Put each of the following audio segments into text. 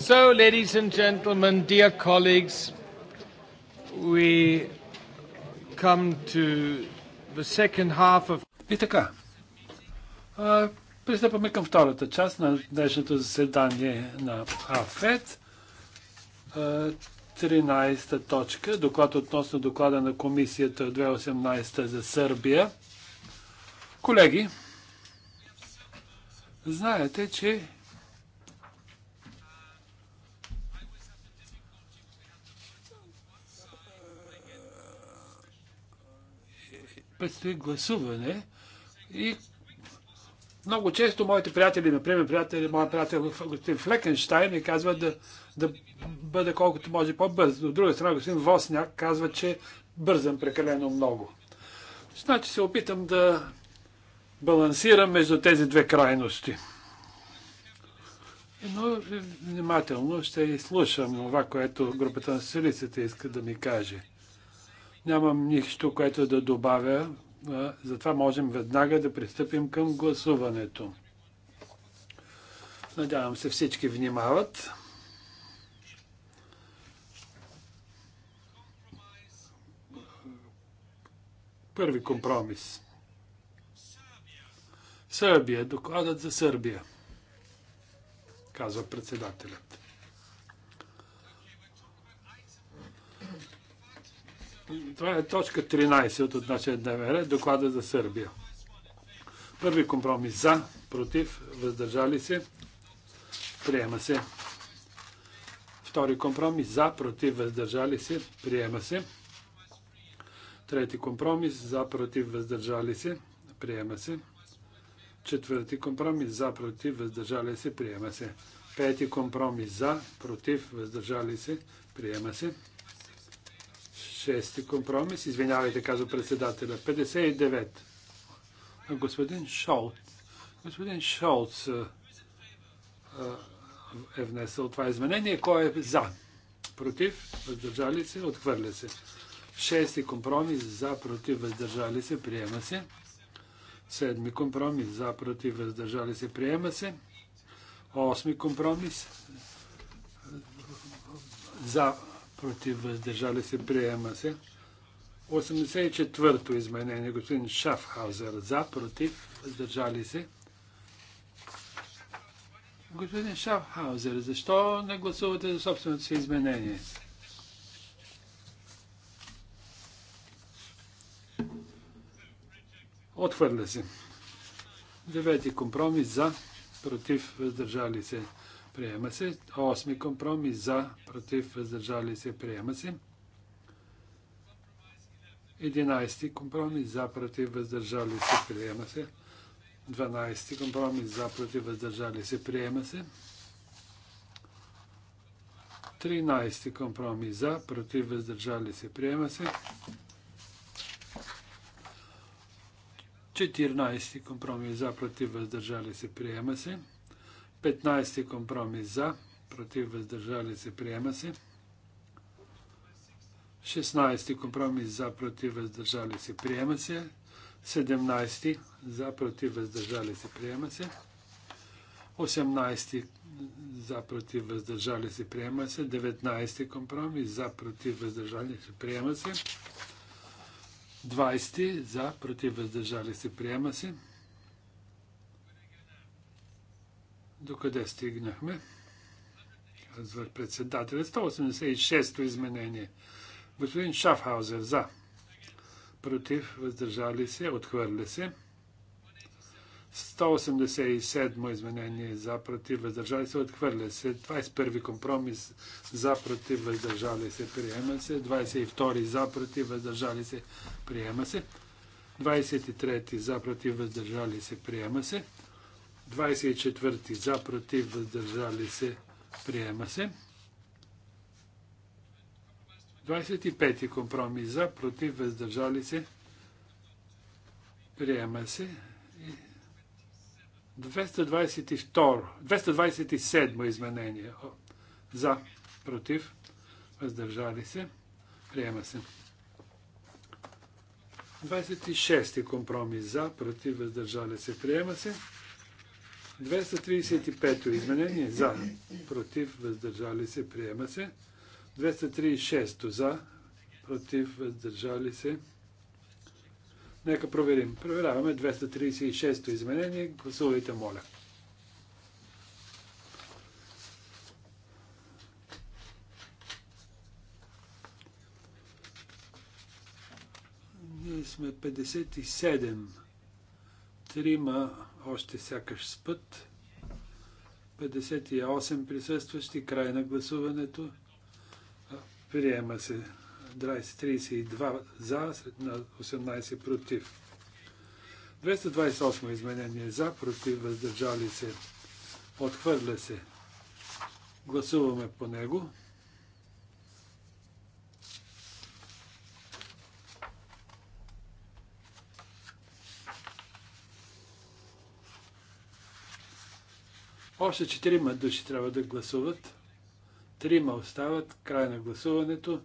So, ladies and gentlemen, dear colleagues, we come to the second half of... И така, а, пристъпваме към втората част на днешното заседание на АФЕД. 13-та точка, доклад относно доклада на комисията 2018 за Сърбия. Колеги, знаете, че предстои гласуване и много често моите приятели, например, приятели, моят приятел господин Флекенштайн ми казва да, да бъда колкото може по-бърз. От друга страна, господин Восняк казва, че бързам прекалено много. Значи се опитам да балансирам между тези две крайности. Но внимателно ще изслушам това, което групата на социалистите иска да ми каже. Нямам нищо, което да добавя. Затова можем веднага да пристъпим към гласуването. Надявам се всички внимават. Първи компромис. Сърбия. Докладът за Сърбия. Казва председателят. Това е точка 13 от нашия ДМР, доклада за Сърбия. Първи компромис за, против, въздържали се, приема се. Втори компромис за, против, въздържали се, приема се. Трети компромис за, против, въздържали се, приема се. Четвърти компромис за, против, въздържали се, приема се. Пети компромис за, против, въздържали се, приема се. Шести компромис. Извинявайте, казва председателя. 59. Господин Шолц. Господин Шолц е внесъл това изменение. Кой е за? Против? Въздържали се? Отхвърля се. Шести компромис. За, против, въздържали се. Приема се. Седми компромис. За, против, въздържали се. Приема се. Осми компромис. За, против, въздържали се, приема се. 84-то изменение, господин Шафхаузер, за, против, въздържали се. Господин Шафхаузер, защо не гласувате за собственото си изменение? Отхвърля се. Девети компромис за, против, въздържали се. Приема се. Осми компромис за, против, въздържали се. Приема се. Единайсти компромис за, против, въздържали се. Приема се. Дванайсти компромис за, против, въздържали се. Приема се. 13 компромис за, против въздържали се, приема се. 14 компромис за, против въздържали се, приема се. 15 компромис за, против въздържали се, приема се. 16 компромис за, против въздържали се, приема се. 17 за, против въздържали се, приема се. 18 за, против въздържали се, приема се. 19 компромис за, против въздържали се, приема се. 20 за, против въздържали се, приема се. Докъде стигнахме? Казва председателят. 186-то изменение. Господин Шафхаузер за. Против, въздържали се, отхвърля се. 187 изменение за против въздържали се отхвърля се. 21 компромис за против въздържали се приема се. 22 за против въздържали се приема се. 23 за против въздържали се приема се. 24 за, против, въздържали се, приема се. 25 компромис за, против, въздържали се, приема се. 222, 227 изменение за, против, въздържали се, приема се. 26 компромис за, против, въздържали се, приема се. 235-то изменение за, против, въздържали се, приема се. 236-то за, против, въздържали се. Нека проверим. Проверяваме 236-то изменение. Гласувайте, моля. Ние сме 57. Трима още сякаш с път. 58 присъстващи, край на гласуването. Приема се 32 за, на 18 против. 228 изменение за, против, въздържали се. Отхвърля се. Гласуваме по него. Още четирима души трябва да гласуват. Трима остават. Край на гласуването.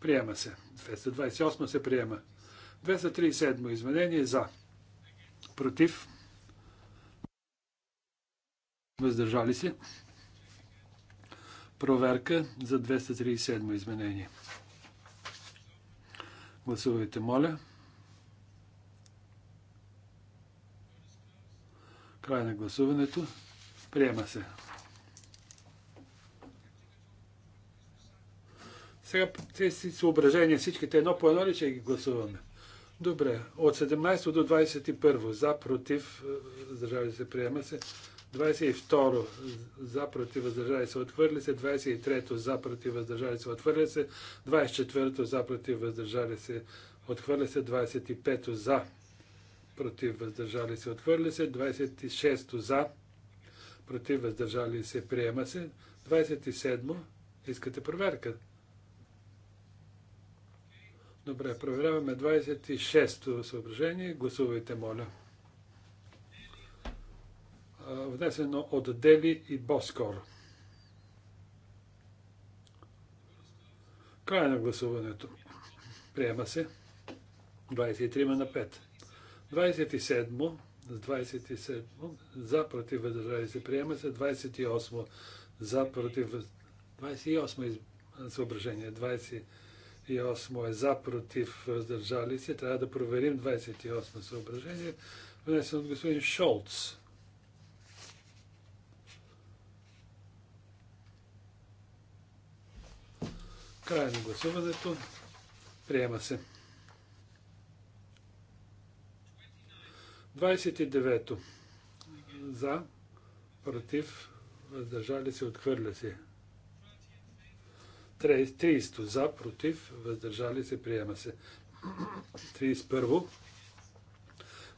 Приема се. 228 се приема. 237 изменение за. Против. Въздържали се. Проверка за 237 изменение. Гласувайте, моля. Край на гласуването. Приема се. Сега тези съображения, всичките едно по едно ли ще ги гласуваме? Добре, от 17 до 21 за, против, въздържали се, приема се. 22 за, против, въздържали се, отвърли се. 23 за, против, въздържали се, отвърли се. 24 за, против, въздържали се, отвърли се. 25 за, против, въздържали се, отвърли се. 26 за, против, въздържали се, приема се. 27. Искате проверка? Добре, проверяваме 26-то съображение. Гласувайте, моля. Внесено от Дели и Боскор. Край на гласуването. Приема се. 23 на 5. 27 27 за против въздържали се приема се 28 за против 28 съображение 28 е за против въздържали се трябва да проверим 28 съображение внесен от господин Шолц край на гласуването приема се 29-то. За, против, въздържали се, отхвърля се. 30 за, против, въздържали се, приема се. 31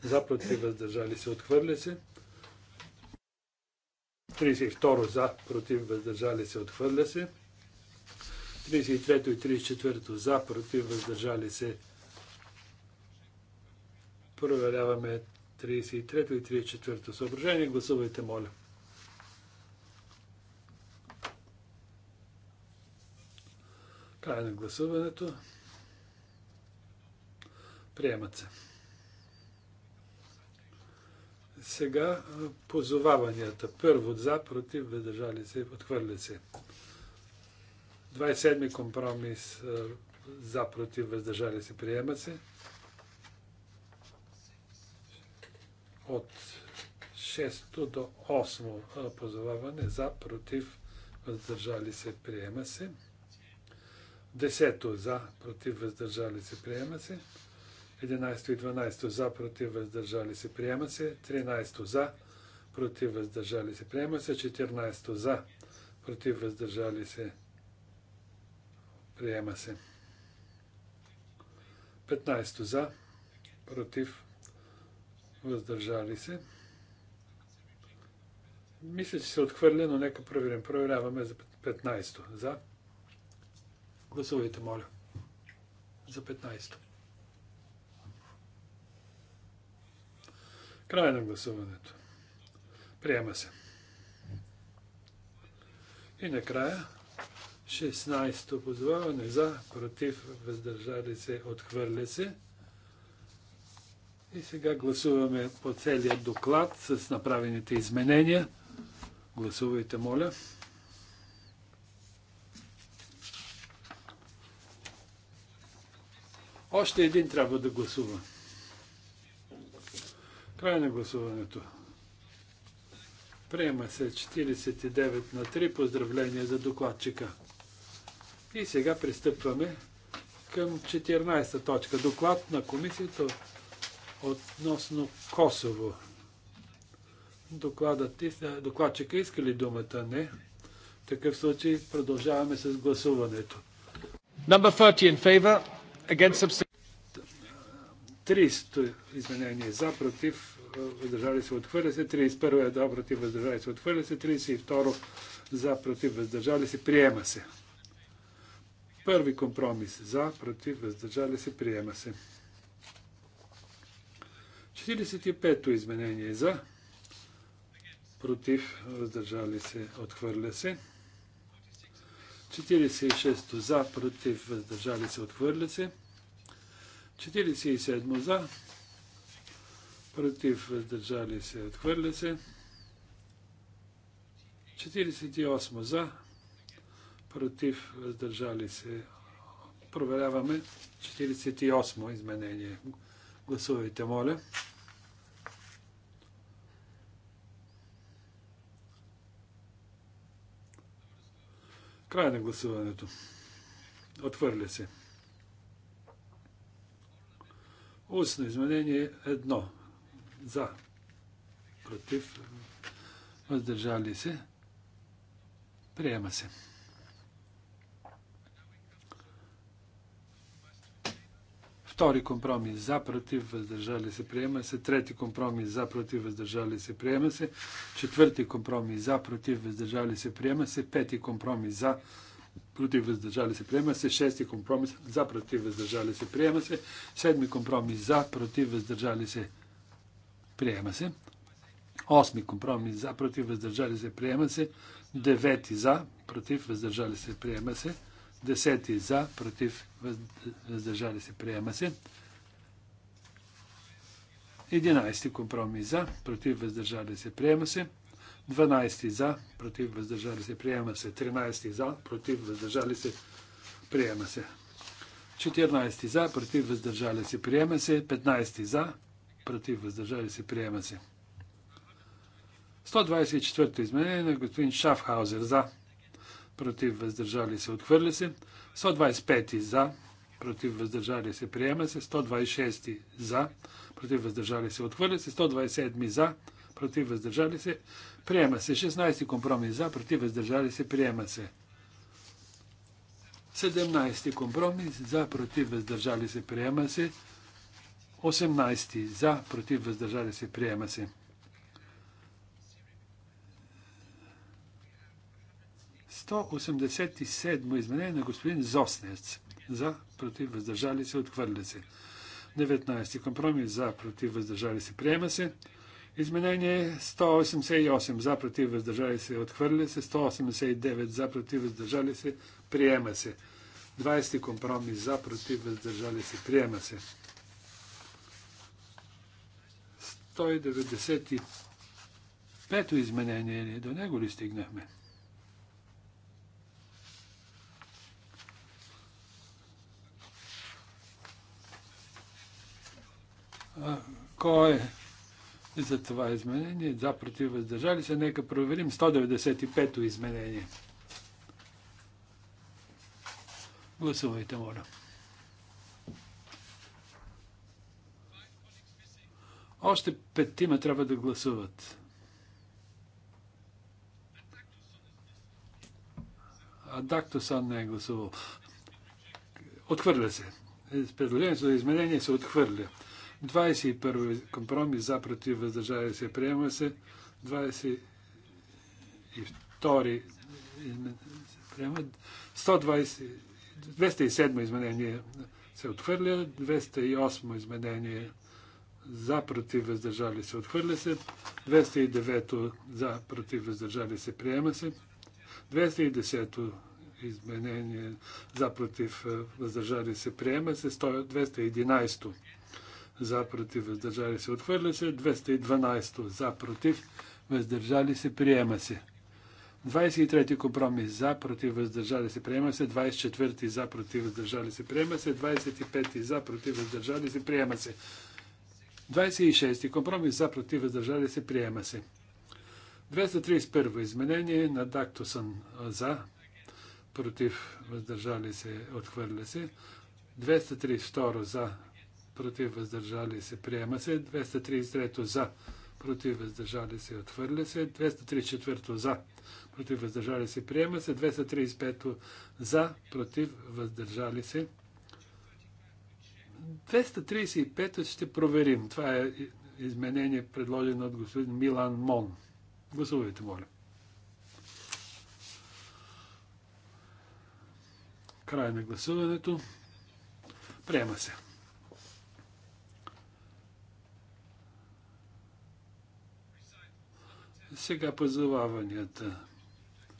за, против, въздържали се, отхвърля се. 32 за, против, въздържали се, отхвърля се. 33 и 34 за, против, въздържали се. Проверяваме 33 и 34 съображение. Гласувайте, моля. Край на гласуването. Приемат се. Сега позоваванията. Първо за, против, въздържали се, отхвърля се. 27 компромис за, против, въздържали се, приема се. от 6 до 8 позоваване за, против, въздържали се, приема се. Десето за, против, въздържали се, приема се. 11 и 12 за, против, въздържали се, приема се. 13 за, против, въздържали се, приема се. 14 за, против, въздържали се, приема се. 15 за, против, въздържали се. Мисля, че се отхвърля, но нека проверим. Проверяваме за 15-то. За. Гласувайте, моля. За 15-то. Край на гласуването. Приема се. И накрая 16-то позваване за, против, въздържали се, отхвърля се. И сега гласуваме по целия доклад с направените изменения. Гласувайте, моля. Още един трябва да гласува. Край на гласуването. Приема се 49 на 3. Поздравления за докладчика. И сега пристъпваме към 14 точка. Доклад на комисията Относно Косово. Докладът, докладчика иска ли думата? Не. В такъв случай продължаваме с гласуването. Number 30 in favor, against 30 изменение за, против, въздържали се, отхвърля се. 31 да е против, въздържали се, отхвърля се. 32 за, против, въздържали се, приема се. Първи компромис за, против, въздържали се, приема се. 45-то изменение за, против, въздържали се, отхвърля се. 46-то за, против, въздържали се, отхвърля се. 47 за, против, въздържали се, отхвърля се. 48 за, против, въздържали се. Проверяваме 48 изменение. Гласувайте, моля. Край на гласуването. Отвърля се. Устно изменение едно. За. Против. Въздържали се. Приема се. Втори компромис за, против, въздържали се, приема се. Трети компромис за, против, въздържали се, приема се. Четвърти компромис за, против, въздържали се, приема се. Пети компромис за, против, въздържали се, приема се. Шести компромис за, против, въздържали се, приема се. Седми компромис за, против, въздържали се, приема се. Осми компромис за, против, въздържали се, приема се. Девети за, против, въздържали се, приема се. 10 за, против, въздържали се, приема се. 11 компромис за, против, въздържали се, приема се. 12 за, против, въздържали се, приема се. 13 за, против, въздържали се, приема се. 14 за, против, въздържали се, приема се. 15 за, против, въздържали се, приема се. 124 изменение на господин Шафхаузер за, против въздържали се, отхвърля се. 125 за, против въздържали се, приема се. 126 за, против въздържали се, отхвърля се. 127 за, против въздържали се, приема се. 16 компромис за, против въздържали се, приема се. 17 компромис за, против въздържали се, приема се. 18 за, против въздържали се, приема се. 187 изменение на господин Зоснец. За, против, въздържали се, отхвърля се. 19 компромис за, против, въздържали се, приема се. Изменение 188 за, против, въздържали се, отхвърля се. 189 за, против, въздържали се, приема се. 20 компромис за, против, въздържали се, приема се. 195 изменение до него ли стигнахме? Кой е за това изменение? За, против, въздържали се. Нека проверим 195-то изменение. Гласувайте, моля. Още петима трябва да гласуват. Адактосан не е гласувал. Отхвърля се. Предложението за изменение се отхвърля. 21 компромис за против въздържали се приема се. 22 приема. 120, 207 изменение се отхвърля. 208 изменение за против въздържали се отхвърля се. 209 за против въздържали се приема се. 210 изменение за против въздържали се приема се. 211 за против въздържали се отхвърля се, 212 за против въздържали се приема се. 23 компромис за против въздържали се приема се, 24 за против въздържали се приема се, 25 за против въздържали се приема се. 26 компромис за против въздържали се приема се. 231 изменение на Дактосън за против въздържали се отхвърля се. 232 за против въздържали се, приема се. 233 за, против въздържали се, отвърля се. 234 за, против въздържали се, приема се. 235 за, против въздържали се. 235 ще проверим. Това е изменение, предложено от господин Милан Мон. Гласувайте, моля. Край на гласуването. Приема се. Сега позоваванията.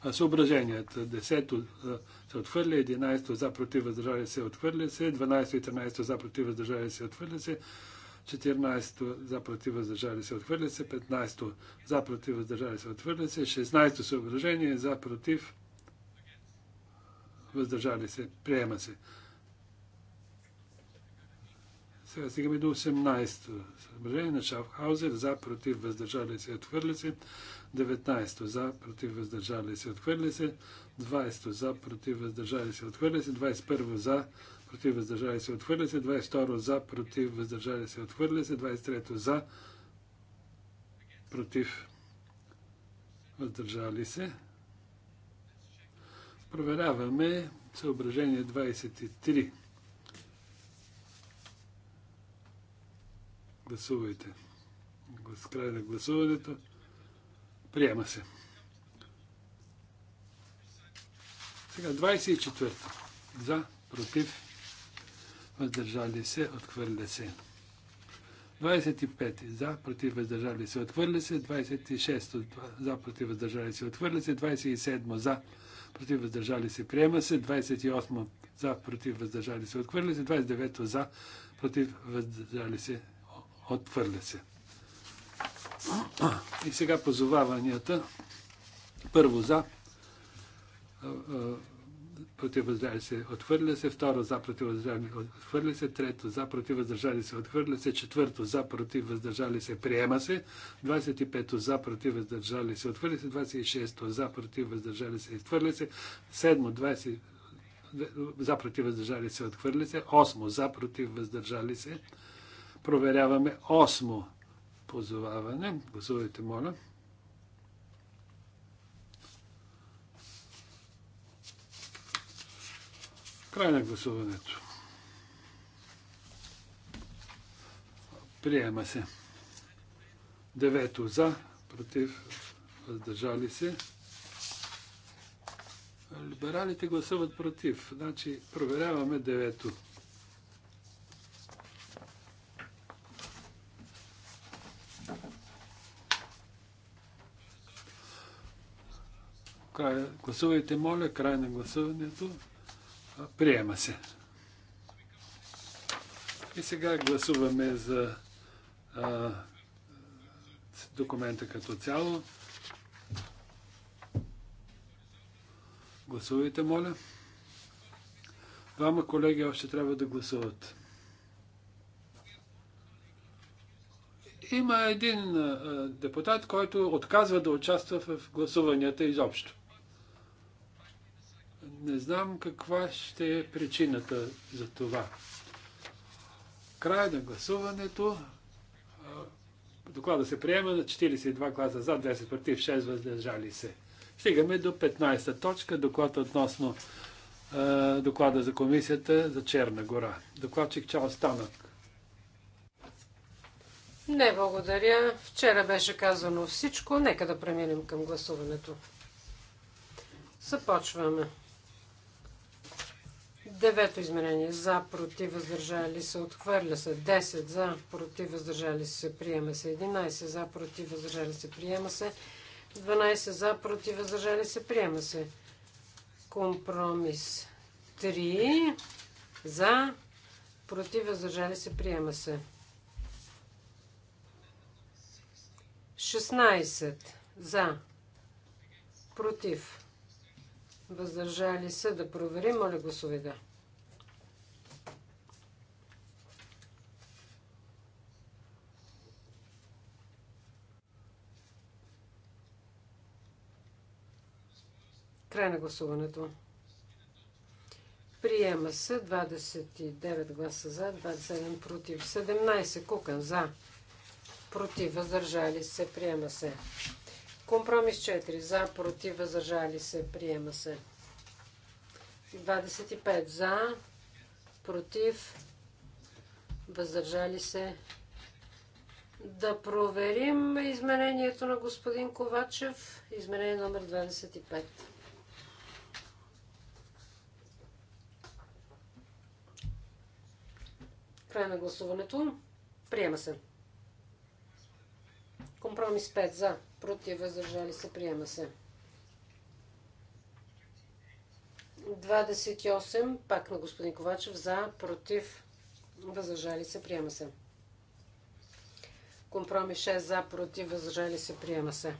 А Съображенията. 10 се отхвърля, 11 за против въздържали се отхвърля се, 12 и 13 за против въздържали се отхвърля се, 14 за против въздържали се отхвърля се, 15 за против въздържали се отхвърля се, 16 съображение за против въздържали се, приема се. Сега стигаме до 18-то. Съображение на Шафхаузер за, против, въздържали се, отхвърли се. 19-то за, против, въздържали се, отхвърли се. 20-то за, против, въздържали се, отхвърли се. 21-то за, против, въздържали се, отхвърли се. 22-то за, против, въздържали се, отхвърли се. 23-то за, против, въздържали се. Проверяваме съображение 23. Гласувайте. С край на гласуването. Приема се. Сега 24. За, против, въздържали се, отхвърля се. 25. За, против, въздържали се, отхвърля се. 26. За, против, въздържали се, отхвърля се. 27. За, против, въздържали се, приема се. 28. За, против, въздържали се, отхвърля се. 29. За, против, въздържали се, Отхвърля се. И сега позоваванията. Първо за. Противоздържали се, отхвърля се. Второ за противоздържали се, отхвърля се. Трето за противоздържали се, отхвърля се. Четвърто за противоздържали се, приема се. 25 за противоздържали се, отхвърля се. 26 за противоздържали се, отхвърля се. Седмо, 20 за противоздържали се, отхвърля се. Осмо, за против въздържали се, Проверяваме осмо позоваване. Гласувайте, моля. Край на гласуването. Приема се. Девето за, против, въздържали се. Либералите гласуват против. Значи проверяваме девето. Край, гласувайте, моля, край на гласуването. Приема се. И сега гласуваме за а, документа като цяло. Гласувайте, моля. Двама колеги още трябва да гласуват. Има един а, депутат, който отказва да участва в гласуванията изобщо не знам каква ще е причината за това. Край на гласуването. Доклада се приема на 42 гласа за, 10 против, 6 въздържали се. Стигаме до 15-та точка, доклад относно е, доклада за комисията за Черна гора. Докладчик Чао Станък. Не, благодаря. Вчера беше казано всичко. Нека да преминем към гласуването. Започваме. Девето изменение за, против, въздържали се, отхвърля се. 10 за, против, въздържали се, приема се. 11 за, против, въздържали се, приема се. 12 за, против, въздържали се, приема се. Компромис 3 за, против, въздържали се, приема се. 16 за, против, Въздържали се да проверим. Моля да. Край на гласуването. Приема се 29 гласа за, 27 против, 17 кукан за, против, въздържали се, приема се. Компромис 4. За, против, въздържали се. Приема се. 25. За, против, въздържали се. Да проверим изменението на господин Ковачев. Изменение номер 25. Край на гласуването. Приема се. Компромис 5 за против, въздържали се, приема се. 28, пак на господин Ковачев, за, против, въздържали се, приема се. Компромис 6 за, против, въздържали се, приема се.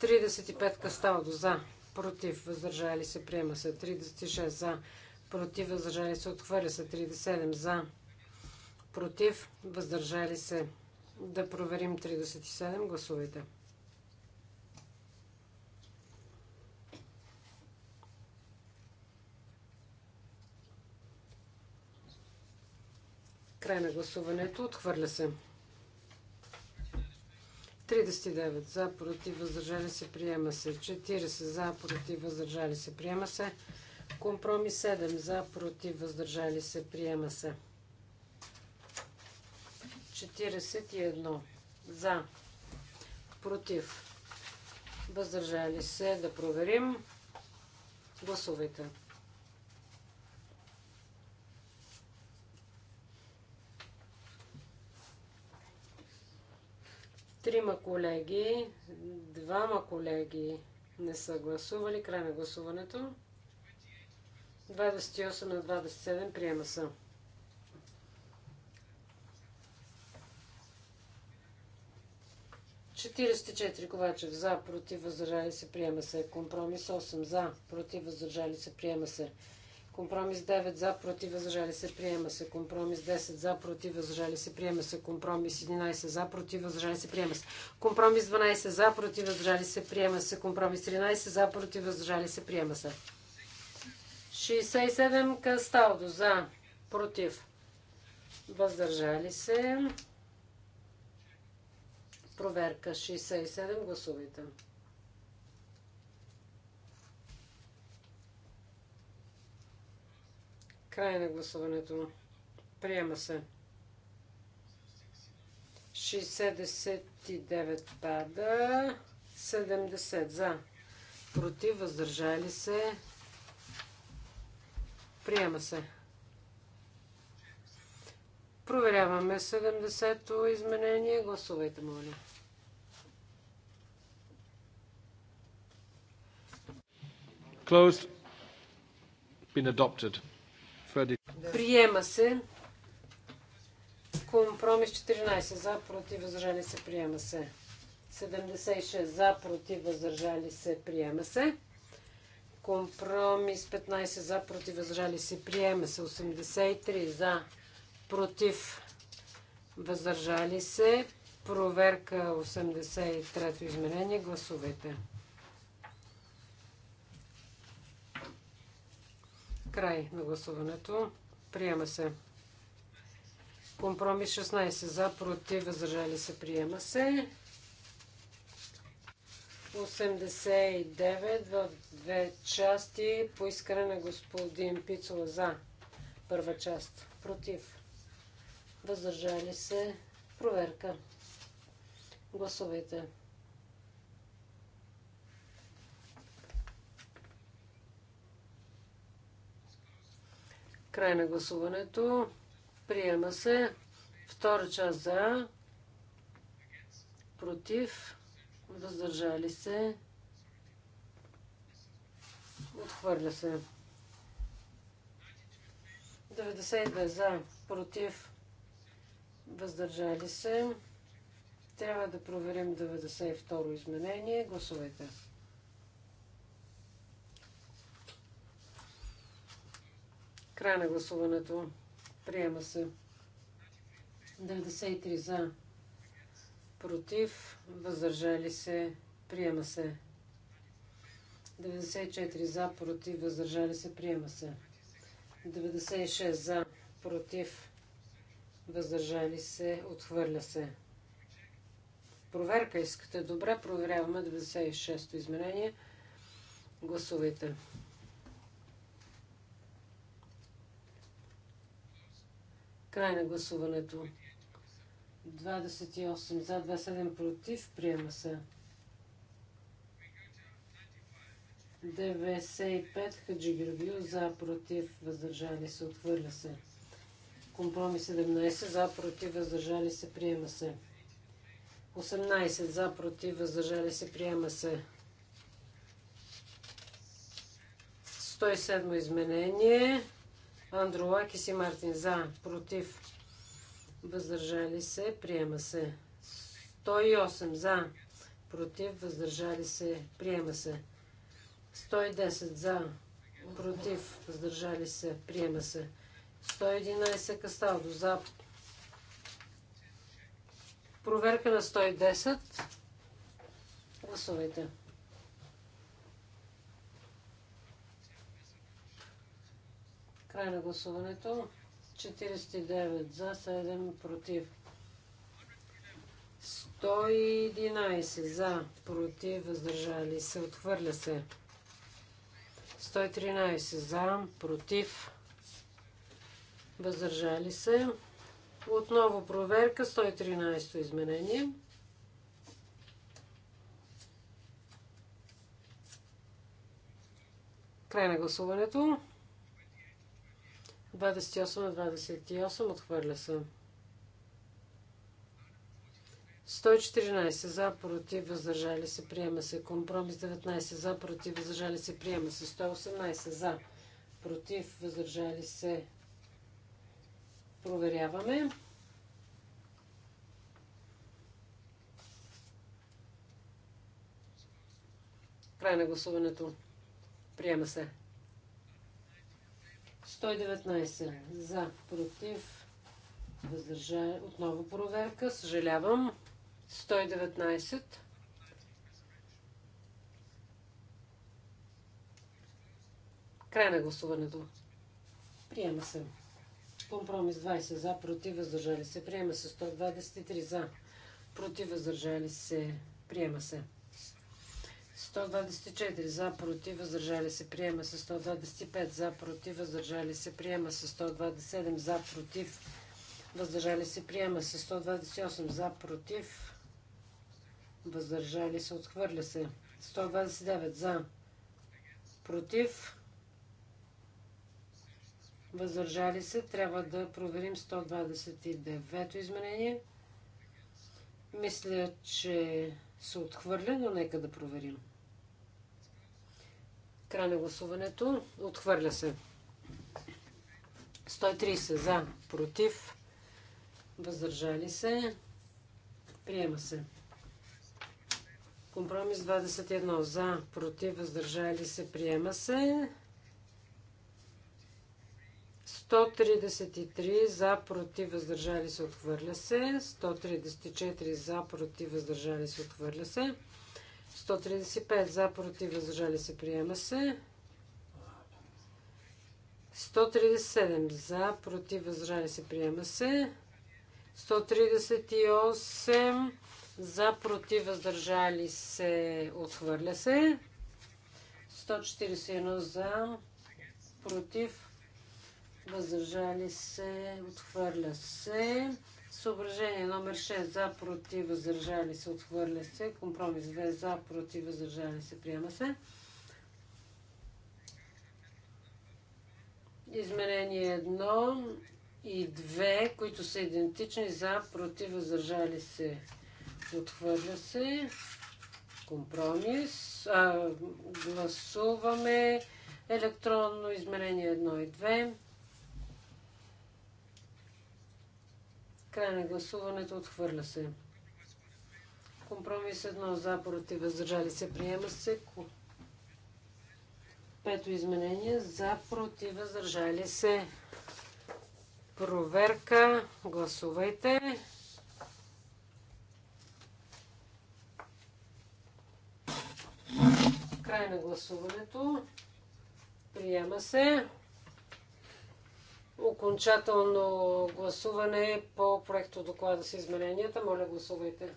35 Касталдо за, против, въздържали се, приема се. 36 за, против, въздържали се, отхвърля се. 37 за, против, въздържали се, да проверим 37. Гласувайте. Край на гласуването. Отхвърля се. 39 за, против, въздържали се, приема се. 40 за, против, въздържали се, приема се. Компромис 7 за, против, въздържали се, приема се. 41 за, против, въздържали се, да проверим. Гласувайте. Трима колеги, двама колеги не са гласували. Край на гласуването. 28 на 27 приема са. 44 Ковачев за, против, въздържали се, приема се. Компромис 8 за, против, въздържали се, приема се. Компромис 9 за, против, въздържали се, приема се. Компромис 10 за, против, въздържали се, приема се. Компромис 11 за, против, въздържали се, приема се. Компромис 12 за, против, въздържали се, приема се. Компромис 13 за, против, въздържали се, приема се. 67 Касталдо за, против, въздържали се. Проверка 67. Гласувайте. Край на гласуването. Приема се. 69 пада. 70 за. Против, въздържали се. Приема се. Проверяваме 70-то изменение. Гласувайте, моля. Closed. Been adopted. Приема се. Компромис 14 за, против, възражали се, приема се. 76 за, против, въздържали се, приема се. Компромис 15 за, против, възражали се, приема се. 83 за, против, въздържали се. Проверка 83-то изменение. Гласувайте. Край на гласуването. Приема се. Компромис 16 за, против, въздържали се, приема се. 89 в две части по искане на господин Пицова за първа част. Против. Въздържали се. Проверка. Гласувайте. Край на гласуването. Приема се. Втора част за. Против. Въздържали се. Отхвърля се. 92 за. Против. Въздържали се. Трябва да проверим 92 изменение. Гласувайте. Край на гласуването. Приема се. 93 за. Против. Въздържали се. Приема се. 94 за. Против. Въздържали се. Приема се. 96 за. Против. Въздържали се. Отхвърля се. Проверка искате. Добре, проверяваме 96-то изменение. Гласувайте. Край на гласуването. 28 за, 27 против. Приема се. 95 Хаджи Георгио за, против, въздържали се, отхвърля се. Компромис 17 за, против, въздържали се, приема се. 18 за, против, въздържали се, приема се. 107 изменение. Андролакис и Мартин за, против, въздържали се, приема се. 108 за, против, въздържали се, приема се. 110 за, против, въздържали се, приема се. 111 Касталдо за. Проверка на 110. Гласувайте. Край на гласуването. 49 за, 7 против. 111 за, против, въздържали се, отхвърля се. 113 за, против, въздържали се. Отново проверка, 113 изменение. Край на гласуването. 28 на 28 отхвърля се. 114 за, против, въздържали се, приема се. Компромис 19 за, против, въздържали се, приема се. 118 за, против, въздържали се. Проверяваме. Край на гласуването. Приема се. 119 за, против, въздържали. Отново проверка, съжалявам. 119. Край на гласуването. Приема се. Компромис 20 за, против, въздържали се. Приема се 123 за, против, въздържали се. Приема се. 124 за, против, въздържали се, приема се 125 за, против, въздържали се, приема се 127 за, против, въздържали се, приема се 128 за, против, въздържали се, отхвърля се 129 за, против, въздържали се, трябва да проверим 129 изменение. Мисля, че се отхвърля, но нека да проверим. Край на гласуването. Отхвърля се. 130 за, против, въздържали се. Приема се. Компромис 21 за, против, въздържали се. Приема се. 133 за, против, въздържали се, отхвърля се. 134 за, против, въздържали се, отхвърля се. 135 за, против, въздържали се, приема се. 137 за, против, въздържали се, приема се. 138 за, против, въздържали се, отхвърля се. 141 за, против, въздържали се, отхвърля се. Съображение номер 6 за против въздържали се отхвърля се. Компромис 2 за против въздържали се приема се. Изменение 1 и 2, които са идентични за против въздържали се отхвърля се. Компромис. А, гласуваме електронно изменение 1 и 2. Край на гласуването отхвърля се. Компромис 1 за, против, въздържали се, приема се. Пето изменение за, против, въздържали се. Проверка. Гласувайте. Край на гласуването. Приема се окончателно гласуване по проекто доклада с измененията. Моля, гласувайте.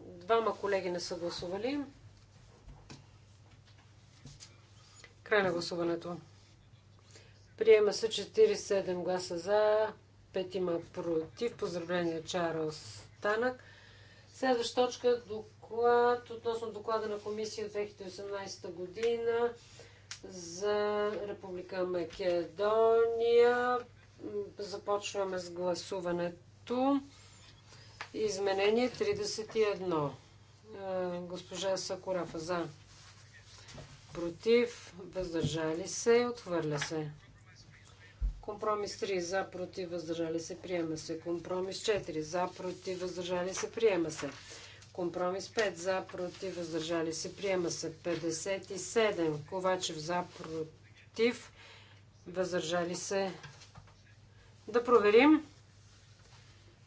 Двама колеги не са гласували. Край на гласуването. Приема се 47 гласа за, 5 има против. Поздравление Чарлз Танък. Следваща точка, доклад относно доклада на комисия от 2018 година за Република Македония. Започваме с гласуването. Изменение 31. Е, госпожа Сакурафа за. Против. Въздържали се. Отхвърля се. Компромис 3. За. Против. Въздържали се. Приема се. Компромис 4. За. Против. Въздържали се. Приема се. Компромис 5 за, против, въздържали се, приема се. 57 Ковачев за, против, въздържали се. Да проверим,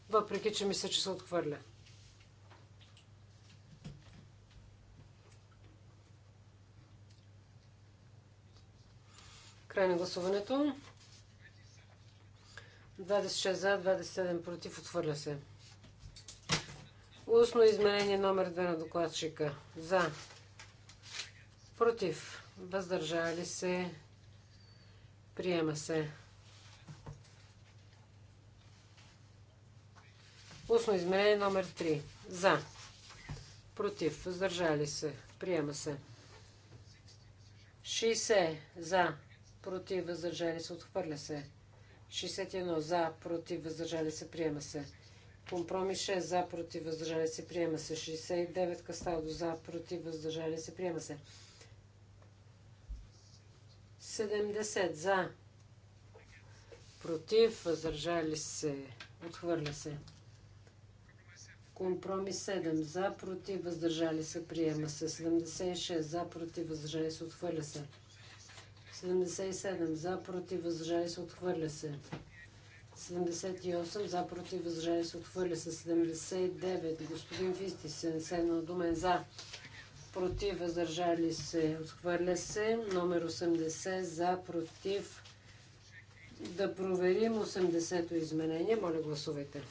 въпреки че мисля, че се отхвърля. Край на гласуването. 26 за, 27 против, отхвърля се. Устно изменение номер 2 на докладчика. За. Против. Въздържали се. Приема се. Устно изменение номер 3. За. Против. Въздържали се. Приема се. 60. За. Против. Въздържали се. Отхвърля се. 61. За. Против. Въздържали се. Приема се. Компромис 6 за, против, въздържали се, приема се. 69 Касталдо за, против, въздържали се, приема се. 70 за, против, въздържали се, отхвърля се. Компромис 7 за, против, въздържали се, приема се. 76 за, против, въздържали се, отхвърля се. 77 за, против, въздържали се, отхвърля се. 78 за против възражение се отхвърля се 79. Господин Вистисен, седна думен за против въздържали се отхвърля се. Номер 80 за против. Да проверим 80-то изменение. Моля гласувайте.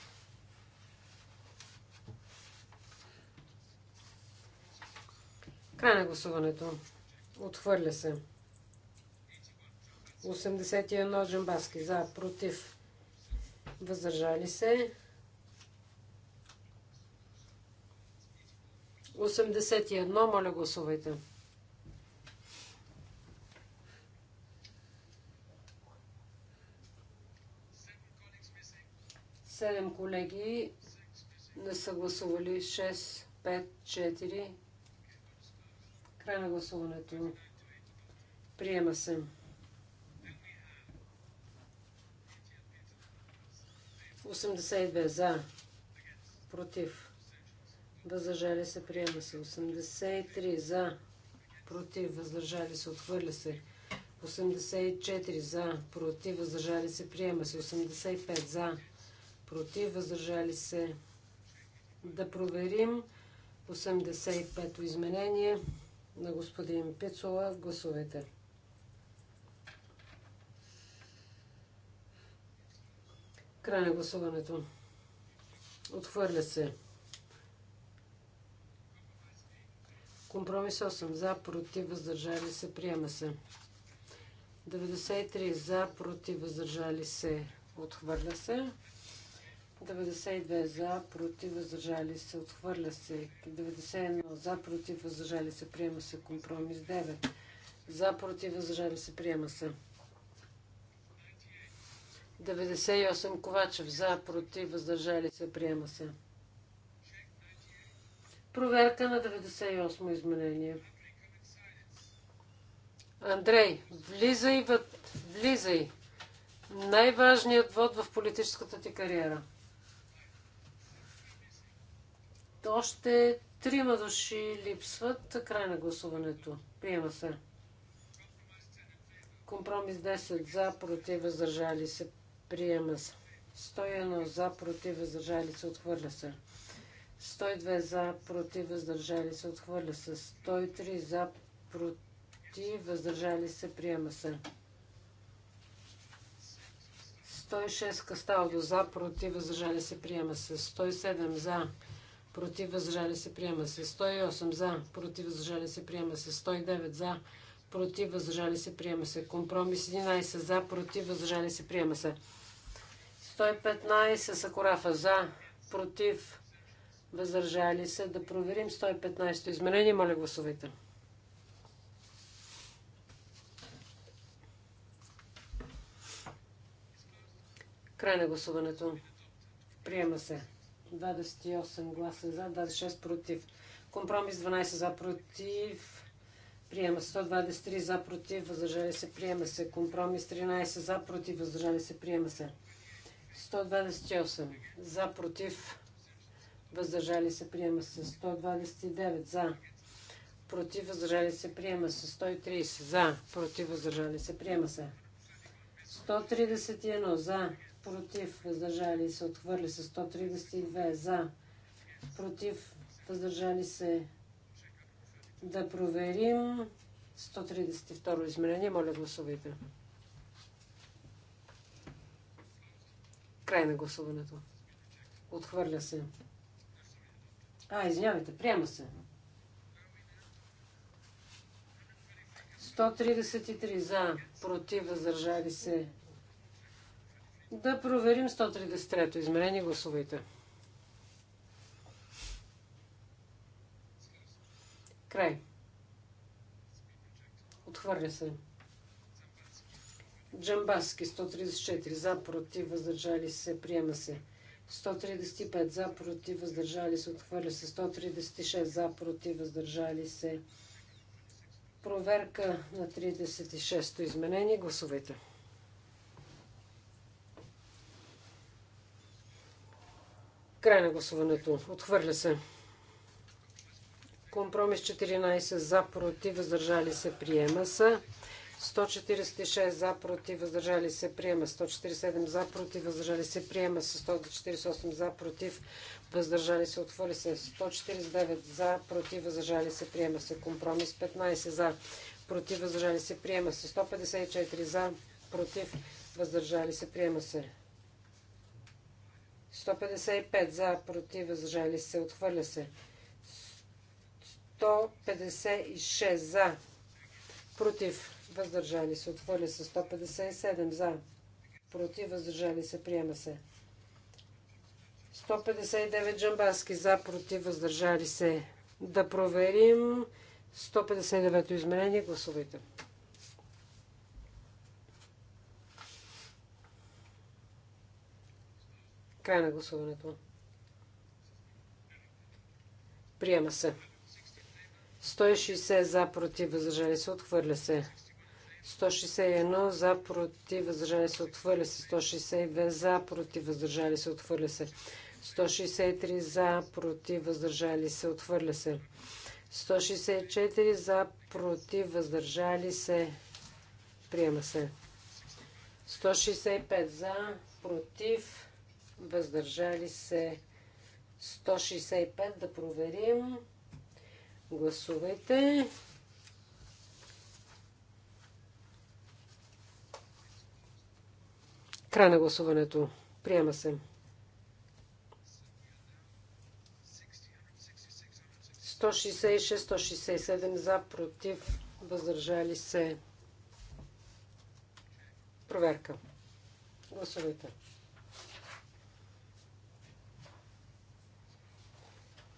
Край на гласуването. Отхвърля се. 81 Джамбаски за, против въздържали се. 81, моля гласувайте. Седем колеги не са гласували. 6, 5, 4. Край на гласуването. Приема се. 82 за. Против. Въздържали се. Приема се. 83 за. Против. Въздържали се. Отхвърля се. 84 за. Против. Въздържали се. Приема се. 85 за. Против. Въздържали се. Да проверим 85-то изменение на господин Пицола. Гласувайте. Край на гласуването. Отхвърля се. Компромис 8. За, против, въздържали се. Приема се. 93. За, против, въздържали се. Отхвърля се. 92 за, против, въздържали се, отхвърля се. 91 за, против, въздържали се, приема се. Компромис 9 за, против, въздържали се, приема се. 98 Ковачев за, против, въздържали се, приема се. Проверка на 98 изменение. Андрей, влизай, в... влизай. Най-важният вод в политическата ти кариера. Още трима души липсват. Край на гласуването. Приема се. Компромис 10 за, против, въздържали се. Приема се. 101 за, против, въздържали се, отхвърля се. 102 за, против, въздържали се, отхвърля се. 103 за, против, въздържали се, приема се. 106 Касталдо за, против, въздържали се, приема се. 107 за, против, въздържали се, приема се. 108 за, против, въздържали се, приема се. 109 за, против, въздържали се, приема се. Компромис 11 за, против, въздържали се, приема се. 115 корафа за, против, въздържали се. Да проверим 115 изменение. Моля гласувайте. Край на гласуването. Приема се. 28 гласа за, 26 против. Компромис 12 за против. Приема се 123 за против, въздържали се, приема се. Компромис 13 за против, въздържали се, приема се. 128 за, против, въздържали се, приема се 129 за, против, въздържали се, приема се 130 за, против, въздържали се, приема се 131 за, против, въздържали се, отхвърли се 132 за, против, въздържали се, да проверим 132 изменение, моля гласувайте. Край на гласуването. Отхвърля се. А, извинявайте, приема се. 133 за, против, въздържали се. Да проверим 133-то измерение. Гласувайте. Край. Отхвърля се. Джамбаски 134 за, против, въздържали се, приема се. 135 за, против, въздържали се, отхвърля се. 136 за, против, въздържали се. Проверка на 36-то изменение. Гласувайте. Край на гласуването. Отхвърля се. Компромис 14 за, против, въздържали се, приема се. 146 за, против, въздържали се, приема. 147 за, против, въздържали се, приема. 148 за, против, въздържали се, отвори се. 149 за, против, въздържали се, приема се. Компромис 15 за, против, въздържали се, приема се. 154 за, против, въздържали се, приема се. 155 за, против, въздържали се, отхвърля се. 156 за, против, въздържали се, отхвърля се 157 за, против, въздържали се, приема се. 159 джамбаски за, против, въздържали се. Да проверим 159-то изменение. Гласувайте. Край на гласуването. Приема се. 160 за, против, въздържали се, отхвърля се. 161 за против въздържали се отхвърля се 162 за против въздържали се отхвърля се 163 за против въздържали се отхвърля се 164 за против въздържали се приема се 165 за против въздържали се 165 да проверим гласувайте Край на гласуването. Приема се. 166, 167 за, против, въздържали се. Проверка. Гласувайте.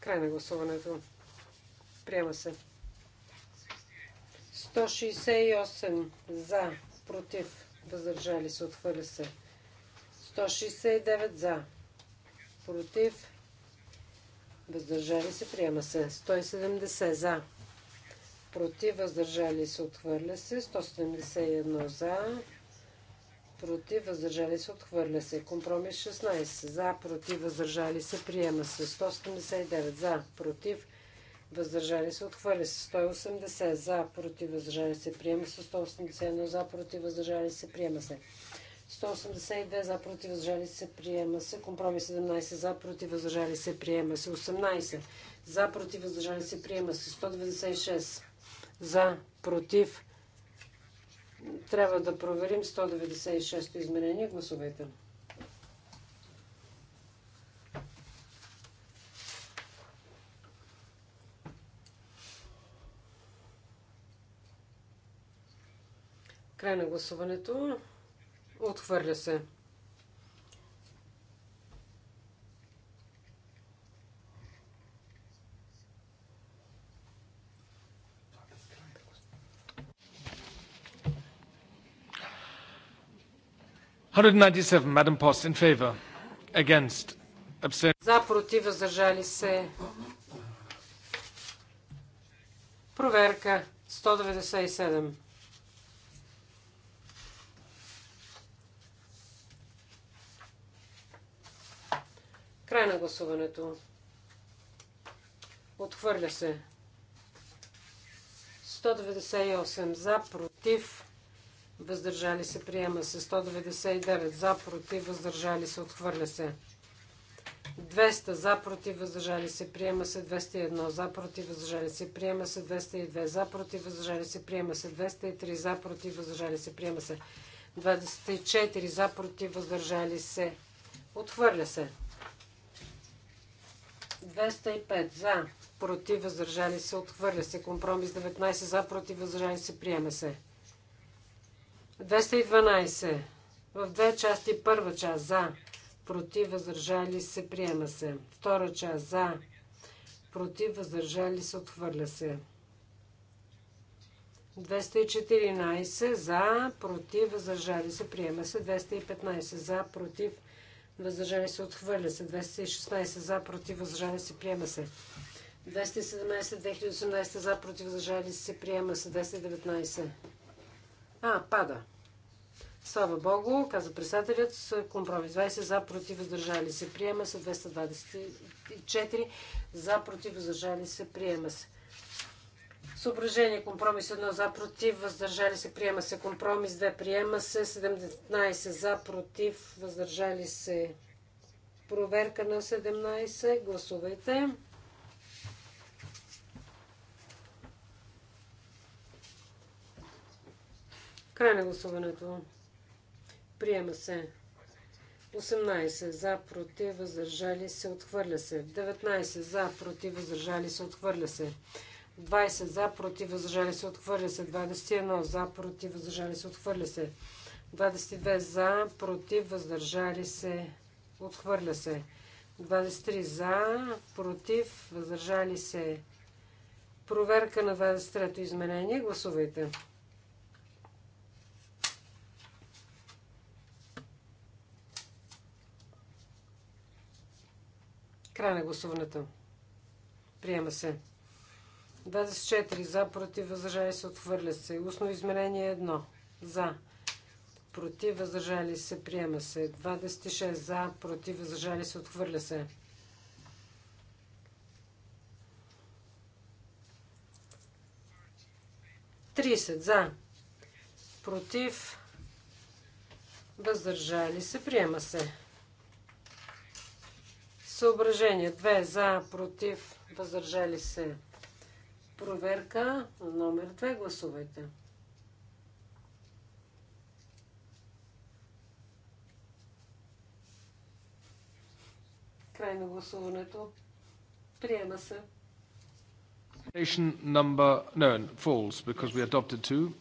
Край на гласуването. Приема се. 168 за, против, въздържали се, отхвърля се. 169 за, против, въздържали се, приема се. 170 за, против, въздържали се, отхвърля се. 171 за, против, въздържали се, отхвърля се. Компромис 16 за, против, въздържали се, приема се. 179 за, против, въздържали се въздържали се, отхвърля се 180 за, против, въздържали се, приема се 181 за, против, въздържали се, приема се 182 за, против, въздържали се, приема се компромис 17 за, против, въздържали се, приема се 18 за, против, въздържали се, приема се 196 за, против, трябва да проверим 196 изменение. Гласувайте. Край на гласуването. Отхвърля се. За, против, въздържали се. Проверка 197. Край на гласуването. Отхвърля се. 198 за, против, въздържали се, приема се. 199 за, против, въздържали се, отхвърля се. 200 за, против, въздържали се, приема се. 201 за, против, въздържали се, приема се. 202 за, против, въздържали се, приема се. 203 за, против, въздържали се, приема се. 24 за, против, въздържали се, отхвърля се. 205 за, против, въздържали се, отхвърля се. Компромис 19 за, против, въздържали се, приема се. 212 в две части. Първа част за, против, въздържали се, приема се. Втора част за, против, въздържали се, отхвърля се. 214 за, против, въздържали се, приема се. 215 за, против, въздържали се въздържали се, отхвърля се. 216 за, против, въздържали се, приема се. 217, 2018 за, против, въздържали се, приема се. 219. А, пада. Слава Богу, каза председателят, с компромис 20 за, против, въздържали се, приема се. 224 за, против, въздържали се, приема се. Съображение компромис 1 за против, въздържали се, приема се. Компромис 2 приема се. 17 за против, въздържали се. Проверка на 17. Гласувайте. Край на гласуването. Приема се. 18 за, против, въздържали се, отхвърля се. 19 за, против, въздържали се, отхвърля се. 20 за, против, въздържали се, отхвърля се. 21 за, против, въздържали се, отхвърля се. 22 за, против, въздържали се, отхвърля се. 23 за, против, въздържали се. Проверка на 23-то изменение. Гласувайте. Край на гласуването. Приема се. 24 за, против, възражали се, отхвърля се. Устно изменение 1 за, против, възражали се, приема се. 26 за, против, възражали се, отхвърля се. Тридесет за, против, въздържали се, приема се. Съображение 2 за, против, въздържали се, Проверка номер 2. Гласувайте. Край на гласуването. Приема се. Number, no, false, because we adopted two.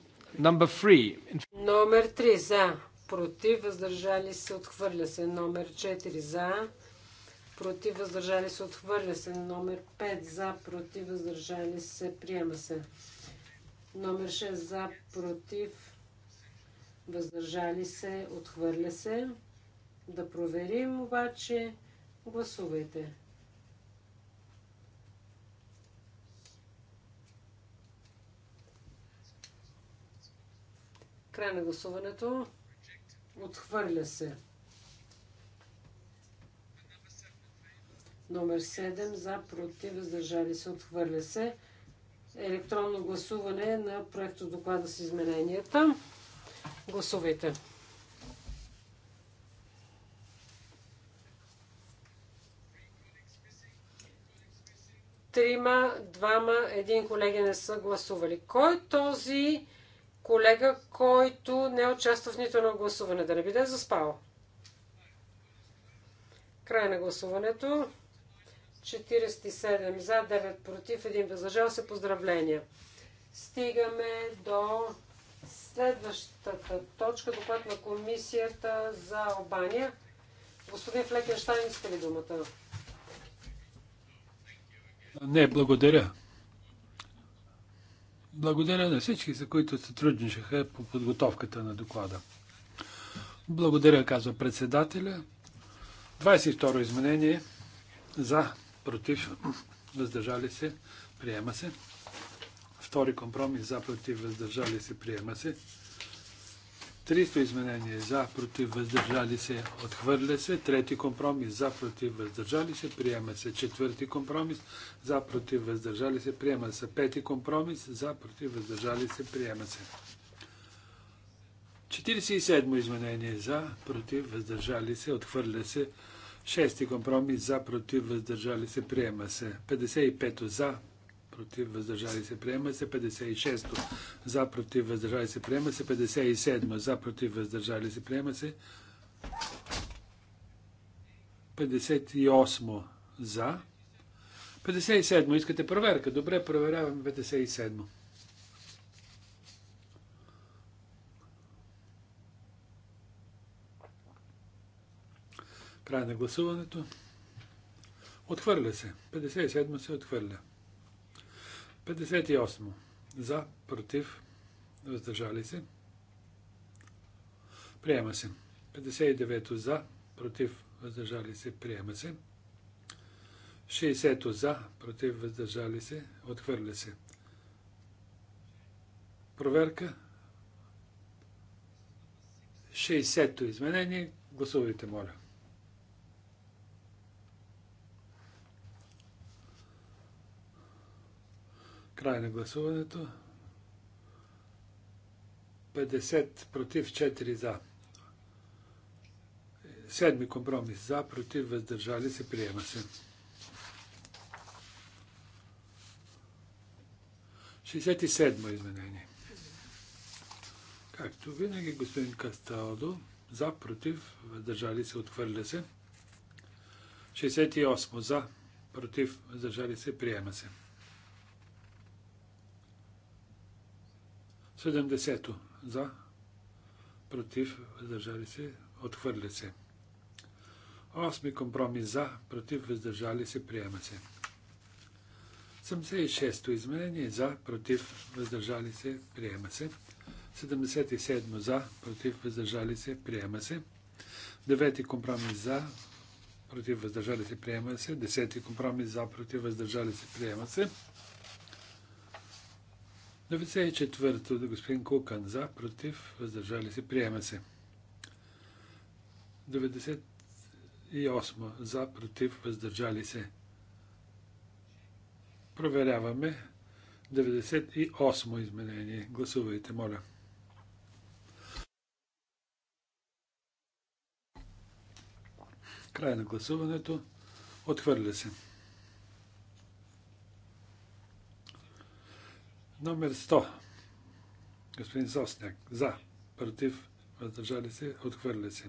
Number three. Номер 3 за, против, въздържали се, отхвърля се. Номер 4 за, против, въздържали се, отхвърля се. Номер 5 за, против, въздържали се, приема се. Номер 6 за, против, въздържали се, отхвърля се. Да проверим обаче. Гласувайте. Край на гласуването. Отхвърля се. Номер 7 за, против, въздържали се, отхвърля се. Електронно гласуване на проекто доклада с измененията. Гласувайте. Трима, двама, един колеги не са гласували. Кой е този колега, който не участва в нито едно гласуване? Да не биде заспал. Край на гласуването. 47 за, 9 против, 1 въздържал се. Поздравления! Стигаме до следващата точка, доклад на комисията за Албания. Господин Флекенштайн, иска ли думата? Не, благодаря. Благодаря на всички, за които сътрудничаха по подготовката на доклада. Благодаря, казва председателя. 22 изменение за против, въздържали се, приема се. Втори компромис за, против, въздържали се, приема се. Тристо изменение за, против, въздържали се, отхвърля се. Трети компромис за, против, въздържали се, приема се. Четвърти компромис за, против, въздържали се, приема се. Пети компромис за, против, въздържали се, приема се. 47 изменение за, против, въздържали се, отхвърля се. Шести компромис за, против, въздържали се, приема се. 55-то за, против, въздържали се, приема се. 56-то за, против, въздържали се, приема се. 57-то за, против, въздържали се, приема се. 58-то за. 57-то искате проверка. Добре, проверяваме 57-то. Край на гласуването. Отхвърля се. 57 се отхвърля. 58. За, против, въздържали се. Приема се. 59 за, против, въздържали се. Приема се. 60 за, против, въздържали се. Отхвърля се. Проверка. 60-то изменение. Гласувайте, моля. Край на гласуването. 50 против 4 за. Седми компромис за, против, въздържали се, приема се. 67 изменение. Както винаги, господин Касталдо, за, против, въздържали се, отхвърля се. 68 за, против, въздържали се, приема се. 70-то за, против, въздържали се, отхвърля се. Осми компромис за, против, въздържали се, приема се. 76-то изменение за, против, въздържали се, приема се. 77 за, против, въздържали се, приема се. 9 компромис за, против, въздържали се, приема се. 10 компромис за, против, въздържали се, приема се. 94-то, господин Кукан, за, против, въздържали се, приема се. 98 за, против, въздържали се. Проверяваме 98 изменение. Гласувайте, моля. Край на гласуването. Отхвърля се. Номер 100. Господин Сосняк. За. Против. Въздържали се. Отхвърля се.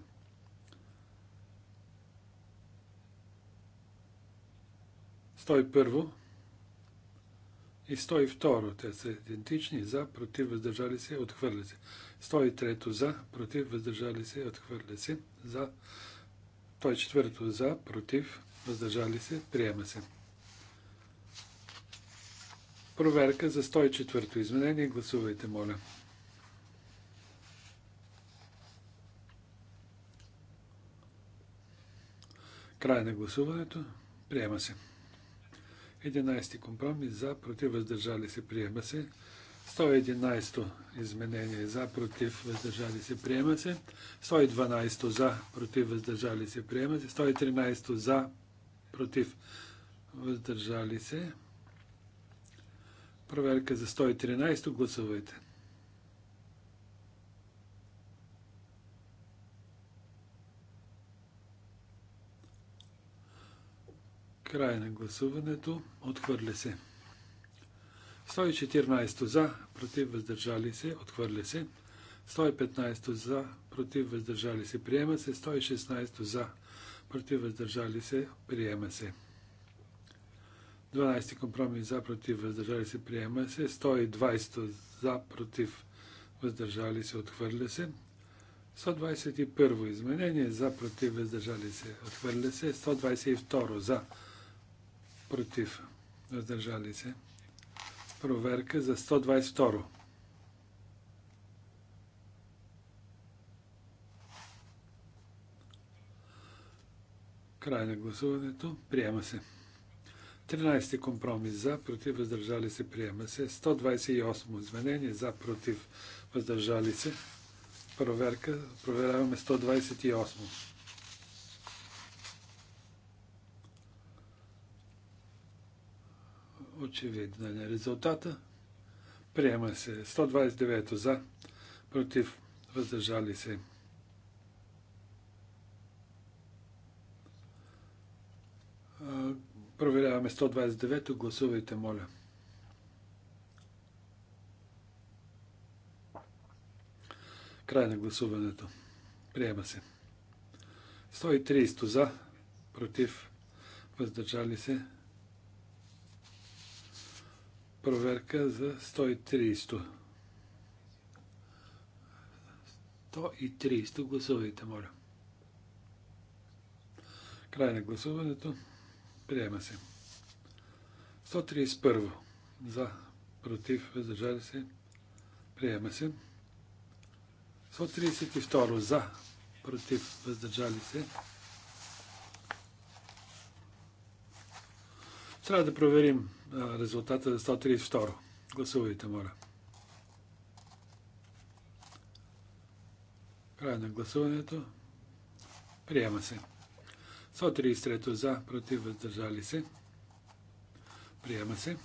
Стой първо и второ. Те са идентични. За, против, въздържали се, отхвърля се. 103. За, против, въздържали се, отхвърля се. За, 104. За, против, въздържали се, приема се. Проверка за 104-то изменение. Гласувайте, моля. Край на гласуването. Приема се. 11-ти компромис за, против, въздържали се, приема се. 111-то изменение за, против, въздържали се, приема се. 112-то за, против, въздържали се, приема се. 113-то за, против, въздържали се, приема се. Проверка за 113. Гласувайте. Край на гласуването. Отхвърля се. 114 за, против въздържали се, отхвърля се. 115 за, против въздържали се, приема се. 116 за, против въздържали се, приема се. 12 компромис за против въздържали се приема се. 120 за против въздържали се отхвърля се. 121 изменение за против въздържали се отхвърля се. 122 за против въздържали се. Проверка за 122. Край на гласуването. Приема се. 13 компромис за, против, въздържали се, приема се. 128 изменение за, против, въздържали се. Проверка. Проверяваме 128. Очевидна е резултата. Приема се 129 за, против, въздържали се. Проверяваме 129-то. Гласувайте, моля. Край на гласуването. Приема се. 130 за, против, въздържали се. Проверка за 130. 130 гласувайте, моля. Край на гласуването. Приема се. 131. За, против, въздържали се. Приема се. 132. За, против, въздържали се. Трябва да проверим резултата за 132. Гласувайте, моля. Край на гласуването. Приема се. 133 за, против, въздържали се. Приема се.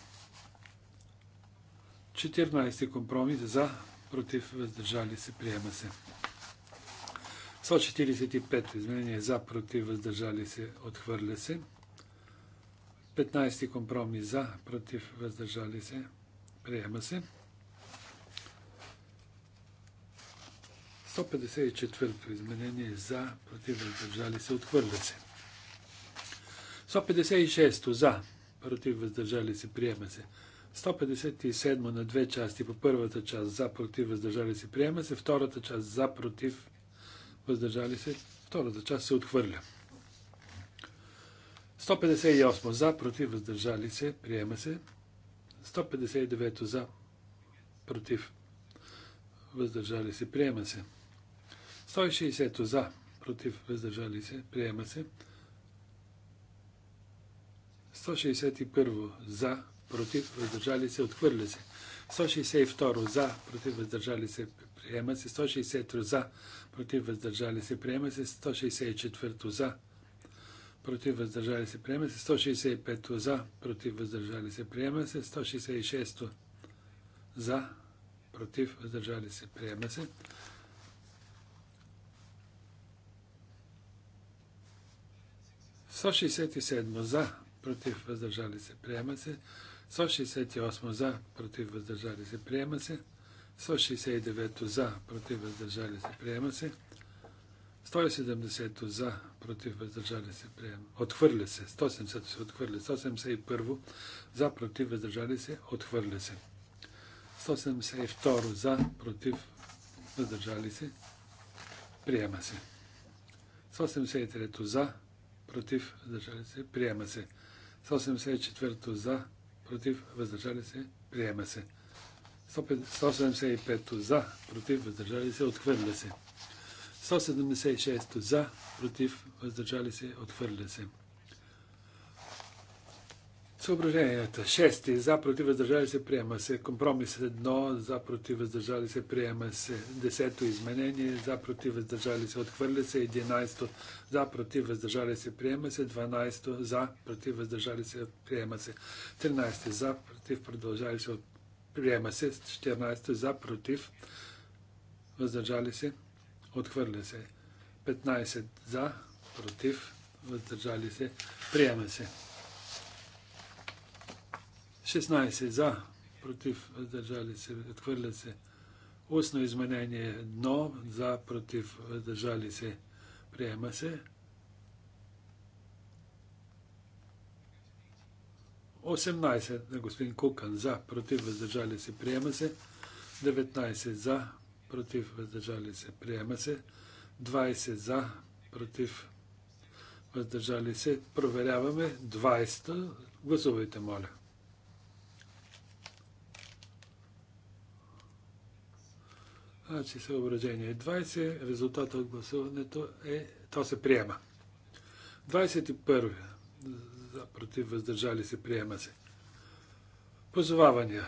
14 компромис за, против, въздържали се. Приема се. 145 изменение за, против, въздържали се. Отхвърля се. 15 компромис за, против, въздържали се. Приема се. 154 изменение за, против, въздържали се. Отхвърля се. 156 за, против въздържали се, приема се. 157 на две части по първата част за, против въздържали се, приема се. Втората част за, против въздържали се, втората част се отхвърля. 158 за, против въздържали се, приема се. 159 за, против въздържали се, приема се. 160 за, против въздържали се, приема се. 161 за, против, въздържали се, отхвърля се. 162 за, против, въздържали се, приема се. 163 за, против, въздържали се, приема се. 164 за, против, въздържали се, приема се. 165 за, против, въздържали се, приема се. 166 за, против, въздържали се, приема се. 167 за, против, въздържали се, приема се. 168 за, против, въздържали се, приема се. 169 за, против, въздържали се, приема се. 170 за, против, въздържали се, приема. Отхвърля се. 170 се отхвърля. 171 за, против, въздържали се, отхвърля се. 172 за, против, въздържали се, приема се. 183 за, против, въздържали се, приема се. 174 за, против, въздържали се, приема се. 175 за, против, въздържали се, отхвърля се. 176 за, против, въздържали се, отхвърля се. Съображенията 6. За против въздържали се приема се. Компромис 1. За против въздържали се приема се. Десето Изменение. За против въздържали се отхвърля се. 11. За против въздържали се приема се. 12. За против въздържали се приема се. 13. За против продължали се приема се. 14. За против въздържали се отхвърля се. 15. За против въздържали се приема се. 16 за, против, въздържали се, отхвърля се. Устно изменение 1 за, против, въздържали се, приема се. 18 на господин Кукан за, против, въздържали се, приема се. 19 за, против, въздържали се, приема се. 20 за, против, въздържали се. Проверяваме 20. Гласувайте, моля. Значи съображение 20, резултата от гласуването е, то се приема. 21. За, против, въздържали се, приема се. Позовавания.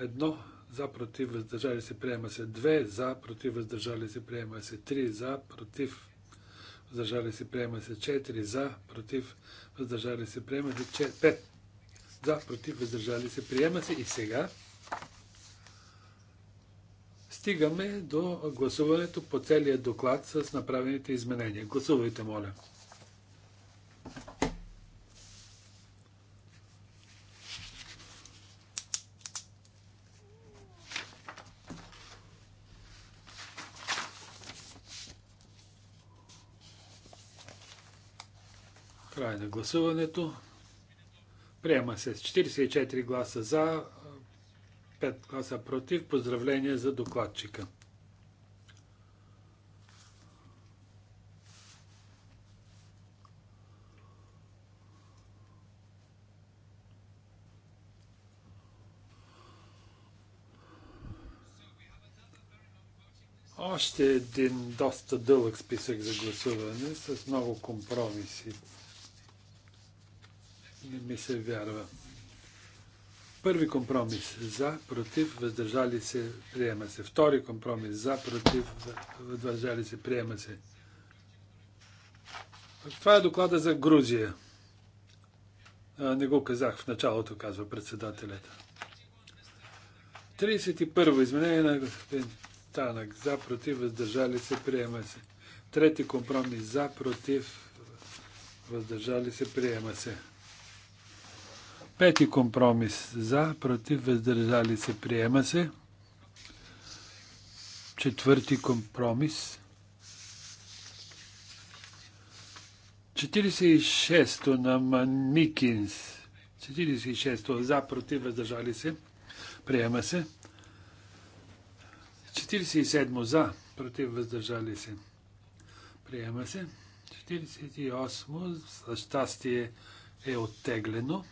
Едно, за, против, въздържали се, приема се. Две, за, против, въздържали се, приема се. Три, за, против, въздържали се, приема се. Четири, за, против, въздържали се, приема се. Пет, за, против, въздържали се, приема се. И сега стигаме до гласуването по целия доклад с направените изменения. Гласувайте, моля. Край на гласуването. Приема се с 44 гласа за, 5 гласа против. Поздравление за докладчика. Още един доста дълъг списък за гласуване с много компромиси. Не ми се вярва. Първи компромис за, против, въздържали се, приема се. Втори компромис за, против, въздържали се, приема се. Това е доклада за Грузия. Не го казах в началото, казва председателят. 31-во изменение на господин Танък. За, против, въздържали се, приема се. Трети компромис. За, против, въздържали се, приема се. Пети компромис за, против, въздържали се, приема се. Четвърти компромис. 46-то на Маникинс. 46-то за, против, въздържали се, приема се. 47 за, против, въздържали се, приема се. 48 за щастие е оттеглено.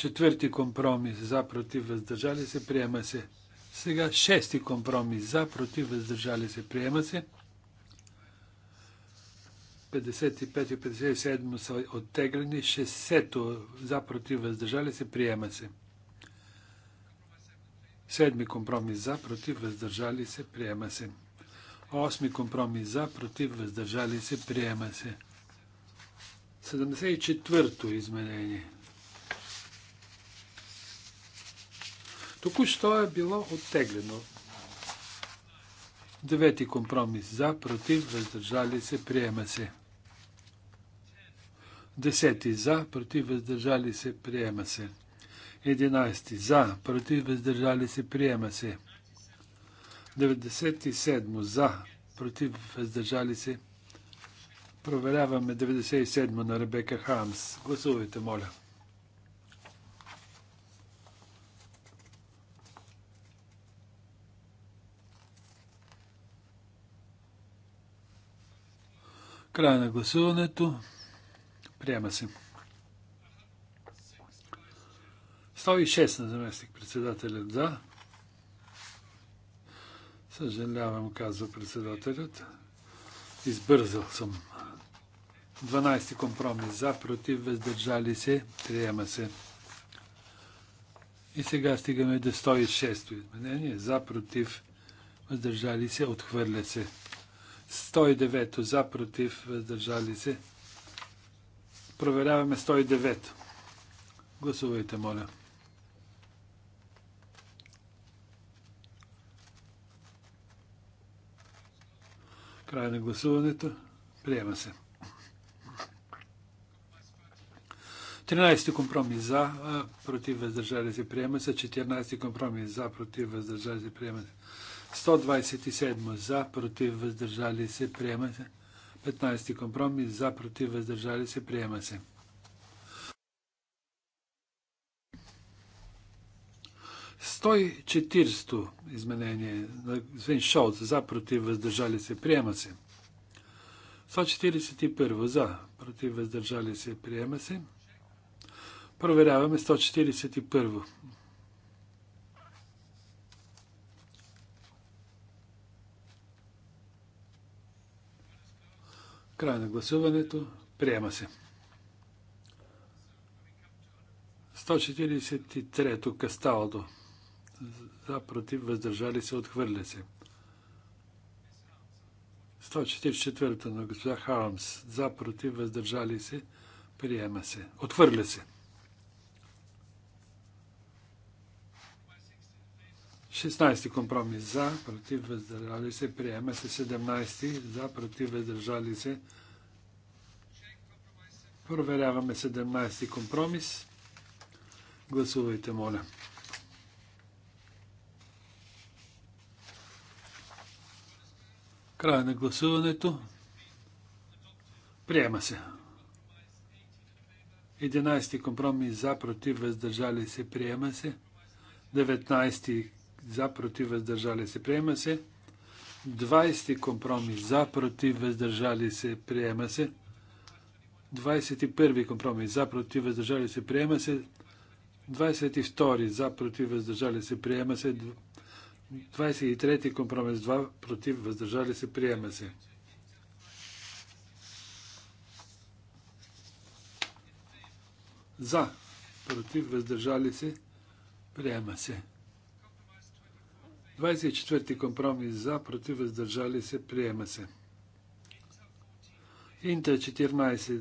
Четвърти компромис за против въздържали се приема се. Сега шести компромис за против въздържали се приема се. 55 и 57 са оттеглени, 6 за против въздържали се приема се. Седми компромис за против въздържали се приема се. Осми компромис за против въздържали се приема се. 74-то изменение. Току-що е било оттеглено. Девети компромис за, против, въздържали се, приема се. Десети за, против, въздържали се, приема се. Единайсти за, против, въздържали се, приема се. 97 за, против, въздържали се. Проверяваме 97 на Ребека Хамс. Гласувайте, моля. Края на гласуването. Приема се. 106 на заместник председателят за. Съжалявам, казва председателят. Избързал съм. 12 компромис за, против, въздържали се, приема се. И сега стигаме до 106 изменение. За, против, въздържали се, отхвърля се. 109 за, против, въздържали се. Проверяваме 109. Гласувайте, моля. Край на гласуването. Приема се. 13 компромис за, против въздържали се, приема се. 14 компромис за, против въздържали се, приема се. 127 за, против, въздържали се, приема се. 15 компромис за, против, въздържали се, приема се. 140 изменение на господин Шолт за, против, въздържали се, приема се. 141 за, против, въздържали се, приема се. Проверяваме 141. Край на гласуването. Приема се. 143-то Касталдо. За, против, въздържали се, отхвърля се. 144-то на госпожа Хармс. За, против, въздържали се, приема се. Отхвърля се. 16 компромис за, против, въздържали се, приема се 17 за, против, въздържали се. Проверяваме 17 компромис. Гласувайте, моля. Край на гласуването. Приема се. 11 компромис за, против, въздържали се, приема се. 19 за, против, въздържали се, приема се. 20 компромис за, против, въздържали се, приема се. 21 компромис за, против, въздържали се, приема се. 22 за, против, въздържали се, приема се. 23 компромис 2 против, въздържали се, приема се. За, против, въздържали се, приема се. 24-ти компромис за, против, въздържали се, приема се. Инта 14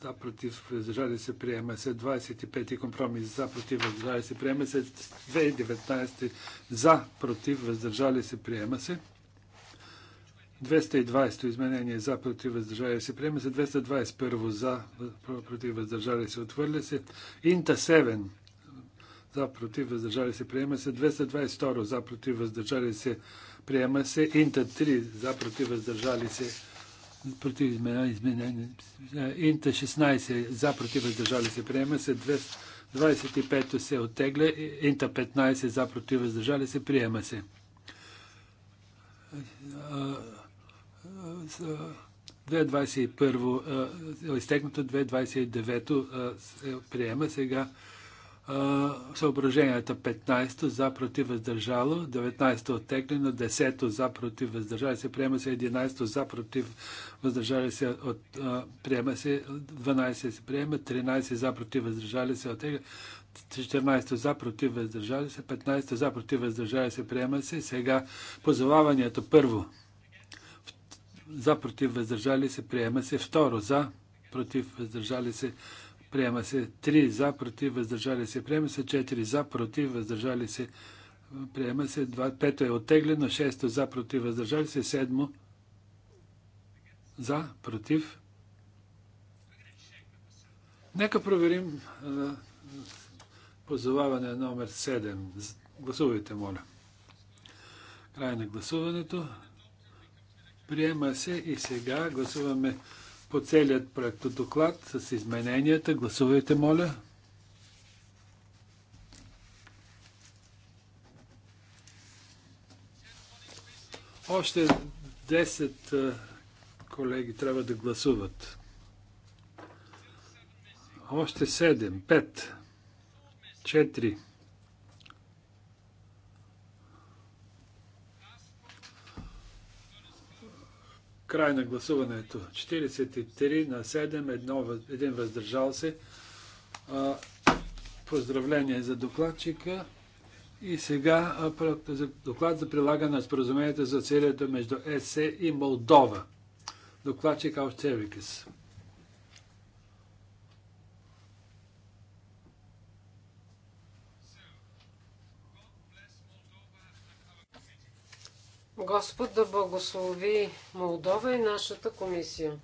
Да, против, въздържали се, приема се. 25-ти компромис за, против, въздържали се, приема се. 219 за, против, въздържали се, приема се. 220 изменение за против въздържали се приема се, 221 за против въздържали се отвърля се, Инта 7 за против въздържали се приема се 222 за против въздържали се приема се Инта 3 за против въздържали се против изменение Инта 16 за против въздържали се приема се 25 се оттегля Инта 15 за против въздържали се приема се 221 изтегнато 2029 приема сега съображенията 15 за против въздържало, 19 оттеглено, 10 за против въздържали се, приема се 11 за против въздържали се, от, а, приема се 12 се приема, 13 за против въздържали се, оттегля, 14 за против въздържали се, 15 за против въздържали се, приема се. Сега позоваването първо за против въздържали се, приема се, второ за против въздържали се, Приема се 3 за, против, въздържали се. Приема се 4 за, против, въздържали се. Приема се 2. Пето е оттеглено. 6 за, против, въздържали се. 7 за, против. Нека проверим позоваване номер 7. Гласувайте, моля. Край на гласуването. Приема се и сега гласуваме по целият проект доклад с измененията. Гласувайте, моля. Още 10 колеги трябва да гласуват. Още 7, 5, 4, Край на гласуването. 43 на 7, едно, един въздържал се. А, поздравление за докладчика. И сега а, доклад за прилагане на споразумението за целието между ЕСЕ и Молдова. Докладчик Аушевикес. Господ да благослови Молдова и нашата комисия.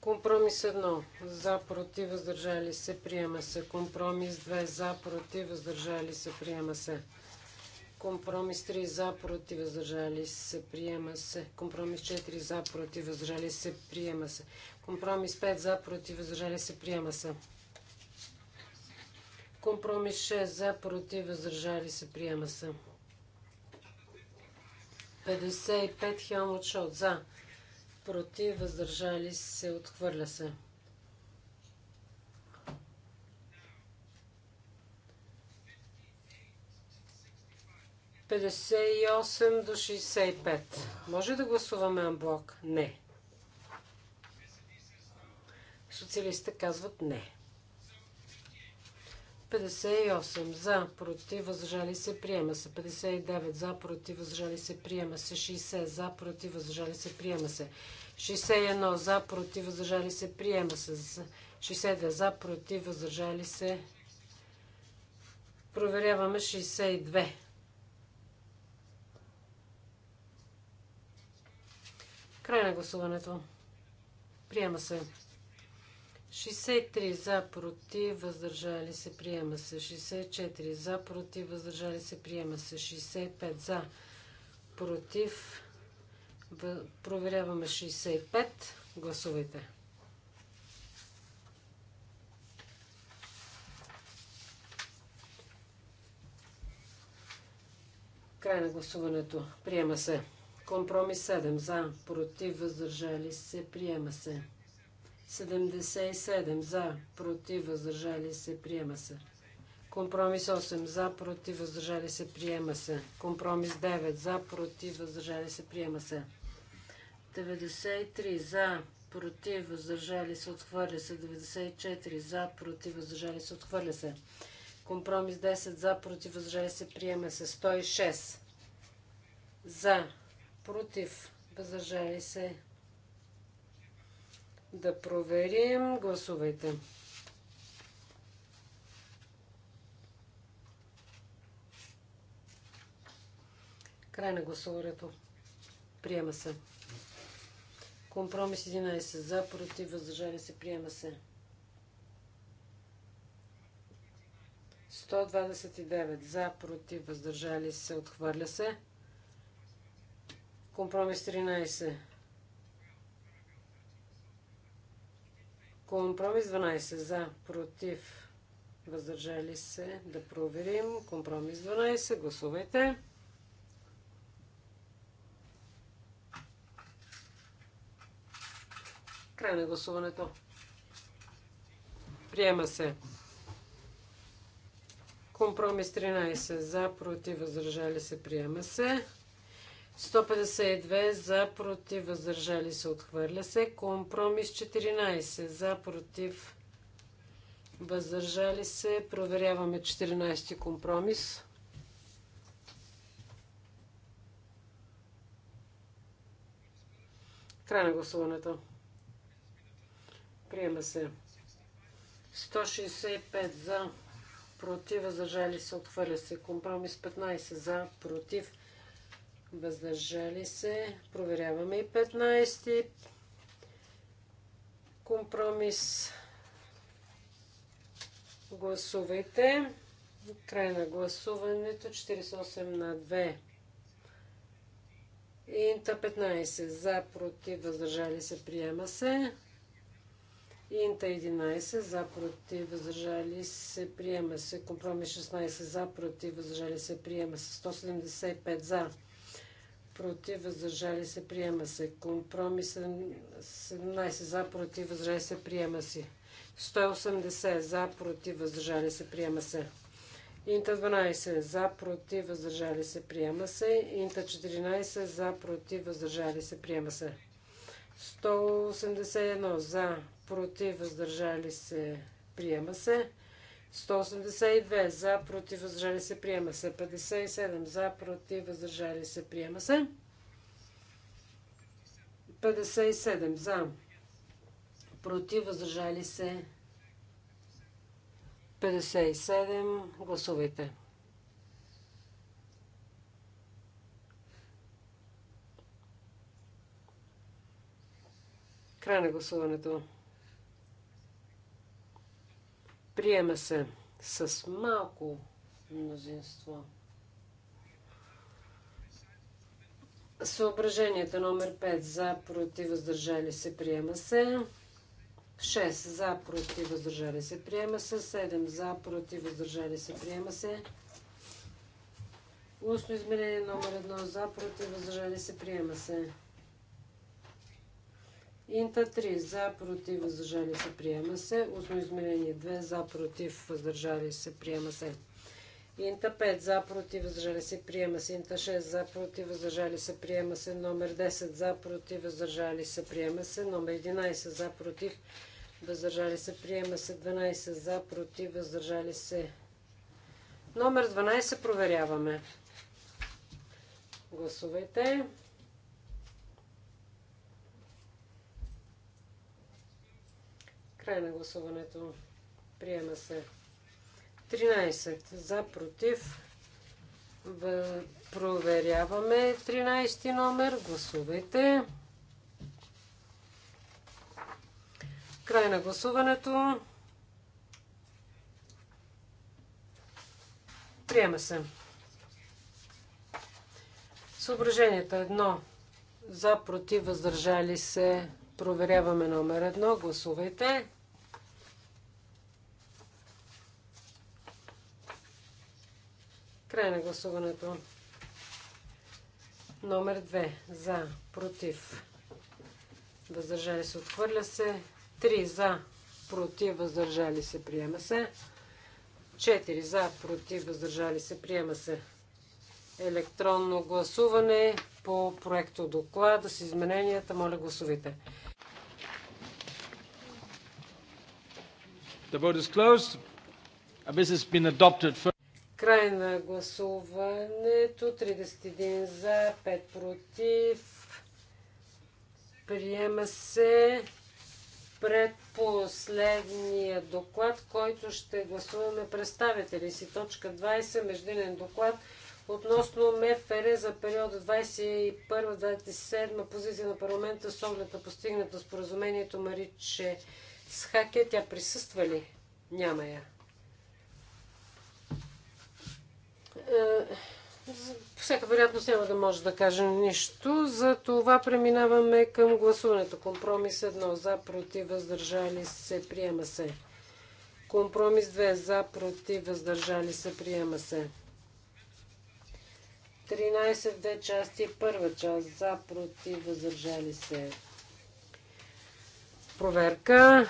Компромис 1. За, против, въздържали се, приема се. Компромис 2. За, против, въздържали се, приема се. Компромис 3. За, против, въздържали се, приема се. Компромис 4. За, против, въздържали се, приема се. Компромис 5. За, против, въздържали се, приема се. Компромис 6 за, против, въздържали се, приема се. 55 Хелмут Шот за, против, въздържали се, отхвърля се. 58 до 65. Може да гласуваме анблок? Не. Социалистите казват не. 58 за, против, въздържали се, приема се. 59 за, против, въздържали се, приема се. 60 за, против, въздържали се, приема се. 61 за, против, въздържали се, приема се. 62 за, против, въздържали се. Проверяваме 62. Край на гласуването. Приема се. 63 за, против, въздържали се, приема се. 64 за, против, въздържали се, приема се. 65 за, против. Проверяваме 65. Гласувайте. Край на гласуването. Приема се. Компромис 7 за, против, въздържали се, приема се. 77 за, против, въздържали се, приема се. Компромис 8 за, против, въздържали се, приема се. Компромис 9 за, против, въздържали се, приема се. 93 за, против, въздържали се, отхвърля се. 94 за, против, въздържали се, отхвърля се. Компромис 10 за, против, въздържали се, приема се. 106 за, против, въздържали се, да проверим. Гласувайте. Край на гласуването. Приема се. Компромис 11 за, против, въздържали се, приема се. 129 за, против, въздържали се, отхвърля се. Компромис 13 Компромис 12 за, против, въздържали се. Да проверим. Компромис 12. Гласувайте. Край на гласуването. Приема се. Компромис 13 за, против, въздържали се, приема се. 152 за против въздържали се отхвърля се. Компромис 14 за против въздържали се. Проверяваме 14 компромис. Край на гласуването. Приема се. 165 за против въздържали се отхвърля се. Компромис 15 за против въздържали се въздържали се. Проверяваме и 15. Компромис. Гласувайте. Край на гласуването. 48 на 2. Инта 15. За, против, въздържали се, приема се. Инта 11. За, против, въздържали се, приема се. Компромис 16. За, против, въздържали се, приема се. 175. За против, въздържали се, приема се. Компромис 17 е- за, против, въздържали се, приема се. 180 за, против, въздържали се, приема се. Инта 12 за, против, въздържали се, приема се. Инта 14 за, против, въздържали се, приема се. 181 за, против, въздържали се, приема се. 182 за, против, въздържали се, приема се. 57 за, против, въздържали се, приема се. 57 за, против, въздържали се. 57, гласувайте. Край на гласуването. Приема се с малко мнозинство. Съображенията номер 5 за против въздържали се приема се. 6 за против въздържали се приема се. 7 за против въздържали се приема се. Устно измерение номер 1 за против въздържали се приема се. Инта 3 за против въздържали се приема се. Устно изменение 2 за против въздържали се приема се. Инта 5 за против въздържали се приема се. Инта 6 за против въздържали се приема се. Номер 10 за против въздържали се приема се. Номер 11 за против въздържали се приема се. 12 за против въздържали се. Номер 12 проверяваме. Гласувайте. Гласувайте. Край на гласуването. Приема се. 13 за против. Проверяваме 13 номер. Гласувайте. Край на гласуването. Приема се. Съображенията едно. За, против, въздържали се. Проверяваме номер едно. Гласувайте. Край на гласуването. Номер 2. За. Против. Въздържали се. Отхвърля се. 3. За. Против. Въздържали се. Приема се. 4. За. Против. Въздържали се. Приема се. Електронно гласуване по проекто доклада с измененията. Моля гласувайте. The vote is closed. This has been adopted. Край на гласуването. 31 за, 5 против. Приема се предпоследния доклад, който ще гласуваме представители си. Точка 20, междинен доклад относно МФР за периода 21-27 позиция на парламента с оглед на постигнато споразумението Мариче с Хаке. Тя присъства ли? Няма я. по е, всяка вероятност няма да може да каже нищо. За това преминаваме към гласуването. Компромис 1 за, против, въздържали се, приема се. Компромис 2 за, против, въздържали се, приема се. 13 две части, първа част за, против, въздържали се. Проверка.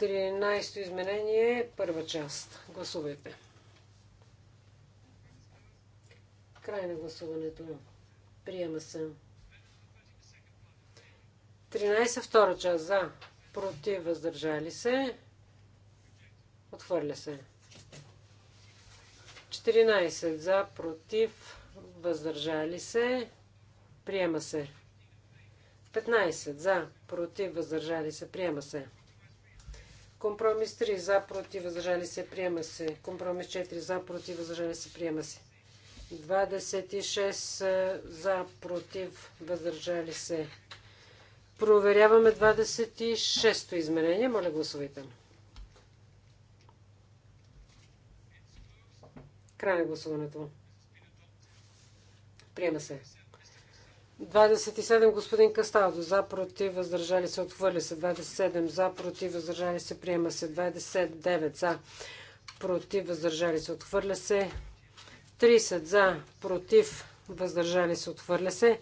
13 изменение, първа част. Гласувайте. Край на гласуването. Приема се. 13 втора част за. Против въздържали се. Отхвърля се. 14 за. Против въздържали се. Приема се. 15 за. Против въздържали се. Приема се. Компромис 3 за. Против въздържали се. Приема се. Компромис 4 за. Против въздържали се. Приема се. 26 е, за, против, въздържали се. Проверяваме 26-то изменение. Моля, гласувайте. Край на гласуването. Приема се. 27 господин Касталдо за против въздържали се отхвърля се 27 за против въздържали се приема се 29 за против въздържали се отхвърля се 30 за, против, въздържали се, отвърля се.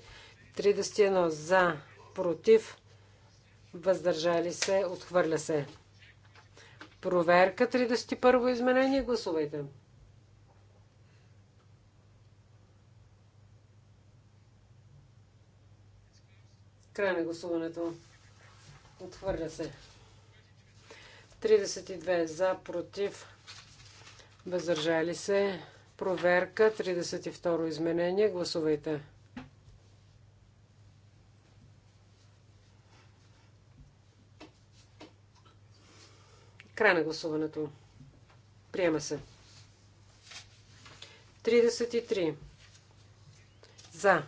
31 за, против, въздържали се, отхвърля се. Проверка 31 изменение. Гласувайте. Край на гласуването. Отхвърля се. 32 за, против, въздържали се. Проверка 32 изменение. Гласувайте. Край на гласуването. Приема се. 33. За.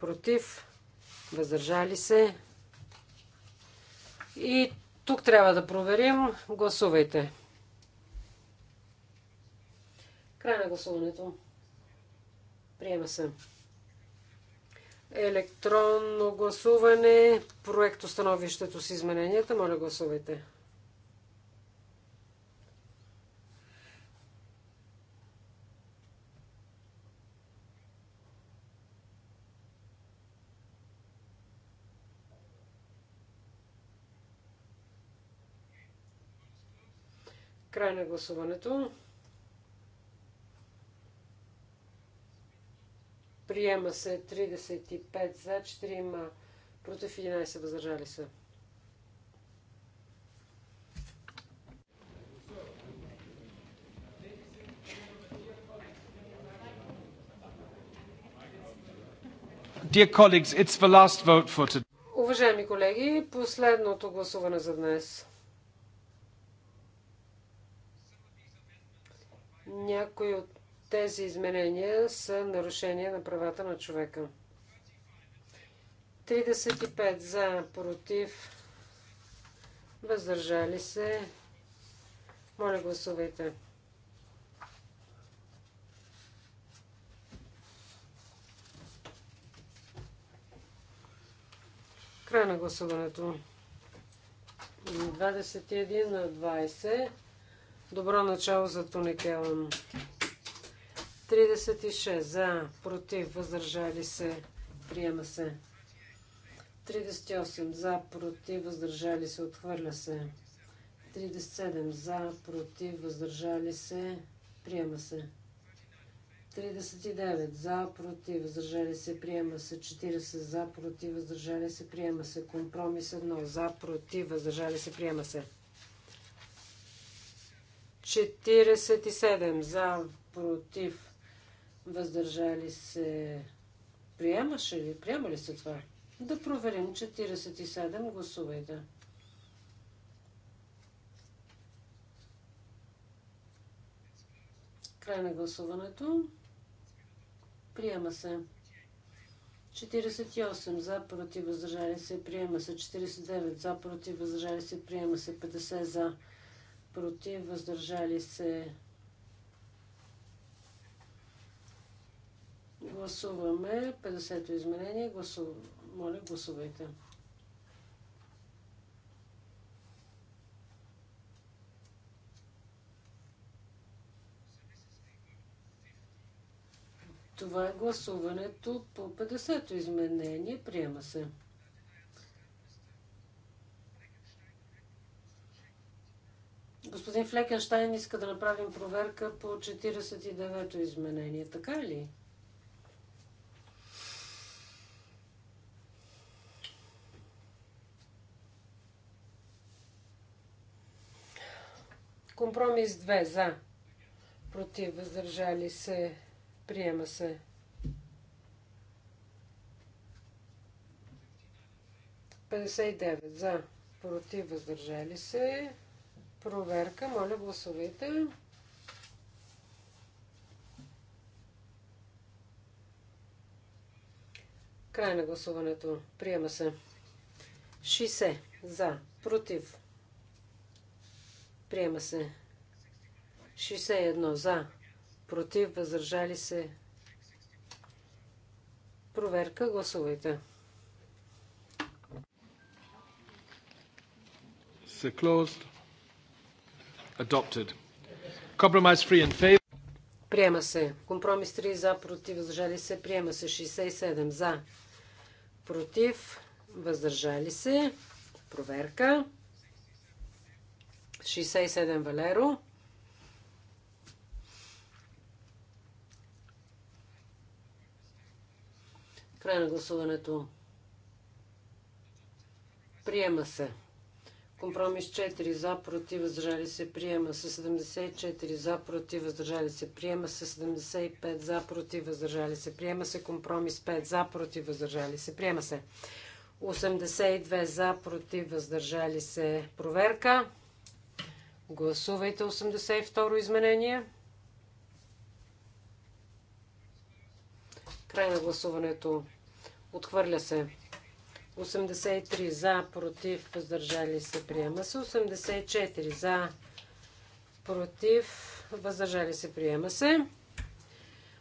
Против. Въздържали се. И тук трябва да проверим. Гласувайте. Край на гласуването. Приема се. Електронно гласуване. Проект установището с измененията. Моля гласувайте. Край на гласуването. Приема се 35 за, 4 против 11 въздържали се. Dear colleagues, it's the last vote for today. Уважаеми колеги, последното гласуване за днес. Някои от тези изменения са нарушение на правата на човека. 35 за, против, въздържали се. Моля, гласувайте. Край на гласуването. 21 на 20. Добро начало за Туникелан. 36 за, против, въздържали се, приема се. 38 за, против, въздържали се, отхвърля се. 37 за, против, въздържали се, приема се. 39 за, против, въздържали се, приема се. 40 за, против, въздържали се, приема се. Компромис 1 за, против, въздържали се, приема се. 47 за, против, Въздържали се. Приемаше ли? Приема ли се това? Да проверим. 47. Гласувайте. Край на гласуването. Приема се. 48 за, против, въздържали се, приема се. 49 за, против, въздържали се, приема се. 50 за, против, въздържали се, Гласуваме 50-то изменение. Гласу... Моля, гласувайте. Това е гласуването по 50-то изменение. Приема се. Господин Флекенштайн иска да направим проверка по 49-то изменение. Така ли? Компромис 2 за. Против въздържали се. Приема се. 59 за. Против въздържали се. Проверка. Моля гласовете. Край на гласуването. Приема се. 60 за. Против Приема се. 61 за. Против. Въздържали се. Проверка. Гласувайте. Се closed. Adopted. Compromise free in favor. Приема се. Компромис 3 за, против, въздържали се. Приема се 67 за, против, въздържали се. Проверка. 67 Валеро. Край на гласуването. Приема се. Компромис 4 за, против, въздържали се, приема се 74 за, против, въздържали се, приема се 75 за, против, въздържали се, приема се компромис 5 за, против, въздържали се, приема се 82 за, против, въздържали се, проверка. Гласувайте 82-ро изменение. Край на гласуването. Отхвърля се. 83 за, против, въздържали се, приема се. 84 за, против, въздържали се, приема се.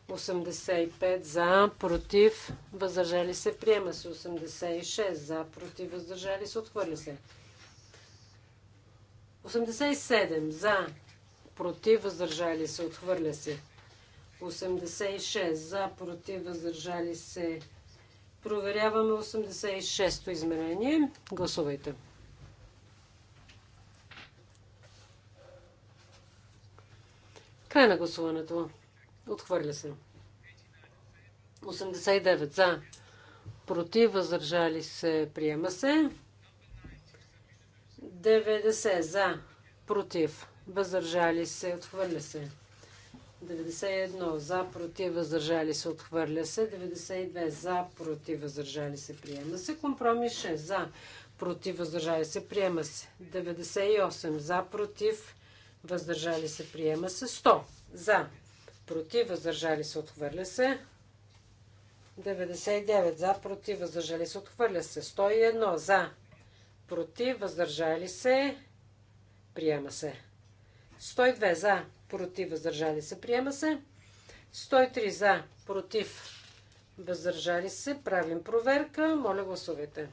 85 за, против, въздържали се, приема се. 86 за, против, въздържали се, отхвърля се. 87 за, против, въздържали се, отхвърля се. 86 за, против, въздържали се. Проверяваме 86-то измерение. Гласувайте. Край на гласуването. Отхвърля се. 89 за, против, въздържали се, приема се. 90 за, против, въздържали се, отхвърля се. 91 за, против, въздържали се, отхвърля се. 92 за, против, въздържали се, приема се. Компромис 6 за, против, въздържали се, приема се. 98 за, против, въздържали се, приема се. 100 за, против, въздържали се, отхвърля се. 99 за, против, въздържали се, отхвърля се. 101 за, против, въздържали се, приема се. 102 за, против, въздържали се, приема се. 103 за, против, въздържали се, правим проверка. Моля, гласовете.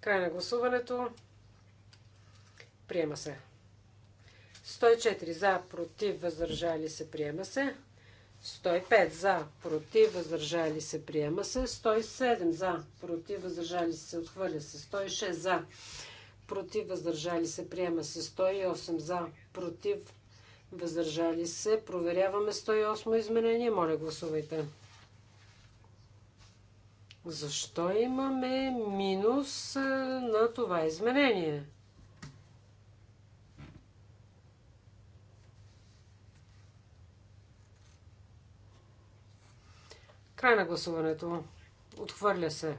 Край на гласуването. Приема се. 104 за, против, въздържали се, приема се. 105 за, против, въздържали се, приема се. 107 за, против, въздържали се, отхвърля се. 106 за, против, въздържали се, приема се. 108 за, против, въздържали се. Проверяваме 108 изменение. Моля, гласувайте. Защо имаме минус на това изменение? Край на гласуването. Отхвърля се.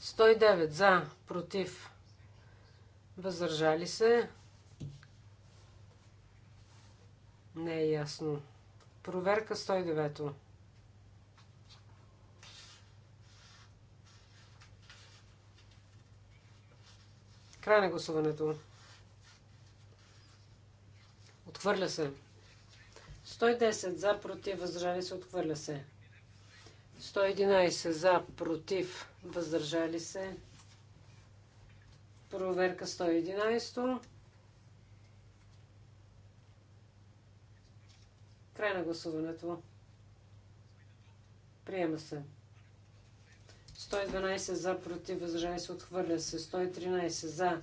109 за, против, въздържали се. Не е ясно. Проверка 109. Край на гласуването. Отхвърля се. 110 за, против, въздържали се, отхвърля се. 111 за, против, въздържали се. Проверка 111. Край на гласуването. Приема се. 112 за, против, възражай се, отхвърля се. 113 за,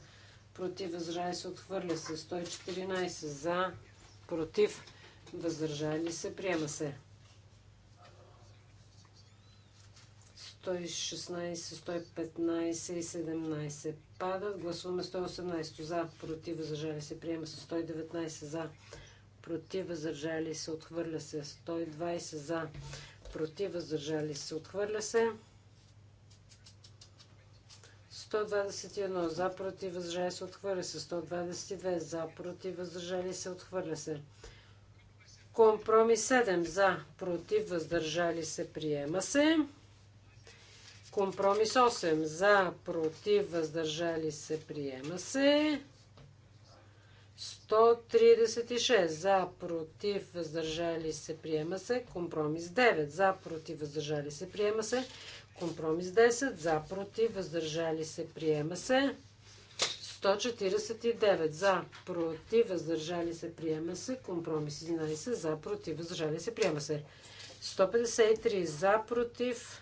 против, възражай се, отхвърля се. 114 за, против, въздържали се, приема се. 116, 115 и 17 падат. Гласуваме 118 за, против, въздържали се, приема се 119 за, против, въздържали се, отхвърля се 120 за, против, въздържали се, отхвърля се. 121 за, против, въздържали се, отхвърля се. 122 за, против, въздържали се, отхвърля се. Компромис 7 за, против, въздържали се, приема се. Компромис 8 за, против, въздържали се, приема се. 136 за, против, въздържали се, приема се. Компромис 9 за, против, въздържали се, приема се. Компромис 10 за, против, въздържали се, приема се. 149 за, против, въздържали се, приема се. Компромис 11 за, против, въздържали се, приема се. 153 за, против.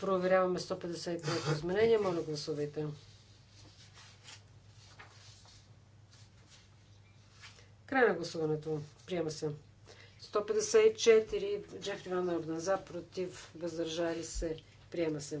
Проверяваме 153 изменение. Моля, гласувайте. Край на гласуването. Приема се. 154. Джефри Ван Орден за, против, въздържали се, приема се.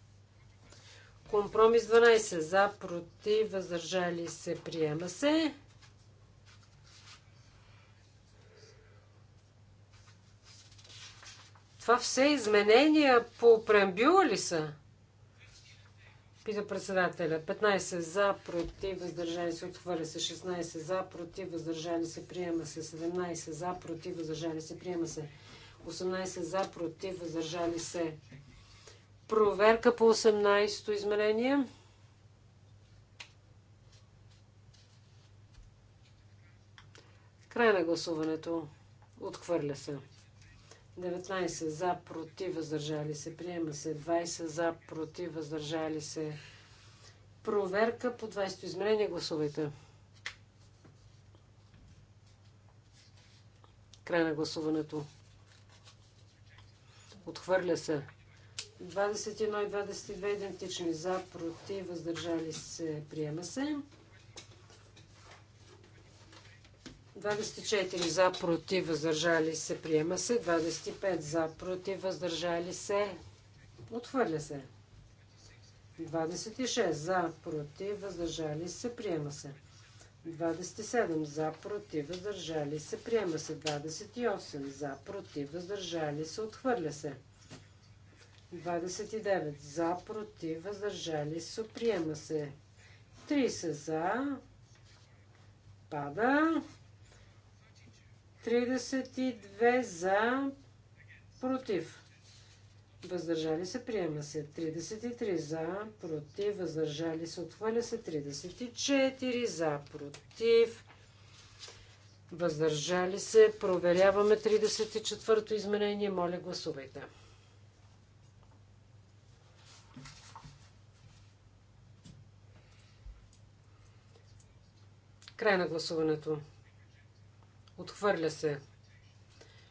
Компромис 12 за, против, въздържали се, приема се. Това все изменения по преамбюла ли са? Пита председателя. 15 за, против, въздържали се, отхвърля се. 16 за, против, въздържали се, приема се. 17 за, против, въздържали се, приема се. 18 за, против, въздържали се, Проверка по 18-то измерение. Край на гласуването. Отхвърля се. 19 за, против, въздържали се. Приема се 20 за, против, въздържали се. Проверка по 20-то измерение. Гласувайте. Край на гласуването. Отхвърля се. 21 и 22 идентични за, против, въздържали се, приема се. 24 за, против, въздържали се, приема се. 25 за, против, въздържали се, отхвърля се. 26 за, против, въздържали се, приема се. 27 за, против, въздържали се, приема се. 28 за, против, въздържали се, отхвърля се. 29 за, против, въздържали се, приема се. 30 за, пада. 32 за, против. Въздържали се, приема се. 33 за, против, въздържали се, отхвърля се. 34 за, против. Въздържали се. Проверяваме 34-то изменение. Моля, гласувайте. Край на гласуването. Отхвърля се.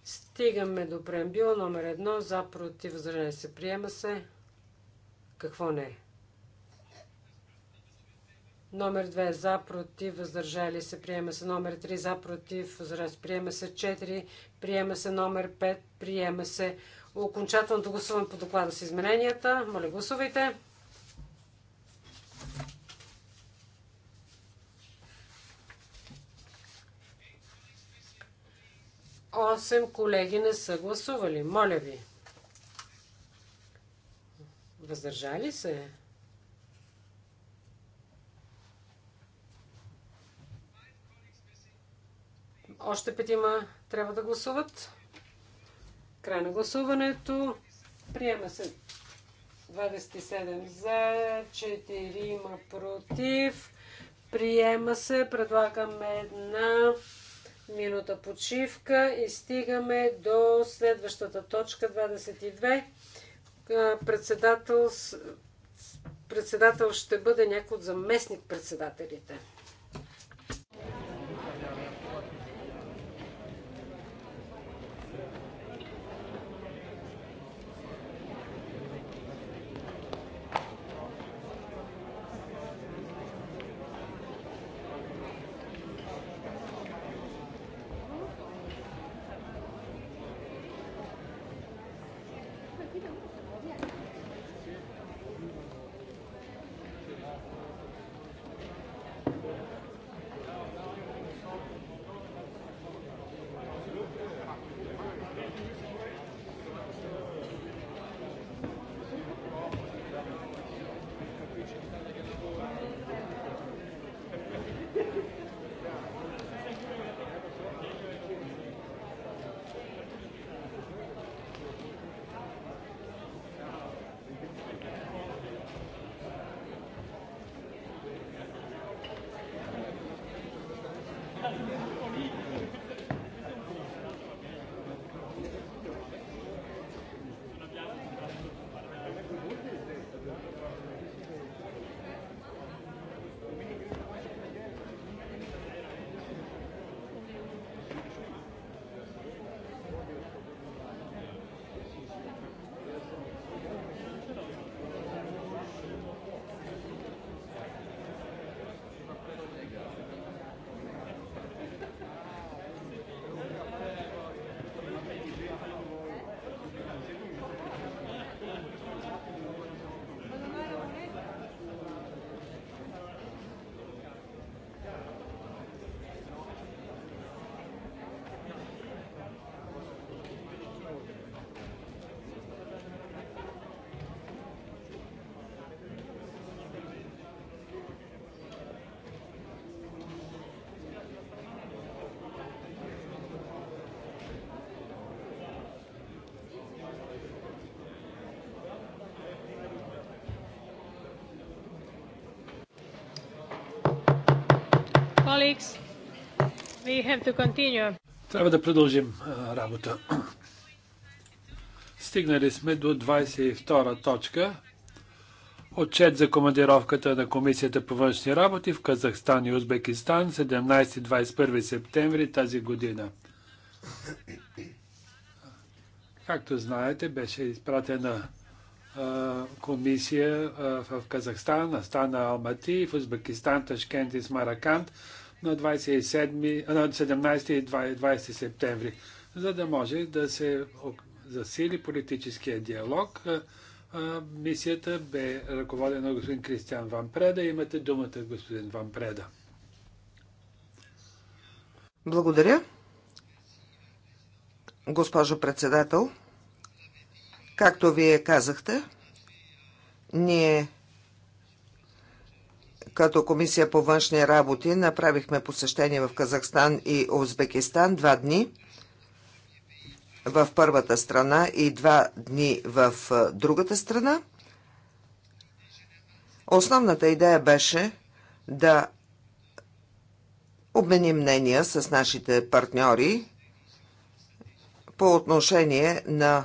Стигаме до преамбила номер едно. За, против, възражение се приема се. Какво не е? Номер 2 за, против, въздържали се, приема се. Номер 3 за, против, въздържали се, приема се. 4, приема се. Номер 5, приема се. Окончателното гласуване по доклада с измененията. Моля, гласувайте. 8 колеги не са гласували. Моля ви. Въздържали се? Още петима трябва да гласуват. Край на гласуването. Приема се 27 за, 4 има против. Приема се. Предлагаме една минута почивка и стигаме до следващата точка 22. Председател, председател ще бъде някой от заместник председателите. Colleagues, we have to continue. Трябва да продължим работа. Стигнали сме до 22 точка. Отчет за командировката на Комисията по външни работи в Казахстан и Узбекистан 17-21 септември тази година. Както знаете, беше изпратена комисия в Казахстан, Астана, Алмати, в Узбекистан, Ташкент и Смаракант на, 27, на 17 и 20 септември, за да може да се засили политическия диалог. Мисията бе ръководена от господин Кристиан Ван Преда. Имате думата, господин Ван Преда. Благодаря. Госпожо председател, както вие казахте, ние като Комисия по външни работи направихме посещение в Казахстан и Узбекистан два дни в първата страна и два дни в другата страна. Основната идея беше да обменим мнения с нашите партньори по отношение на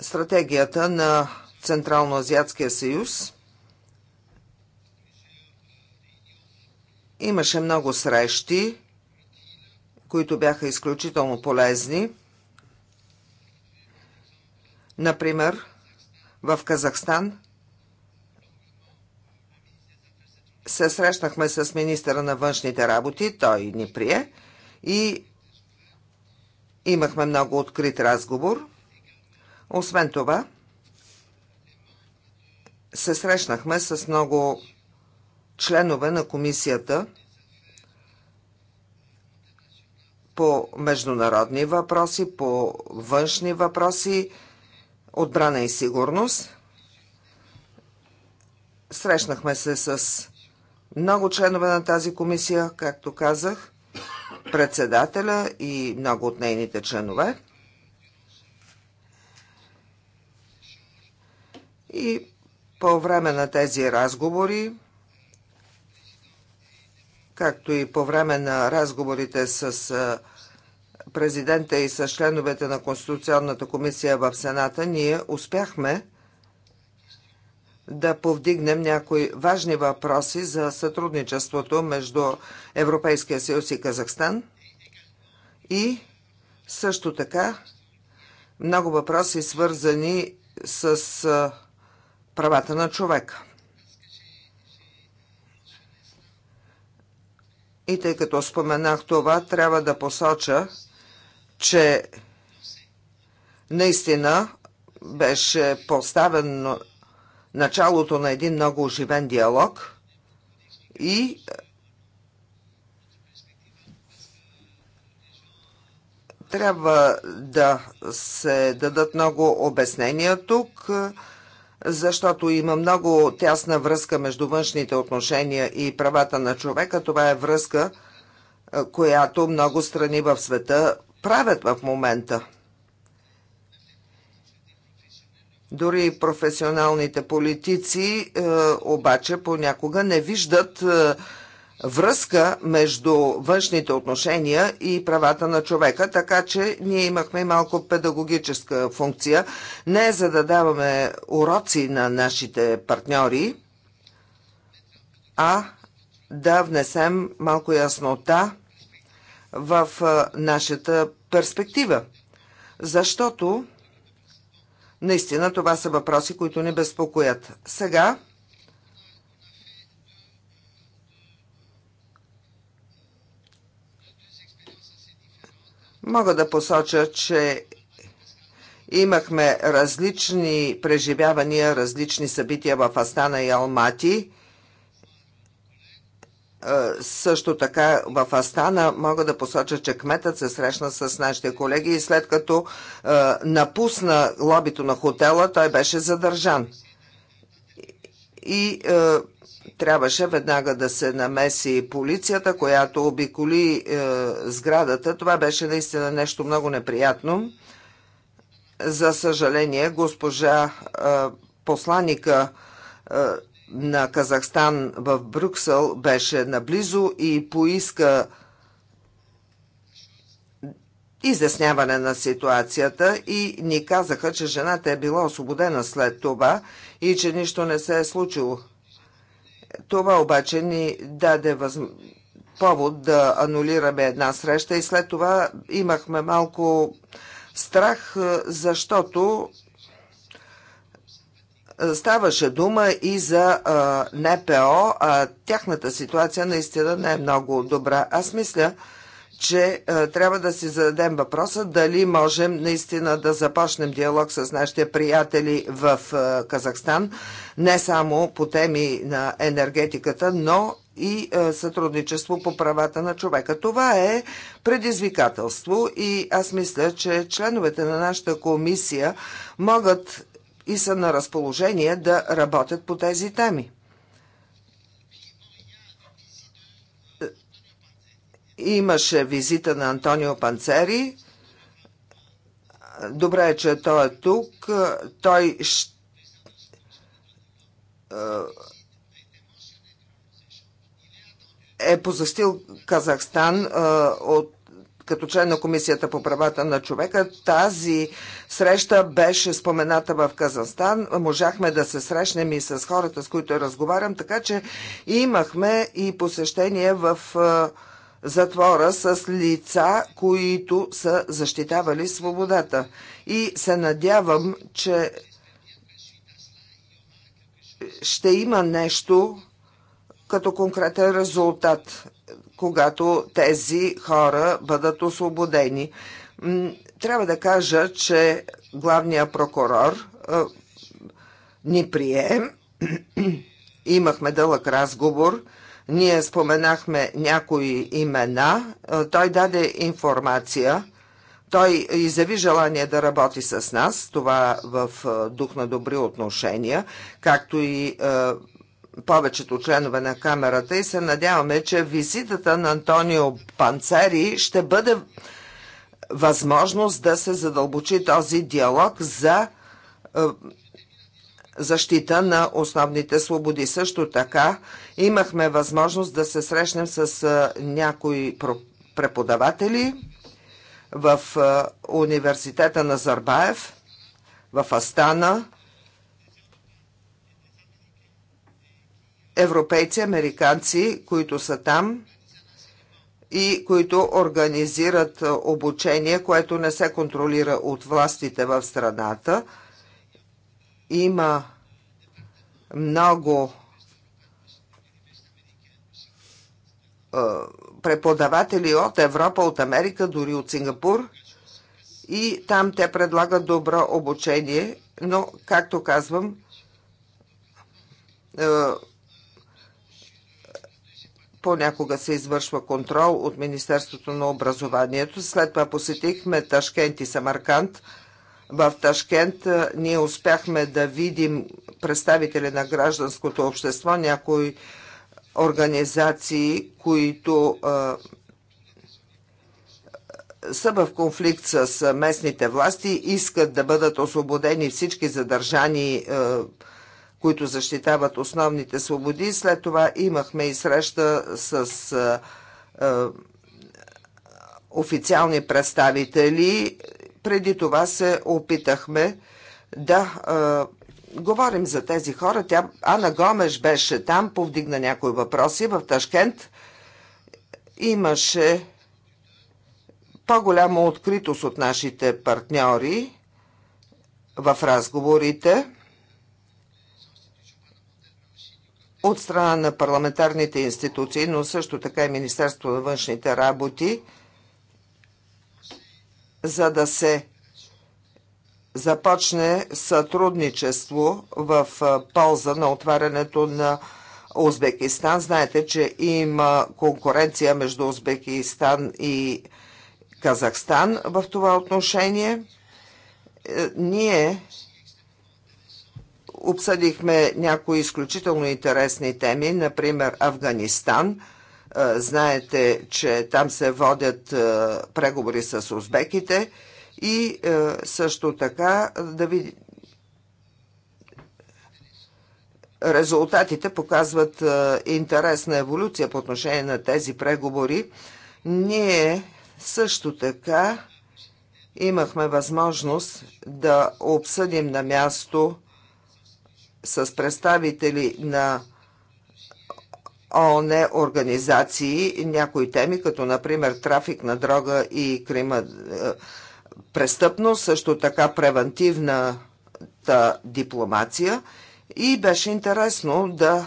стратегията на Централно-Азиатския съюз – Имаше много срещи, които бяха изключително полезни. Например, в Казахстан се срещнахме с министъра на външните работи, той ни прие и имахме много открит разговор. Освен това, се срещнахме с много членове на комисията по международни въпроси, по външни въпроси, отбрана и сигурност. Срещнахме се с много членове на тази комисия, както казах, председателя и много от нейните членове. И по време на тези разговори както и по време на разговорите с президента и с членовете на Конституционната комисия в Сената, ние успяхме да повдигнем някои важни въпроси за сътрудничеството между Европейския съюз и Казахстан и също така много въпроси свързани с правата на човека. И тъй като споменах това, трябва да посоча, че наистина беше поставен началото на един много оживен диалог и е, трябва да се дадат много обяснения тук защото има много тясна връзка между външните отношения и правата на човека. Това е връзка, е, която много страни в света правят в момента. Дори професионалните политици е, обаче понякога не виждат е, връзка между външните отношения и правата на човека, така че ние имахме малко педагогическа функция, не за да даваме уроци на нашите партньори, а да внесем малко яснота в нашата перспектива. Защото наистина това са въпроси, които ни безпокоят. Сега Мога да посоча, че имахме различни преживявания, различни събития в Астана и Алмати. Е, също така в Астана мога да посоча, че кметът се срещна с нашите колеги и след като е, напусна лобито на хотела, той беше задържан. И е, трябваше веднага да се намеси полицията, която обиколи е, сградата. Това беше наистина нещо много неприятно. За съжаление, госпожа е, посланика е, на Казахстан в Брюксел беше наблизо и поиска изясняване на ситуацията и ни казаха, че жената е била освободена след това и че нищо не се е случило. Това обаче ни даде възможност повод да анулираме една среща и след това имахме малко страх, е, защото е, ставаше дума и за е, НПО, а тяхната ситуация наистина не е много добра. Аз мисля, че е, трябва да си зададем въпроса дали можем наистина да започнем диалог с нашите приятели в е, Казахстан, не само по теми на енергетиката, но и е, сътрудничество по правата на човека. Това е предизвикателство и аз мисля, че членовете на нашата комисия могат и са на разположение да работят по тези теми. имаше визита на Антонио Панцери. Добре е, че той е тук. Той ще е, е позастил Казахстан е, от като член на Комисията по правата на човека. Тази среща беше спомената в Казахстан. Можахме да се срещнем и с хората, с които разговарям, така че имахме и посещение в е, затвора с лица, които са защитавали свободата. И се надявам, че ще има нещо като конкретен резултат, когато тези хора бъдат освободени. Трябва да кажа, че главният прокурор ни прие. Имахме дълъг разговор – ние споменахме някои имена. Е, той даде информация. Той изяви желание да работи с нас, това в е, дух на добри отношения, както и е, повечето членове на камерата и се надяваме, че визитата на Антонио Панцери ще бъде възможност да се задълбочи този диалог за защита на основните свободи. Също така имахме възможност да се срещнем с някои преподаватели в университета на Зарбаев, в Астана, европейци, американци, които са там и които организират обучение, което не се контролира от властите в страната – има много преподаватели от Европа, от Америка, дори от Сингапур. И там те предлагат добро обучение, но, както казвам, понякога се извършва контрол от Министерството на образованието. След това посетихме Ташкент и Самарканд – в Ташкент ние успяхме да видим представители на гражданското общество, някои организации, които са в конфликт с местните власти, искат да бъдат освободени всички задържани, които защитават основните свободи. След това имахме и среща с официални представители преди това се опитахме да е, говорим за тези хора. Тя, Ана Гомеш беше там, повдигна някои въпроси в Ташкент. Имаше по-голяма откритост от нашите партньори в разговорите от страна на парламентарните институции, но също така и Министерство на външните работи – за да се започне сътрудничество в полза на отварянето на Узбекистан. Знаете, че има конкуренция между Узбекистан и Казахстан в това отношение. Е, ние обсъдихме някои изключително интересни теми, например Афганистан – Знаете, че там се водят преговори с узбеките и също така да ви Резултатите показват интересна еволюция по отношение на тези преговори. Ние също така имахме възможност да обсъдим на място с представители на ООН е организации някои теми, като например трафик на дрога и крима, е, престъпност, също така превентивната дипломация. И беше интересно да е,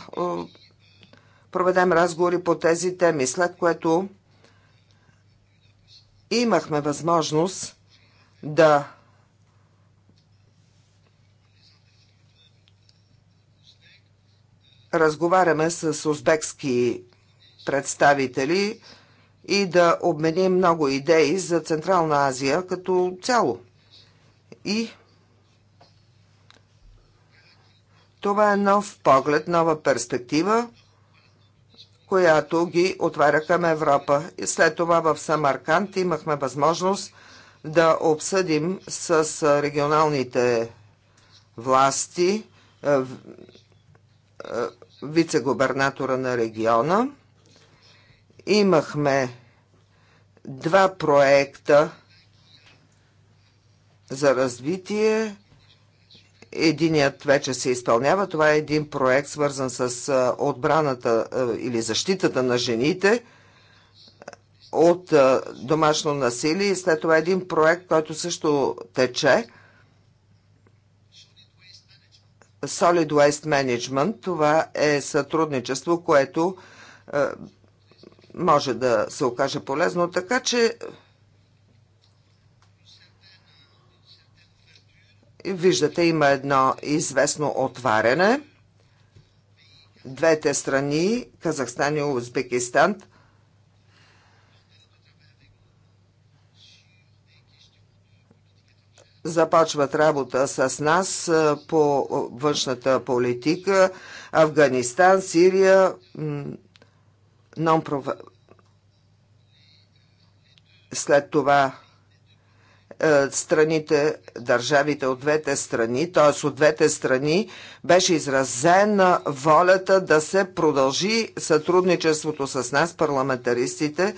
проведем разговори по тези теми, след което имахме възможност да разговаряме с узбекски представители и да обменим много идеи за Централна Азия като цяло. И това е нов поглед, нова перспектива, която ги отваря към Европа. И след това в Самарканд имахме възможност да обсъдим с регионалните власти вице-губернатора на региона. Имахме два проекта за развитие. Единият вече се изпълнява. Това е един проект, свързан с отбраната или защитата на жените от домашно насилие. След това е един проект, който също тече – Solid Waste Management. Това е сътрудничество, което е, може да се окаже полезно, така че виждате има едно известно отваряне. Двете страни, Казахстан и Узбекистан, започват работа с нас по външната политика, Афганистан, Сирия, нон-проф... след това страните, държавите от двете страни, т.е. от двете страни, беше изразена волята да се продължи сътрудничеството с нас, парламентаристите,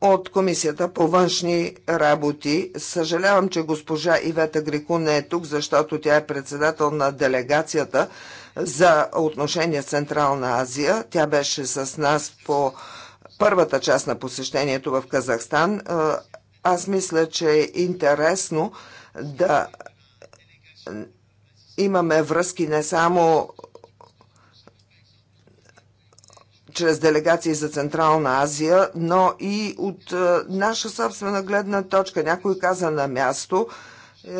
от Комисията по външни работи. Съжалявам, че госпожа Ивета Грико не е тук, защото тя е председател на делегацията за отношения с Централна Азия. Тя беше с нас по първата част на посещението в Казахстан. Е, аз мисля, че е интересно да имаме връзки не само чрез делегации за Централна Азия, но и от е, наша собствена гледна точка. Някой каза на място, е,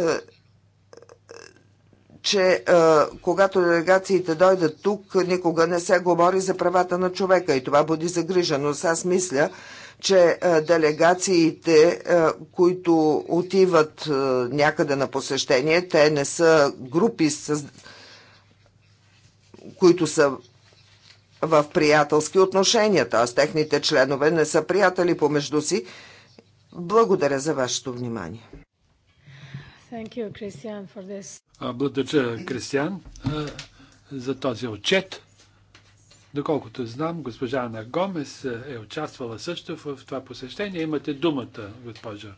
че е, когато делегациите дойдат тук, никога не се говори за правата на човека и това буди загриженост. Аз мисля, че делегациите, които отиват някъде на посещение, те не са групи, които са в приятелски отношения, т.е. техните членове не са приятели помежду си. Благодаря за вашето внимание. You, Christian, Благодаря, Кристиан, за този отчет. Доколкото знам, госпожа Ана Гомес е участвала също в това посещение. Имате думата, госпожа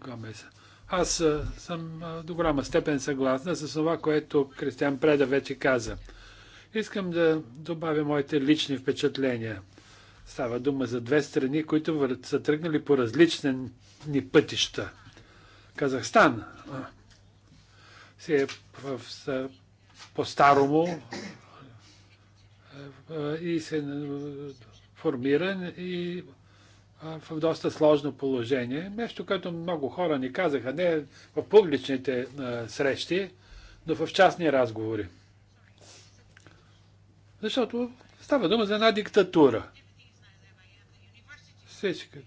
Гомес. Аз съм до голяма степен съгласна с това, което Кристиан Преда вече каза. Искам да добавя моите лични впечатления. Става дума за две страни, които са тръгнали по различни пътища. Казахстан си е по-старому и се формиран и в доста сложно положение. Нещо, което много хора ни казаха, не в публичните срещи, но в частни разговори. Защото става дума за една диктатура. Всички,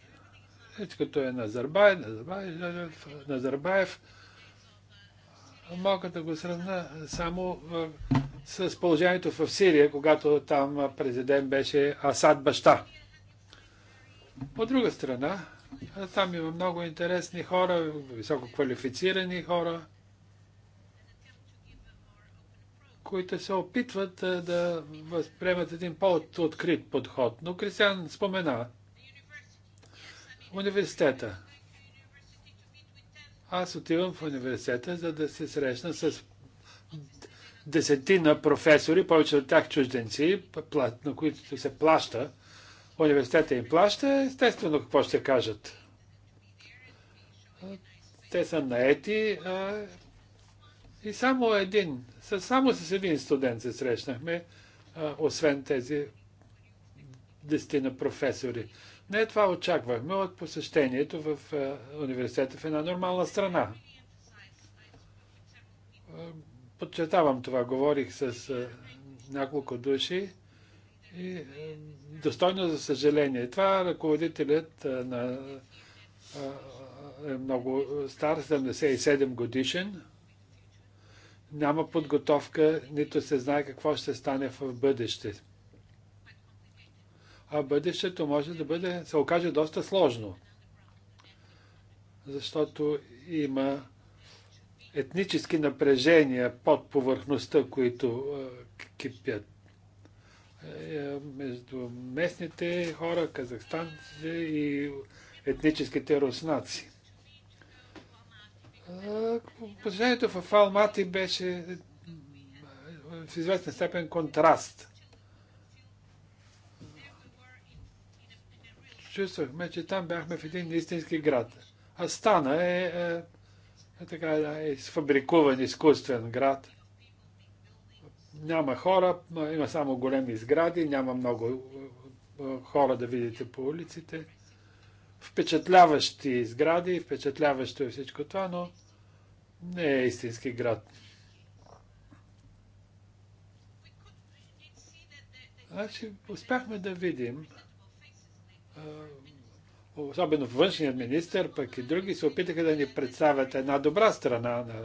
всичкото е Назарбаев, Назарбаев, Назарбаев. Мога да го сравна само с положението в Сирия, когато там президент беше Асад баща. От друга страна, там има много интересни хора, високо квалифицирани хора, които се опитват да възприемат един по-открит подход. Но Кристиан спомена университета. Аз отивам в университета, за да се срещна с десетина професори, повече от тях чужденци, на които се плаща. Университета им плаща, естествено какво ще кажат. Те са наети, и само един, само с един студент се срещнахме, освен тези десетина професори. Не това очаквахме от посещението в университета в една нормална страна. Подчертавам това. Говорих с няколко души и достойно за съжаление. Това ръководителят на е много стар, 77 годишен, няма подготовка, нито се знае какво ще стане в бъдеще. А бъдещето може да бъде, се окаже доста сложно, защото има етнически напрежения под повърхността, които кипят е, между местните хора, казахстанците и етническите руснаци. Посещението в Алмати беше е, в известна степен контраст. Чувствахме, че там бяхме в един истински град. Астана е, е, е така, е, е сфабрикуван изкуствен град. Няма хора, има само големи сгради, няма много е, хора да видите по улиците впечатляващи сгради, впечатляващо е всичко това, но не е истински град. Значи успяхме да видим, особено външният министр, пък и други се опитаха да ни представят една добра страна на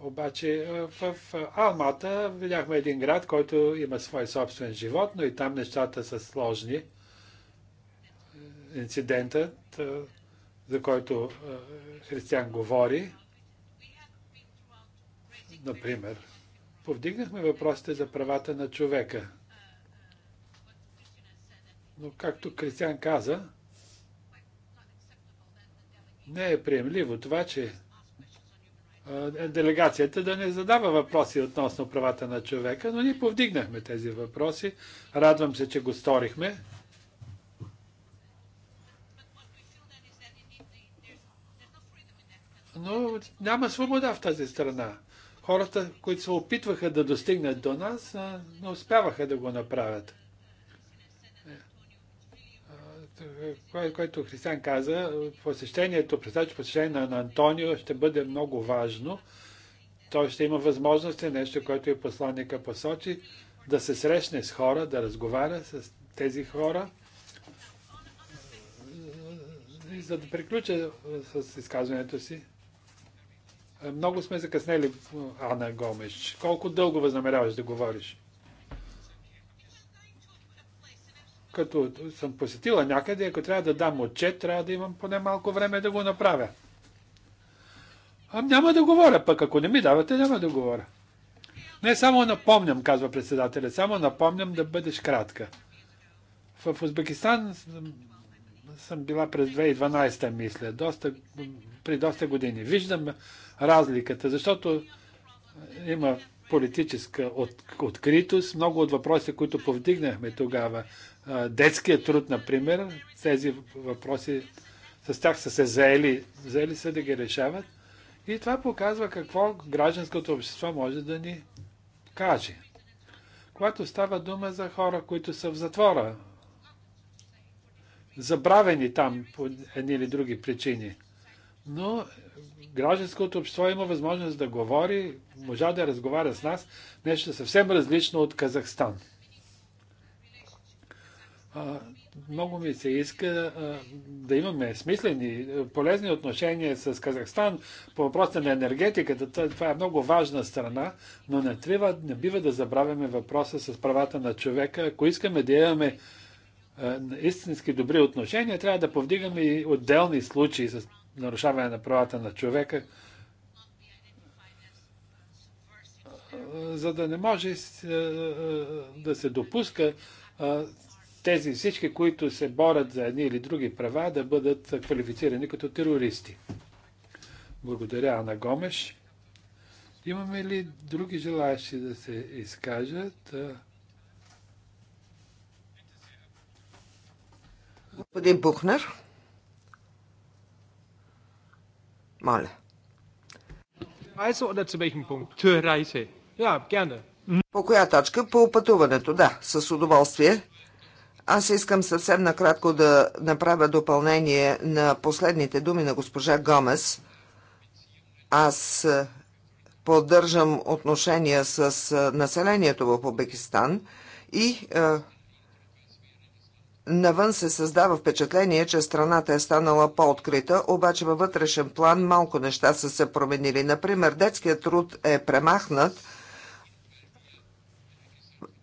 обаче в Алмата видяхме един град, който има свой собствен живот, но и там нещата са сложни инцидентът, за който Християн говори, например, повдигнахме въпросите за правата на човека. Но както Кристиан каза, не е приемливо това, че е делегацията да не задава въпроси относно правата на човека, но ние повдигнахме тези въпроси. Радвам се, че го сторихме. но няма свобода в тази страна. Хората, които се опитваха да достигнат до нас, не успяваха да го направят. Е, което Християн каза, посещението, представя, посещение на Антонио ще бъде много важно. Той ще има възможности, нещо, което и посланника посочи, да се срещне с хора, да разговаря с тези хора. И за да приключа с изказването си, е, много сме закъснели, Ана Гомеш. Колко дълго възнамеряваш да говориш? Като съм посетила някъде, ако трябва да дам отчет, трябва да имам поне малко време да го направя. А няма да говоря, пък ако не ми давате, няма да говоря. Не само напомням, казва председателя, само напомням да бъдеш кратка. В Узбекистан съм била през 2012, мисля, доста, при доста години. Виждам разликата, защото има политическа откритост. Много от въпросите, които повдигнахме тогава, детският труд, например, тези въпроси с тях са се заели, заели са да ги решават. И това показва какво гражданското общество може да ни каже. Когато става дума за хора, които са в затвора, забравени там по едни или други причини, но гражданското общество има възможност да говори, можа да разговаря с нас, нещо съвсем различно от Казахстан. А, много ми се иска а, да имаме смислени, полезни отношения с Казахстан по въпроса на енергетиката. Това е много важна страна, но не, трябва, не бива да забравяме въпроса с правата на човека. Ако искаме да имаме истински добри отношения, трябва да повдигаме и отделни случаи с нарушаване на правата на човека, за да не може е, е, да се допуска е, тези всички, които се борят за едни или други права, да бъдат квалифицирани като терористи. Благодаря, Ана Гомеш. Имаме ли други желаящи да се изкажат? Господин Бухнер. Моля. Reise oder zu welchem Punkt? Zur Reise. Ja, gerne. По коя точка? По пътуването, да, с удоволствие. Аз искам съвсем накратко да направя допълнение на последните думи на госпожа Гомес. Аз е, поддържам отношения с е, населението в Обекистан и е, Навън се създава впечатление, че страната е станала по-открита, обаче във вътрешен план малко неща са се променили. Например, детският труд е премахнат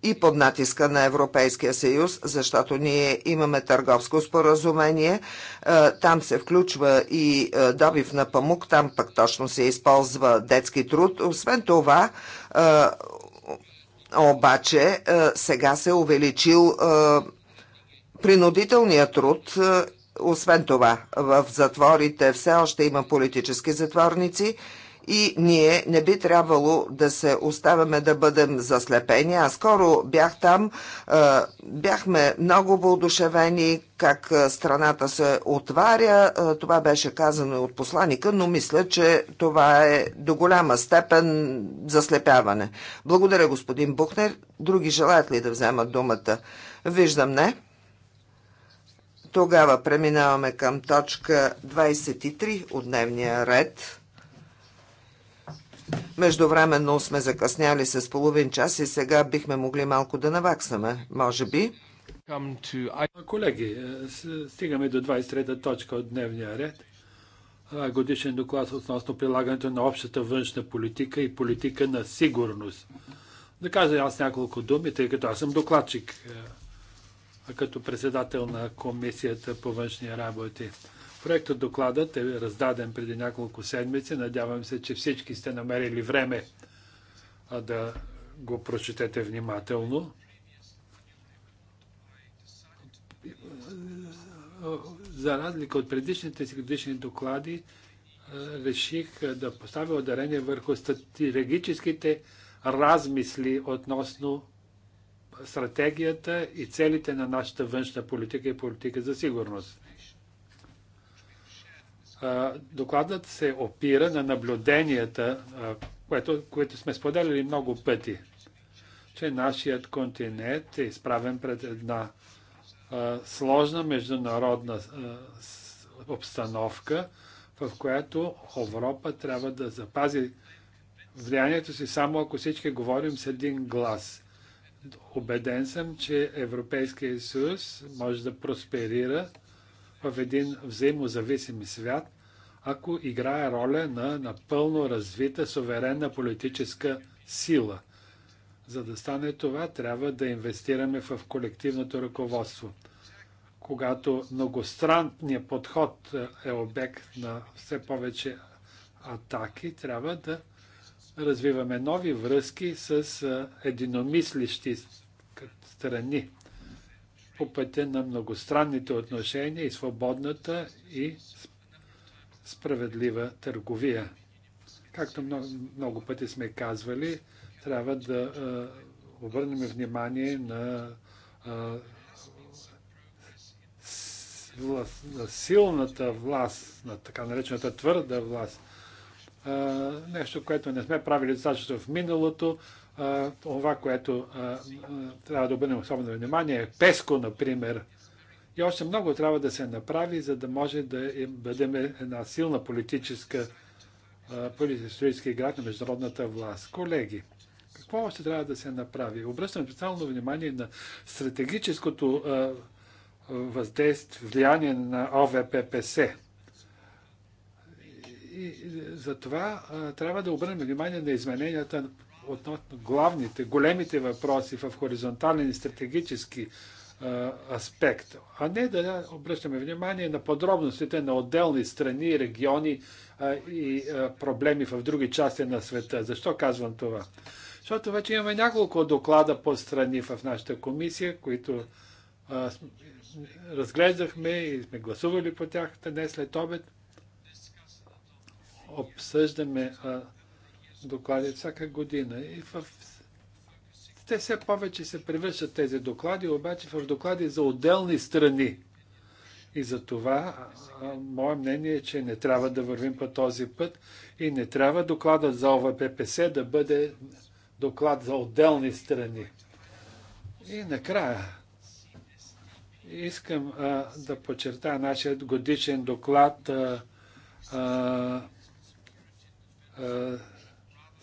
и под натиска на Европейския съюз, защото ние имаме търговско споразумение. Е, там се включва и е, добив на памук, там пък точно се използва детски труд. Освен това, е, обаче, сега се увеличил принудителният труд е, освен това, в затворите все още има политически затворници и ние не би трябвало да се оставяме да бъдем заслепени. Аз скоро бях там, е, бяхме много воодушевени как е, страната се отваря. Това беше казано и от посланика, но мисля, че това е до голяма степен заслепяване. Благодаря, господин Бухнер. Други желаят ли да вземат думата? Виждам не. Тогава преминаваме към точка 23 от дневния ред. Междувременно сме закъсняли с половин час и сега бихме могли малко да наваксаме, може би. Колеги, е, стигаме до 23-та точка от дневния ред. Годишен доклад относно прилагането на общата външна политика и политика на сигурност. Да кажа аз няколко думи, тъй като аз съм докладчик е, като председател на Комисията по външни работи. Проектът докладът е раздаден преди няколко седмици. Надявам се, че всички сте намерили време да го прочетете внимателно. За разлика от предишните си годишни доклади, реших да поставя ударение върху стратегическите размисли относно стратегията и целите на нашата външна политика и политика за сигурност. Докладът се опира на наблюденията, което, които сме споделяли много пъти, че нашият континент е изправен пред една сложна международна обстановка, в която Европа трябва да запази влиянието си само ако всички говорим с един глас. Обеден съм, че Европейския съюз може да просперира в един взаимозависим свят, ако играе роля на напълно развита суверенна политическа сила. За да стане това, трябва да инвестираме в колективното ръководство. Когато многостранният подход е обект на все повече атаки, трябва да развиваме нови връзки с единомислищи страни по пътя на многостранните отношения и свободната и справедлива търговия. Както много, много пъти сме казвали, трябва да а, обърнем внимание на, а, власт, на силната власт, на така наречената твърда власт, нещо, което не сме правили достатъчно в миналото. Това, което трябва да обърнем особено внимание е Песко, например. И още много трябва да се направи, за да може да бъдем една силна политическа политически играч на международната власт. Колеги, какво още трябва да се направи? Обръщам специално внимание на стратегическото въздействие, влияние на ОВППС и затова трябва да обърнем внимание на измененията относно главните, големите въпроси в хоризонтален и стратегически а, аспект, а не да обръщаме внимание на подробностите на отделни страни, региони а, и а, проблеми в други части на света. Защо казвам това? Защото вече имаме няколко доклада по страни в нашата комисия, които разглеждахме и сме гласували по тях днес след обед обсъждаме доклади всяка година и в... те все повече се превръщат тези доклади, обаче в доклади за отделни страни. И за това мое мнение е, че не трябва да вървим по този път и не трябва докладът за ОВППС да бъде доклад за отделни страни. И накрая искам а, да подчертая нашия годишен доклад а, а,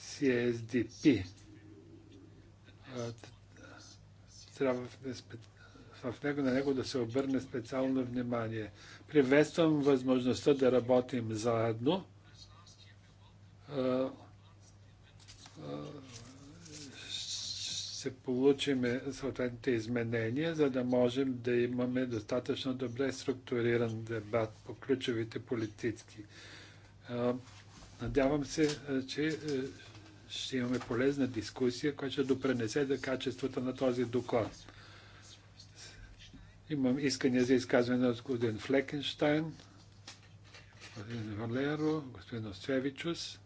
CSDP. Трябва в него, на него да се обърне специално внимание. Приветствам възможността да работим заедно. Ще получим съответните изменения, за да можем да имаме достатъчно добре структуриран дебат по ключовите политически. Надявам се, е, че е, ще имаме полезна дискусия, която ще допренесе за качеството на този доклад. Имам искания за изказване от господин Флекенштайн, господин Валеро, господин Остевичус,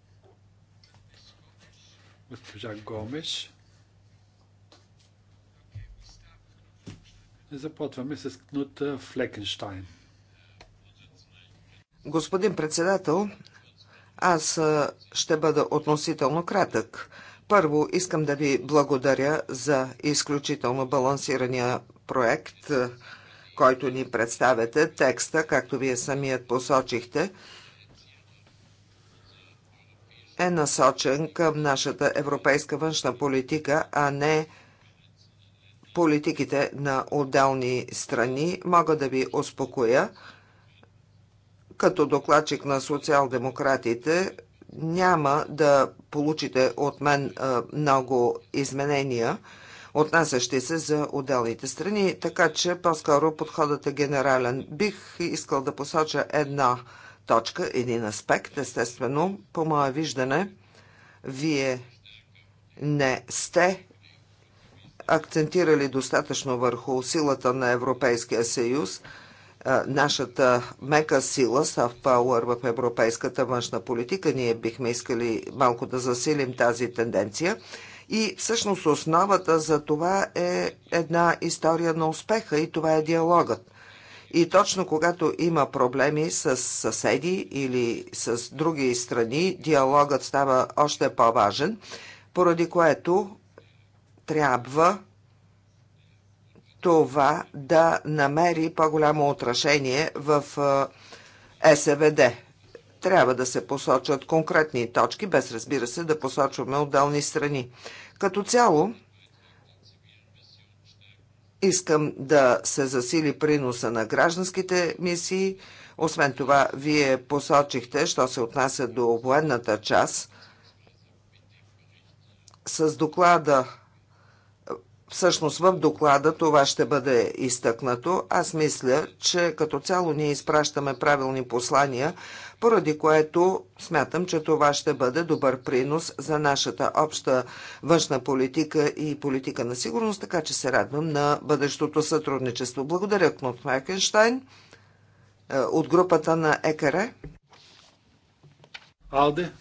госпожа Гомеш. Започваме с Кнут Флекенштайн. Господин председател, аз ще бъда относително кратък. Първо искам да ви благодаря за изключително балансирания проект, който ни представяте. Текста, както вие самият посочихте, е насочен към нашата европейска външна политика, а не политиките на отделни страни. Мога да ви успокоя – като докладчик на социал-демократите няма да получите от мен много изменения, отнасящи се за отделните страни, така че по-скоро подходът е генерален. Бих искал да посоча една точка, един аспект. Естествено, по мое виждане, вие не сте акцентирали достатъчно върху силата на Европейския съюз – нашата мека сила, soft power в европейската външна политика. Ние бихме искали малко да засилим тази тенденция. И всъщност основата за това е една история на успеха и това е диалогът. И точно когато има проблеми с съседи или с други страни, диалогът става още по-важен, поради което трябва това да намери по-голямо отражение в СВД. Трябва да се посочат конкретни точки, без разбира се да посочваме отделни страни. Като цяло, искам да се засили приноса на гражданските мисии. Освен това, вие посочихте, що се отнася до военната част. С доклада Всъщност в доклада това ще бъде изтъкнато. Аз мисля, че като цяло ние изпращаме правилни послания, поради което смятам, че това ще бъде добър принос за нашата обща външна политика и политика на сигурност, така че се радвам на бъдещото сътрудничество. Благодаря, Кнут Майкенштайн е, от групата на ЕКР. Алде,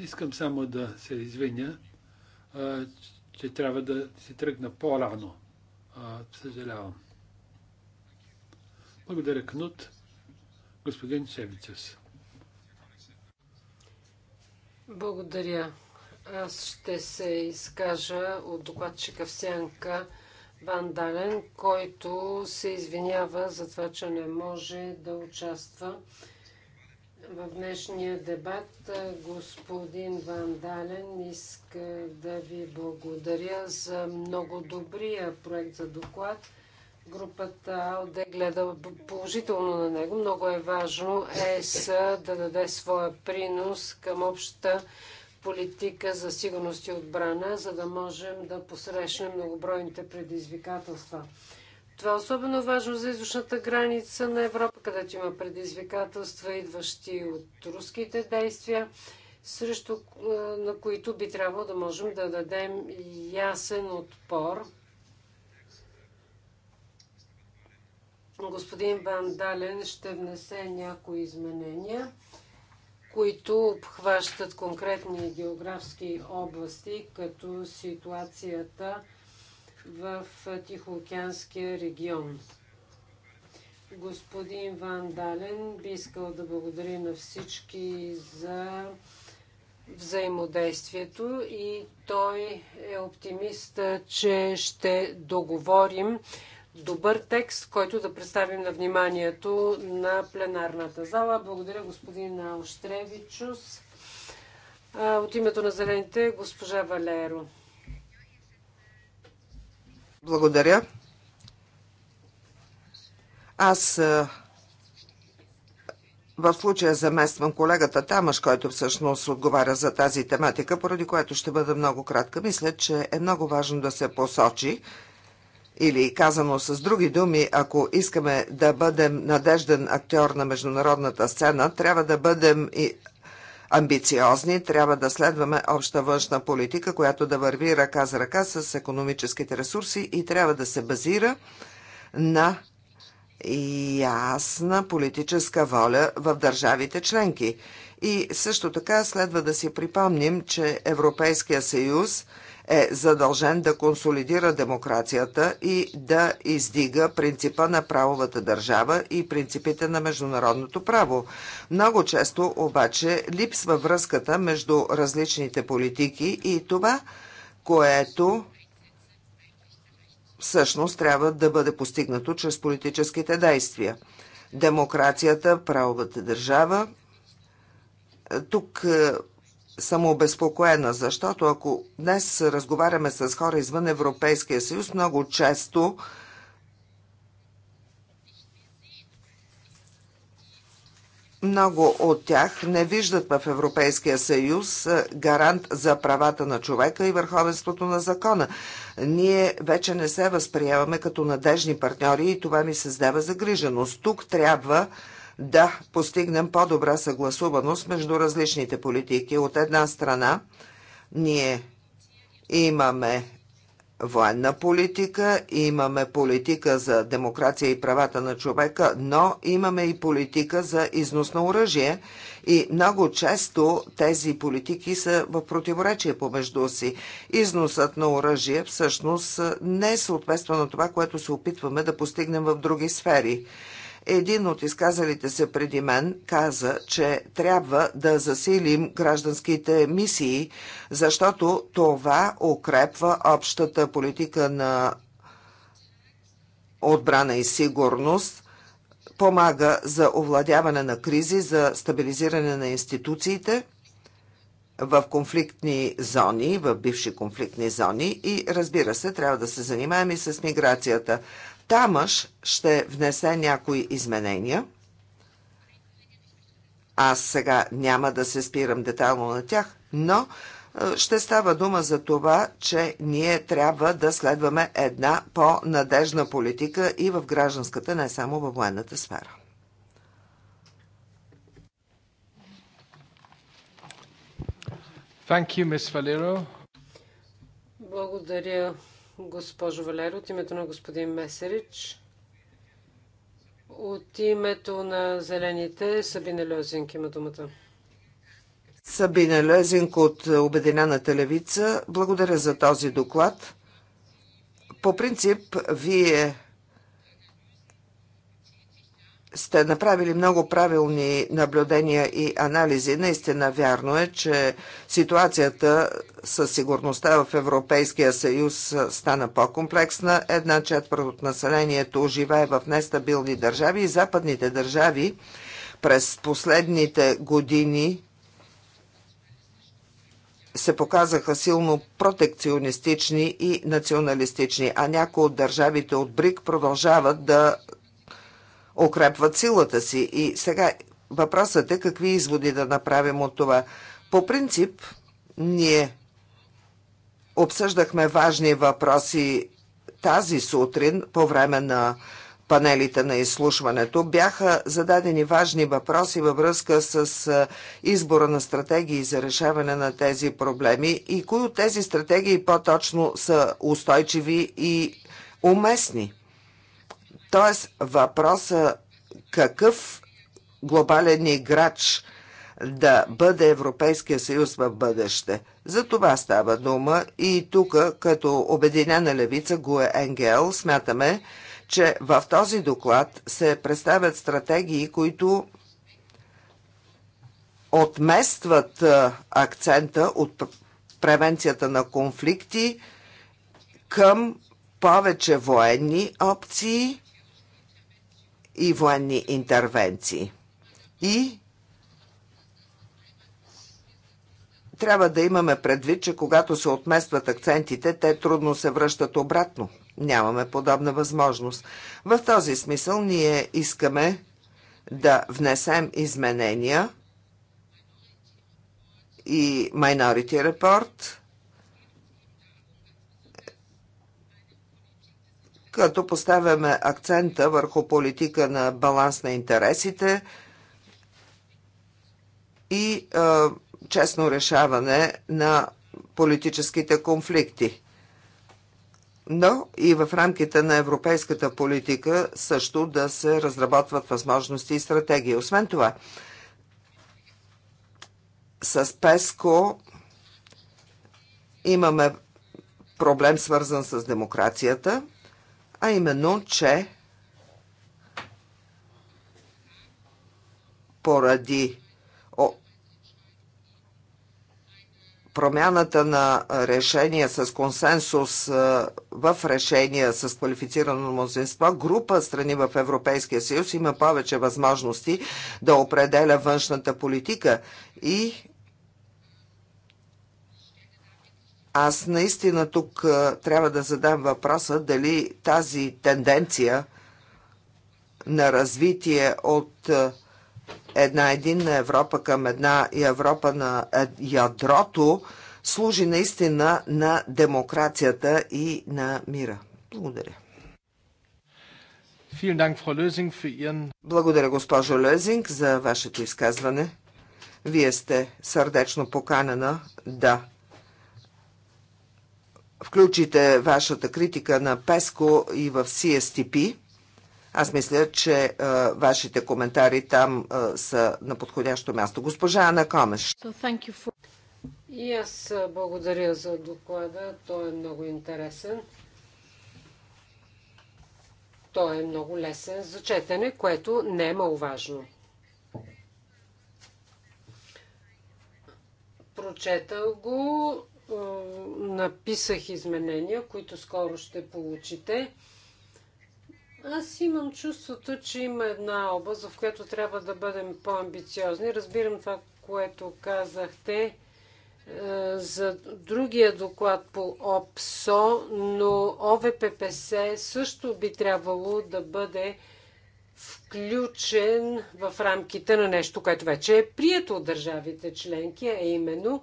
искам само да се извиня че трябва да си тръгна по-рано. Съжалявам. Благодаря, Кнут. Господин Шевичес. Благодаря. Аз ще се изкажа от докладчика в сянка Дален, който се извинява за това, че не може да участва в днешния дебат господин Вандален иска да ви благодаря за много добрия проект за доклад. Групата АОД гледа положително на него. Много е важно ЕС да даде своя принос към общата политика за сигурност и отбрана, за да можем да посрещнем многобройните предизвикателства. Това е особено важно за източната граница на Европа, където има предизвикателства, идващи от руските действия, срещу е, на които би трябвало да можем да дадем ясен отпор. Господин Ван Дален ще внесе някои изменения, които обхващат конкретни географски области, като ситуацията в Тихоокеанския регион. Господин Ван Дален би искал да благодари на всички за взаимодействието и той е оптимист, че ще договорим добър текст, който да представим на вниманието на пленарната зала. Благодаря господин Алштревичус. От името на Зелените, госпожа Валеро. Благодаря. Аз в случая замествам колегата Тамаш, който всъщност отговаря за тази тематика, поради което ще бъда много кратка. Мисля, че е много важно да се посочи, или казано с други думи, ако искаме да бъдем надежден актьор на международната сцена, трябва да бъдем и амбициозни, трябва да следваме обща външна политика, която да върви ръка за ръка с економическите ресурси и трябва да се базира на ясна политическа воля в държавите членки. И също така следва да си припомним, че Европейския съюз – е задължен да консолидира демокрацията и да издига принципа на правовата държава и принципите на международното право. Много често обаче липсва връзката между различните политики и това, което всъщност трябва да бъде постигнато чрез политическите действия. Демокрацията, правовата държава. Тук е, съм обезпокоена, защото ако днес разговаряме с хора извън Европейския съюз, много често Много от тях не виждат в Европейския съюз гарант за правата на човека и върховенството на закона. Ние вече не се възприемаме като надежни партньори и това ми създава загриженост. Тук трябва да постигнем по-добра съгласуваност между различните политики. От една страна, ние имаме военна политика, имаме политика за демокрация и правата на човека, но имаме и политика за износ на оръжие и много често тези политики са в противоречие помежду си. Износът на оръжие всъщност не е съответства на това, което се опитваме да постигнем в други сфери. Един от изказалите се преди мен каза, че трябва да засилим гражданските мисии, защото това укрепва общата политика на отбрана и сигурност, помага за овладяване на кризи, за стабилизиране на институциите в конфликтни зони, в бивши конфликтни зони и разбира се, трябва да се занимаем и с миграцията. Тамаш ще внесе някои изменения. Аз сега няма да се спирам детайлно на тях, но е, ще става дума за това, че ние трябва да следваме една по-надежна политика и в гражданската, не само във военната сфера. Thank you, Ms. Valero. Благодаря, госпожо Валери, от името на господин Месерич. От името на зелените Сабина Лозинг има думата. Сабина Лезинг от Обединената левица. Благодаря за този доклад. По принцип, вие сте направили много правилни наблюдения и анализи. Наистина вярно е, че ситуацията със сигурността в Европейския съюз стана по-комплексна. Една четвърт от населението живее в нестабилни държави и западните държави през последните години се показаха силно протекционистични и националистични, а някои от държавите от БРИК продължават да укрепват силата си. И сега въпросът е какви изводи да направим от това. По принцип, ние обсъждахме важни въпроси тази сутрин по време на панелите на изслушването бяха зададени важни въпроси във връзка с избора на стратегии за решаване на тези проблеми и кои от тези стратегии по-точно са устойчиви и уместни. Тоест, въпроса какъв глобален играч да бъде Европейския съюз в бъдеще. За това става дума и тук, като Обединена левица Гуе Енгел, смятаме, че в този доклад се представят стратегии, които отместват акцента от превенцията на конфликти към повече военни опции и военни интервенции. И трябва да имаме предвид, че когато се отместват акцентите, те трудно се връщат обратно. Нямаме подобна възможност. В този смисъл ние искаме да внесем изменения и Minority Report – като поставяме акцента върху политика на баланс на интересите и а, честно решаване на политическите конфликти. Но и в рамките на европейската политика също да се разработват възможности и стратегии. Освен това, с ПЕСКО имаме проблем свързан с демокрацията – а именно, че поради промяната на решение с консенсус в решение с квалифицирано мнозинство, група страни в Европейския съюз има повече възможности да определя външната политика и Аз наистина тук трябва да задам въпроса дали тази тенденция на развитие от една единна Европа към една Европа на е, ядрото служи наистина на демокрацията и на мира. Благодаря. Благодаря, госпожо Лезинг, за вашето изказване. Вие сте сърдечно поканена да включите вашата критика на ПЕСКО и в CSTP. Аз мисля, че а, е, вашите коментари там а, е, са на подходящо място. Госпожа Ана Комеш. И аз е, благодаря за доклада. Той е много интересен. Той е много лесен за четене, което не е маловажно. Прочетал го е, написах изменения, които скоро ще получите. Аз имам чувството, че има една област, в която трябва да бъдем по-амбициозни. Разбирам това, което казахте е, за другия доклад по ОПСО, но ОВППС също би трябвало да бъде включен в рамките на нещо, което вече е прието от държавите членки, а именно,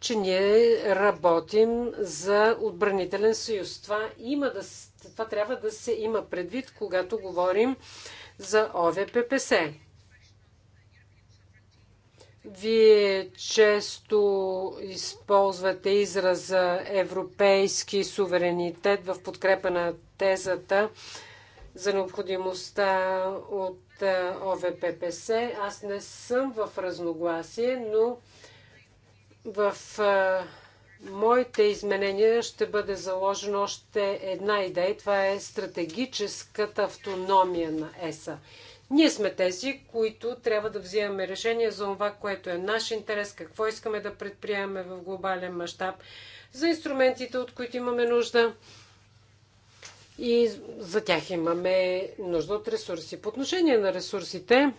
че ние работим за отбранителен съюз. Това, има да, това трябва да се има предвид, когато говорим за ОВППС. Вие често използвате израза европейски суверенитет в подкрепа на тезата, за необходимостта от ОВППС. Аз не съм в разногласие, но в моите изменения ще бъде заложена още една идея. Това е стратегическата автономия на ЕСА. Ние сме тези, които трябва да взимаме решение за това, което е наш интерес, какво искаме да предприемаме в глобален мащаб, за инструментите, от които имаме нужда и за тях имаме нужда от ресурси. По отношение на ресурсите,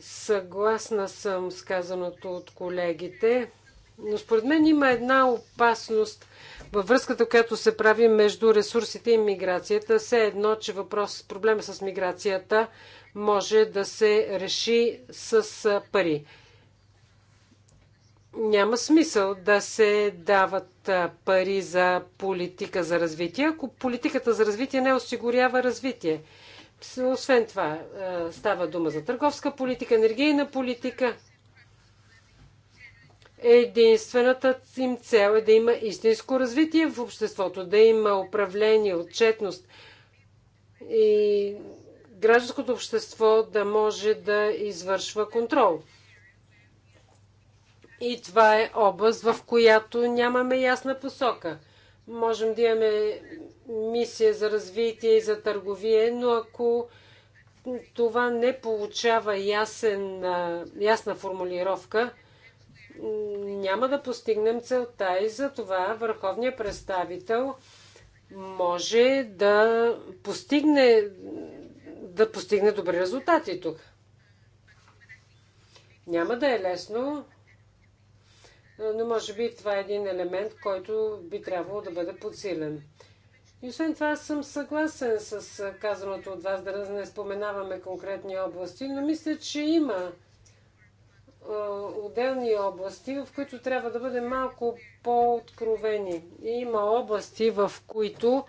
съгласна съм с казаното от колегите, но според мен има една опасност във връзката, която се прави между ресурсите и миграцията. Все едно, че въпрос, проблема с миграцията може да се реши с пари няма смисъл да се дават пари за политика за развитие, ако политиката за развитие не осигурява развитие. Освен това, става дума за търговска политика, енергийна политика. Единствената им цел е да има истинско развитие в обществото, да има управление, отчетност и гражданското общество да може да извършва контрол. И това е област, в която нямаме ясна посока. Можем да имаме мисия за развитие и за търговие, но ако това не получава ясен, ясна формулировка, няма да постигнем целта и за това върховният представител може да постигне, да постигне добри резултати тук. Няма да е лесно, е, но може би това е един елемент, който би трябвало да бъде подсилен. И освен това съм съгласен с е, казаното от вас, да не споменаваме конкретни области, но мисля, че има е, отделни области, в които трябва да бъдем малко по-откровени. Има области, в които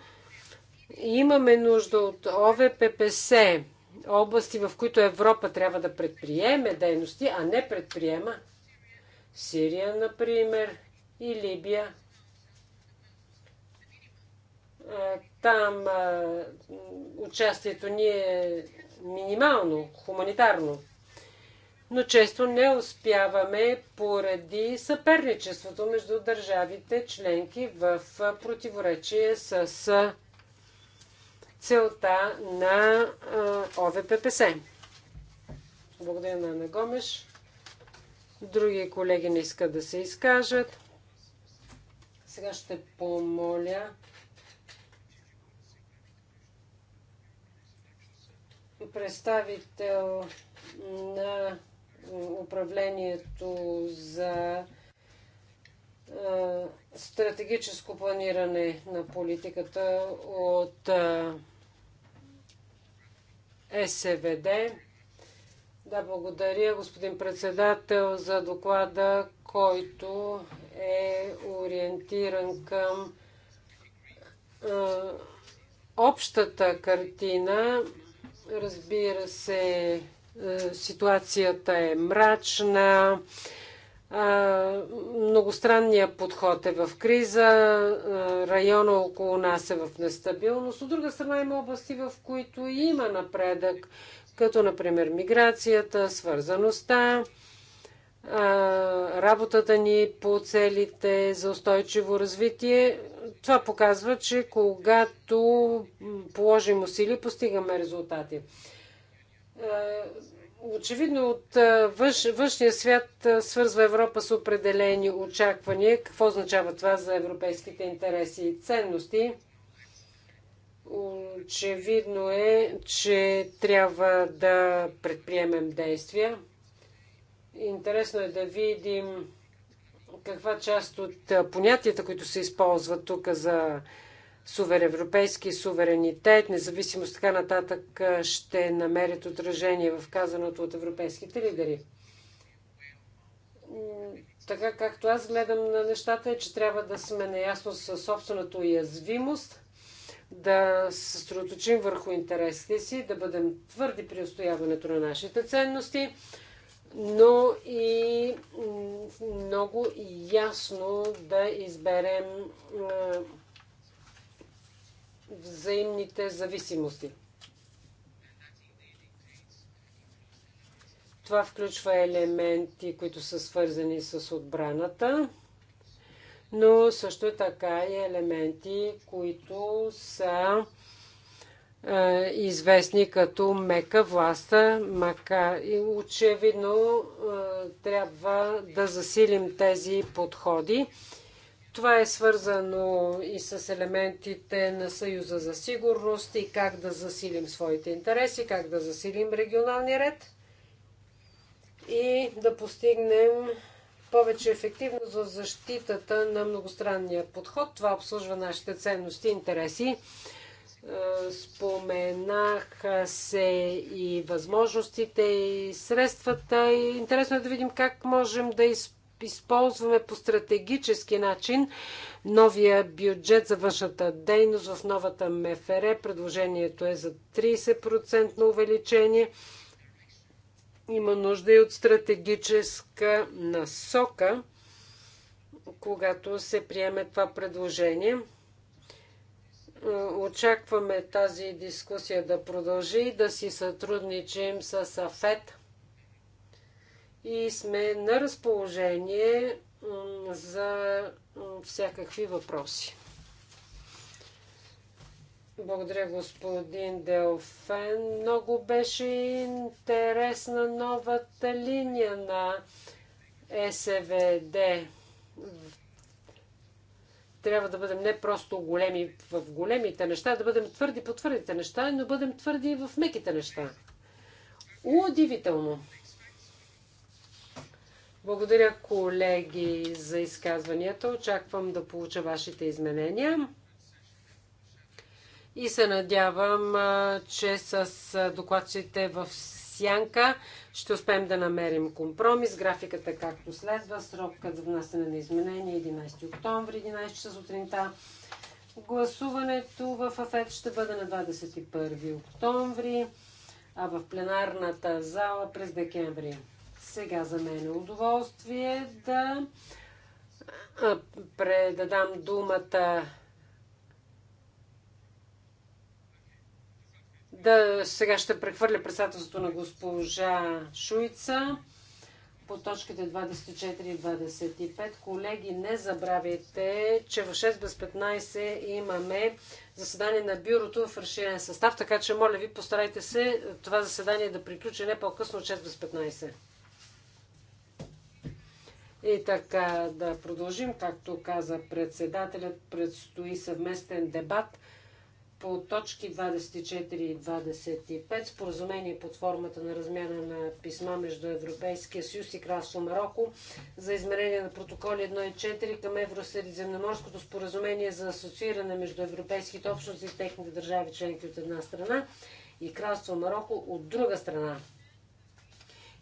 имаме нужда от ОВППС, области, в които Европа трябва да предприеме дейности, а не предприема. Сирия, например, и Либия. Там участието ни е минимално, хуманитарно. Но често не успяваме поради съперничеството между държавите членки в противоречие с целта на ОВППС. Благодаря на Ана Гомеш. Други колеги не искат да се изкажат. Сега ще помоля представител на управлението за стратегическо планиране на политиката от СВД. Да, благодаря, господин председател, за доклада, който е ориентиран към е, общата картина. Разбира се, е, ситуацията е мрачна. Е, Многостранният подход е в криза, района около нас е в нестабилност. От друга страна има области, в които има напредък, като например миграцията, свързаността, работата ни по целите за устойчиво развитие. Това показва, че когато положим усилия, постигаме резултати Очевидно от външ, външния свят свързва Европа с определени очаквания. Какво означава това за европейските интереси и ценности? Очевидно е, че трябва да предприемем действия. Интересно е да видим каква част от понятията, които се използват тук за сувер, европейски суверенитет, независимост така нататък ще намерят отражение в казаното от европейските лидери. Така както аз гледам на нещата е, че трябва да сме наясно със собствената уязвимост, да се съсредоточим върху интересите си, да бъдем твърди при устояването на нашите ценности, но и много ясно да изберем взаимните зависимости. Това включва елементи, които са свързани с отбраната, но също така и елементи, които са е, известни като мека власт, макар и очевидно е, трябва да засилим тези подходи това е свързано и с елементите на Съюза за сигурност и как да засилим своите интереси, как да засилим регионалния ред и да постигнем повече ефективност за защитата на многостранния подход. Това обслужва нашите ценности и интереси. Е, споменаха се и възможностите и средствата. И интересно е да видим как можем да използваме използваме по стратегически начин новия бюджет за външната дейност в новата МФР. Предложението е за 30% на увеличение. Има нужда и от стратегическа насока, когато се приеме това предложение. Очакваме тази дискусия да продължи и да си сътрудничим с АФЕТ и сме на разположение за всякакви въпроси. Благодаря, господин Делфен. Много беше интересна новата линия на СВД. Трябва да бъдем не просто големи в големите неща, да бъдем твърди по твърдите неща, но бъдем твърди и в меките неща. Удивително! Благодаря, колеги, за изказванията. Очаквам да получа вашите изменения. И се надявам, че с докладчите в сянка ще успеем да намерим компромис. Графиката както следва. Срокът за внасяне на изменения 11 е октомври, 11 часа сутринта. Гласуването в АФЕД ще бъде на 21 октомври, а в пленарната зала през декември. Сега за мен е удоволствие да предадам думата да сега ще прехвърля председателството на госпожа Шуица по точките 24 и 25. Колеги, не забравяйте, че в 6 без 15 имаме заседание на бюрото в разширен състав, така че моля ви, постарайте се това заседание да приключи не по-късно от 6 без 15. И така да продължим, както каза председателят, предстои съвместен дебат по точки 24 и 25, споразумение под формата на размяна на писма между Европейския съюз и Кралство Марокко за измерение на протоколи 1 и 4 към Евросредиземноморското споразумение за асоцииране между европейските общности и техните държави членки от една страна и Кралство Марокко от друга страна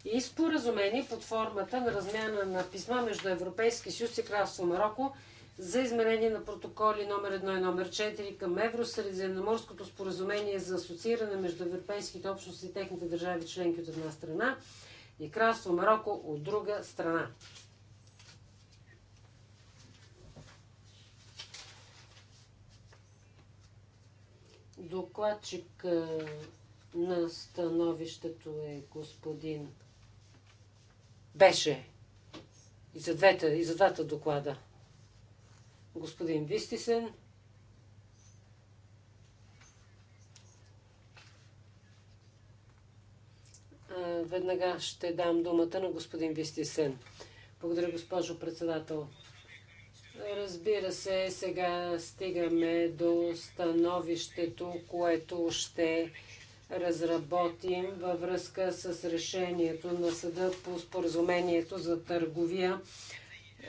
и споразумение под формата на размяна на писма между Европейски съюз и Кралство Марокко за изменение на протоколи номер 1 и номер 4 към Евросредиземноморското споразумение за асоцииране между европейските общности и техните държави членки от една страна и Кралство Марокко от друга страна. Докладчик е, на становището е господин беше и за, двете, и за двата доклада. Господин Вистисен. Веднага ще дам думата на господин Вистисен. Благодаря, госпожо председател. Разбира се, сега стигаме до становището, което ще разработим във връзка с решението на съда по споразумението за търговия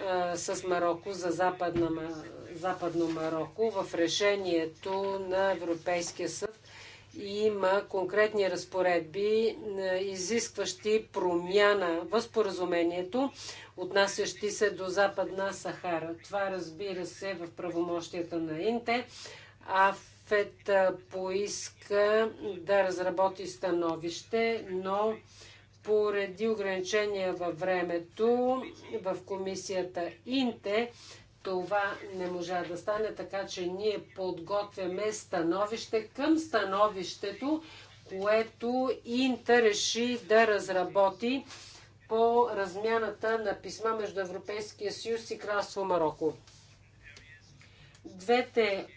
а, с Марокко за западна, западно Марокко. В решението на Европейския съд има конкретни разпоредби, изискващи промяна в споразумението, отнасящи се до Западна Сахара. Това разбира се в правомощията на Инте, а в Фед поиска да разработи становище, но поради ограничения във времето в комисията Инте, това не можа да стане, така че ние подготвяме становище към становището, което Инта реши да разработи по размяната на писма между Европейския съюз и Кралство Марокко. Двете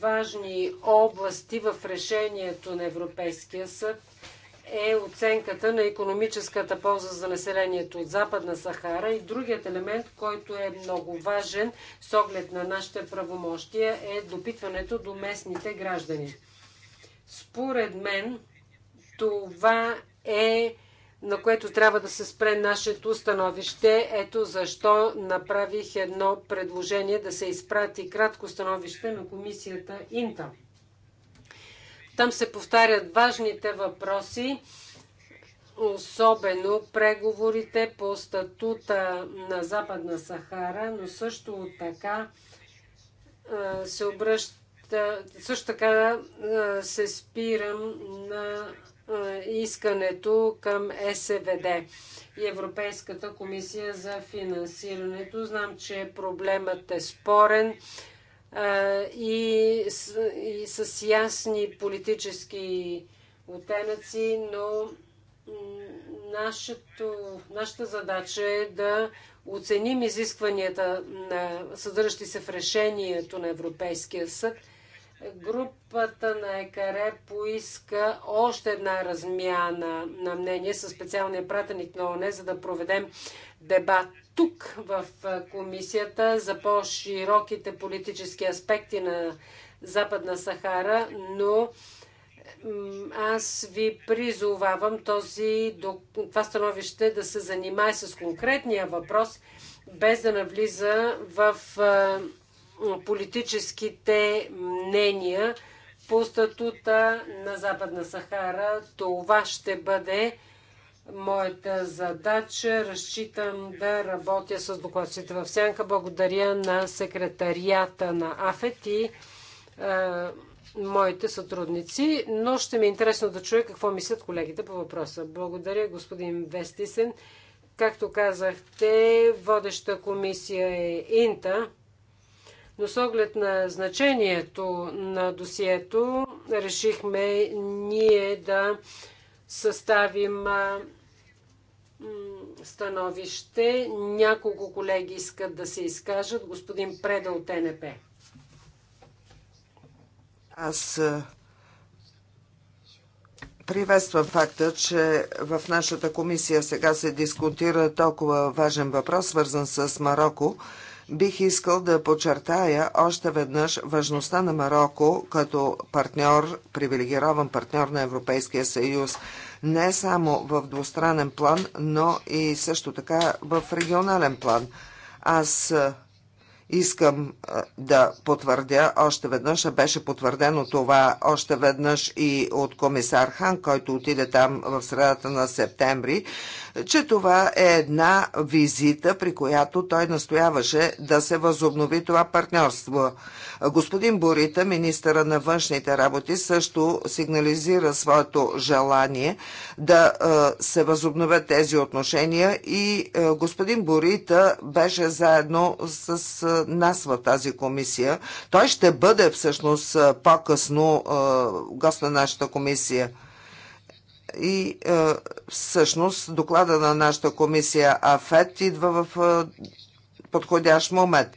важни области в решението на Европейския съд е оценката на економическата полза за населението от Западна Сахара и другият елемент, който е много важен с оглед на нашите правомощия е допитването до местните граждани. Според мен това е на което трябва да се спре нашето становище. Ето защо направих едно предложение да се изпрати кратко становище на комисията Инта. Там се повтарят важните въпроси, особено преговорите по статута на Западна Сахара, но също така се обръща, също така се спирам на е, искането към СВД и Европейската комисия за финансирането. Знам, че проблемът е спорен е, и с, ясни политически оттенъци, но нашето, нашата задача е да оценим изискванията, съдържащи се в решението на Европейския съд – Групата на ЕКАРЕ поиска още една размяна на мнение с специалния пратеник на ОНЕ, за да проведем дебат тук в комисията за по-широките политически аспекти на Западна Сахара, но аз ви призовавам този, това становище да се занимае с конкретния въпрос, без да навлиза в политическите мнения по статута на Западна Сахара. Това ще бъде моята задача. Разчитам да работя с докладците в Сянка. Благодаря на секретарията на АФЕТ и е, моите сътрудници, но ще ми е интересно да чуя какво мислят колегите по въпроса. Благодаря, господин Вестисен. Както казахте, водеща комисия е Инта. Но с оглед на значението на досието, решихме ние да съставим становище. Няколко колеги искат да се изкажат. Господин Преда от НП. Аз Приветствам факта, че в нашата комисия сега се дискутира толкова важен въпрос, свързан с Марокко. Бих искал да подчертая още веднъж важността на Марокко като партньор, привилегирован партньор на Европейския съюз не само в двустранен план, но и също така в регионален план. Аз искам да потвърдя още веднъж, а беше потвърдено това още веднъж и от комисар Хан, който отиде там в средата на септември че това е една визита, при която той настояваше да се възобнови това партньорство. Господин Борита, министъра на външните работи, също сигнализира своето желание да се възобновят тези отношения и господин Борита беше заедно с нас в тази комисия. Той ще бъде всъщност по-късно гост на нашата комисия и е, всъщност доклада на нашата комисия АФЕТ идва в е, подходящ момент.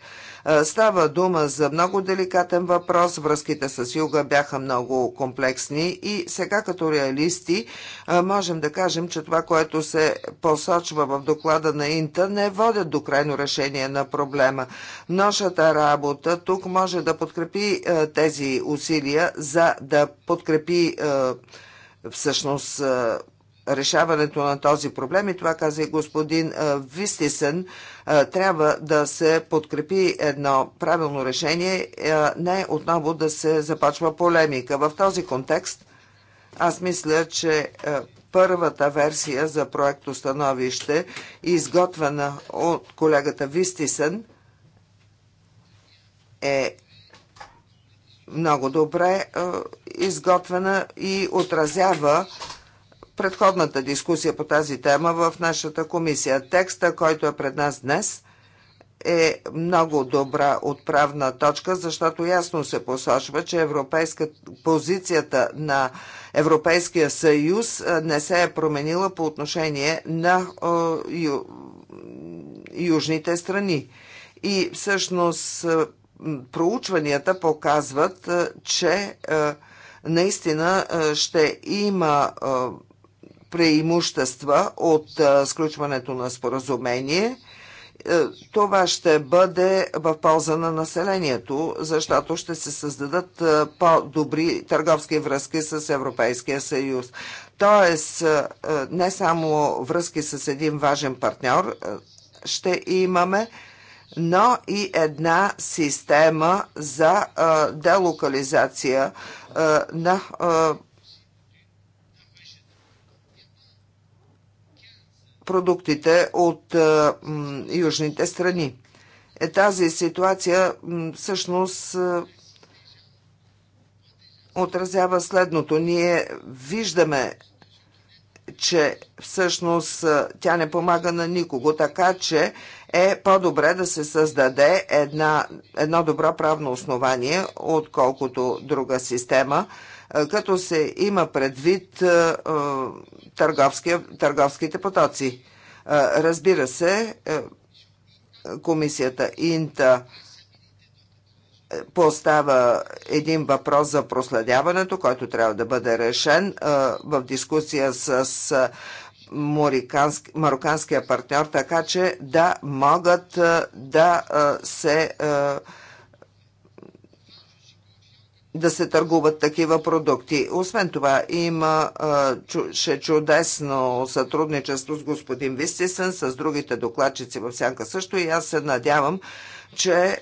Е, става дума за много деликатен въпрос, връзките с юга бяха много комплексни и сега като реалисти е, можем да кажем, че това, което се посочва в доклада на Инта не водят до крайно решение на проблема. Нашата работа тук може да подкрепи е, тези усилия за да подкрепи всъщност решаването на този проблем и това каза и господин Вистисен, трябва да се подкрепи едно правилно решение, не отново да се започва полемика. В този контекст аз мисля, че първата версия за проекто становище, изготвена от колегата Вистисен, е много добре е, изготвена и отразява предходната дискусия по тази тема в нашата комисия. Текста, който е пред нас днес, е много добра отправна точка, защото ясно се посочва, че европейска, позицията на Европейския съюз е, не се е променила по отношение на е, ю, южните страни. И всъщност проучванията показват, е, че е, наистина е, ще има преимущества от сключването на споразумение. Това ще бъде в полза на населението, защото ще се създадат по-добри търговски връзки с Европейския съюз. Тоест, не само връзки с един важен партньор ще имаме, но и една система за делокализация на продуктите от южните страни. Е, тази ситуация всъщност отразява следното. Ние виждаме, че всъщност тя не помага на никого, така че е по-добре да се създаде една, едно добро правно основание, отколкото друга система, е, като се има предвид е, е, търговските потоци. Разбира се, комисията Инта поставя един въпрос за проследяването, който трябва да бъде решен в дискусия с мароканския партньор, така че да могат да се да се търгуват такива продукти. Освен това, има ще чудесно сътрудничество с господин Вистисен, с другите докладчици в Сянка също и аз се надявам, че е,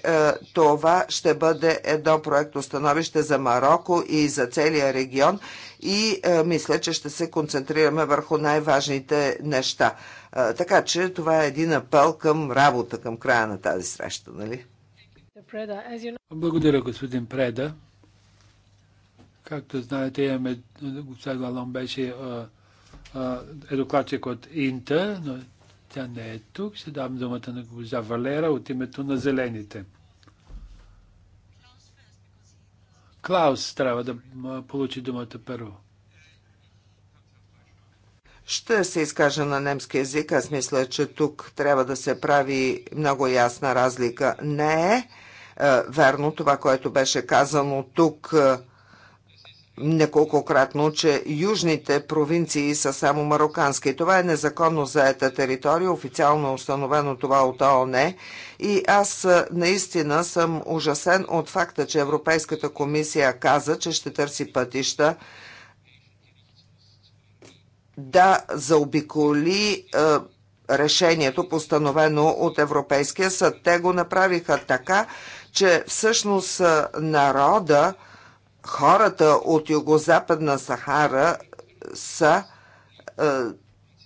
това ще бъде едно проектно становище за Марокко и за целия регион и е, мисля, че ще се концентрираме върху най-важните неща. Е, така че това е един апел към работа, към края на тази среща, нали? Благодаря, господин Преда. Както знаете, имаме, господин Лалон беше е докладчик от Инта, но тя не е тук. Ще дам думата на госпожа Валера от името на Зелените. Клаус трябва да получи думата първо. Ще се изкажа на немски язик. Аз мисля, че тук трябва да се прави много ясна разлика. Не е, е верно това, което беше казано тук. Е, неколкократно, че южните провинции са само марокански. Това е незаконно заета територия, официално установено това от ООН. И аз наистина съм ужасен от факта, че Европейската комисия каза, че ще търси пътища да заобиколи решението, постановено от Европейския съд. Те го направиха така, че всъщност народа хората от Югозападна Сахара са е,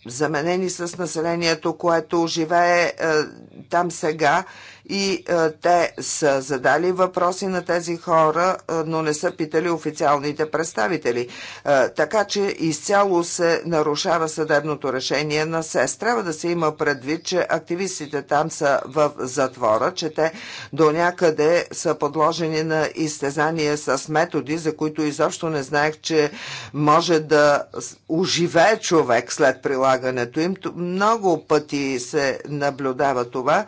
заменени с населението, което живее е, там сега и те са задали въпроси на тези хора, но не са питали официалните представители. така че изцяло се нарушава съдебното решение на СЕС. Трябва да се има предвид, че активистите там са в затвора, че те до някъде са подложени на изтезание с методи, за които изобщо не знаех, че може да оживее човек след прилагането им. Много пъти се наблюдава това.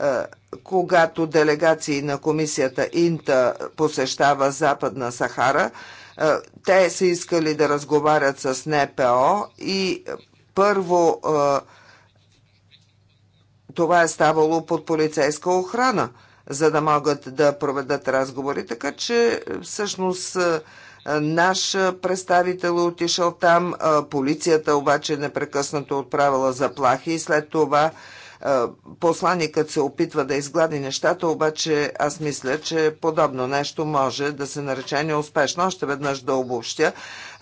Е, когато делегации на комисията Инта посещава Западна Сахара. Е, те са искали да разговарят с НПО и първо е, това е ставало под полицейска охрана, за да могат да проведат разговори. Така че всъщност наш представител отишъл там, полицията обаче непрекъснато отправила заплахи и след това е, посланникът се опитва да изглади нещата, обаче аз мисля, че подобно нещо може да се нарече неуспешно. Още веднъж да обобщя.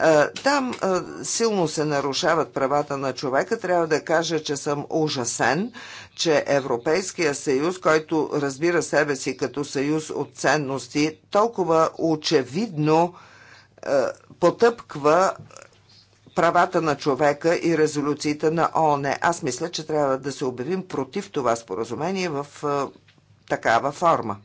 Е, там е, силно се нарушават правата на човека. Трябва да кажа, че съм ужасен, че Европейския съюз, който разбира себе си като съюз от ценности, толкова очевидно потъпква правата на човека и резолюциите на ООН. Аз мисля, че трябва да се обявим против това споразумение в такава форма.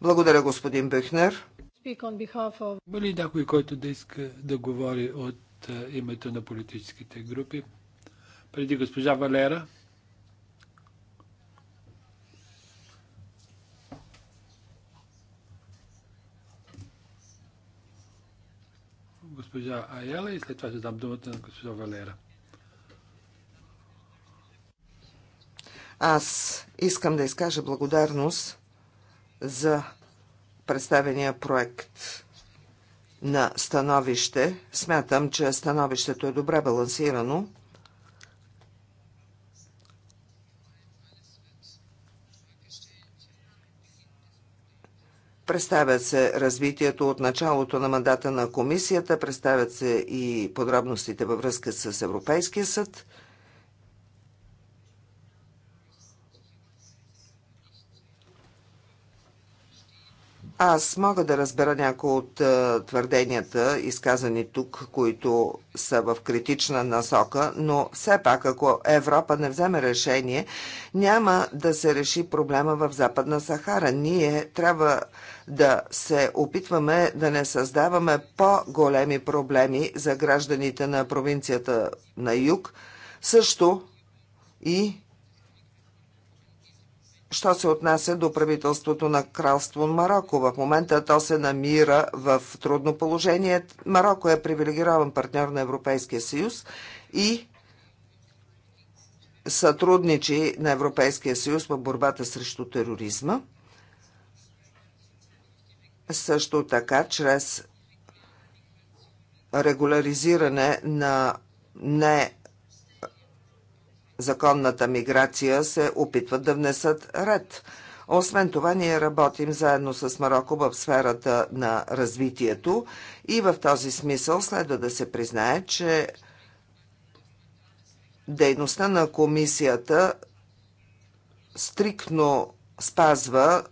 Благодаря, господин Бюхнер. Of... Има ли някой, който да иска да говори от името на политическите групи? Преди госпожа Валера. госпожа Аяла и след това ще дам думата на госпожа Валера. Аз искам да изкажа благодарност за представения проект на становище. Смятам, че становището е добре балансирано Представят се развитието от началото на мандата на комисията, представят се и подробностите във връзка с Европейския съд – Аз мога да разбера някои от е, твърденията, изказани тук, които са в критична насока, но все пак, ако Европа не вземе решение, няма да се реши проблема в Западна Сахара. Ние трябва да се опитваме да не създаваме по-големи проблеми за гражданите на провинцията на юг, също и що се отнася до правителството на кралство Марокко. В момента то се намира в трудно положение. Марокко е привилегирован партньор на Европейския съюз и сътрудничи на Европейския съюз в борбата срещу тероризма. Също така, чрез регуляризиране на не законната миграция се опитват да внесат ред. Освен това, ние работим заедно с Марокко в сферата на развитието и в този смисъл следва да се признае, че дейността на комисията стриктно спазва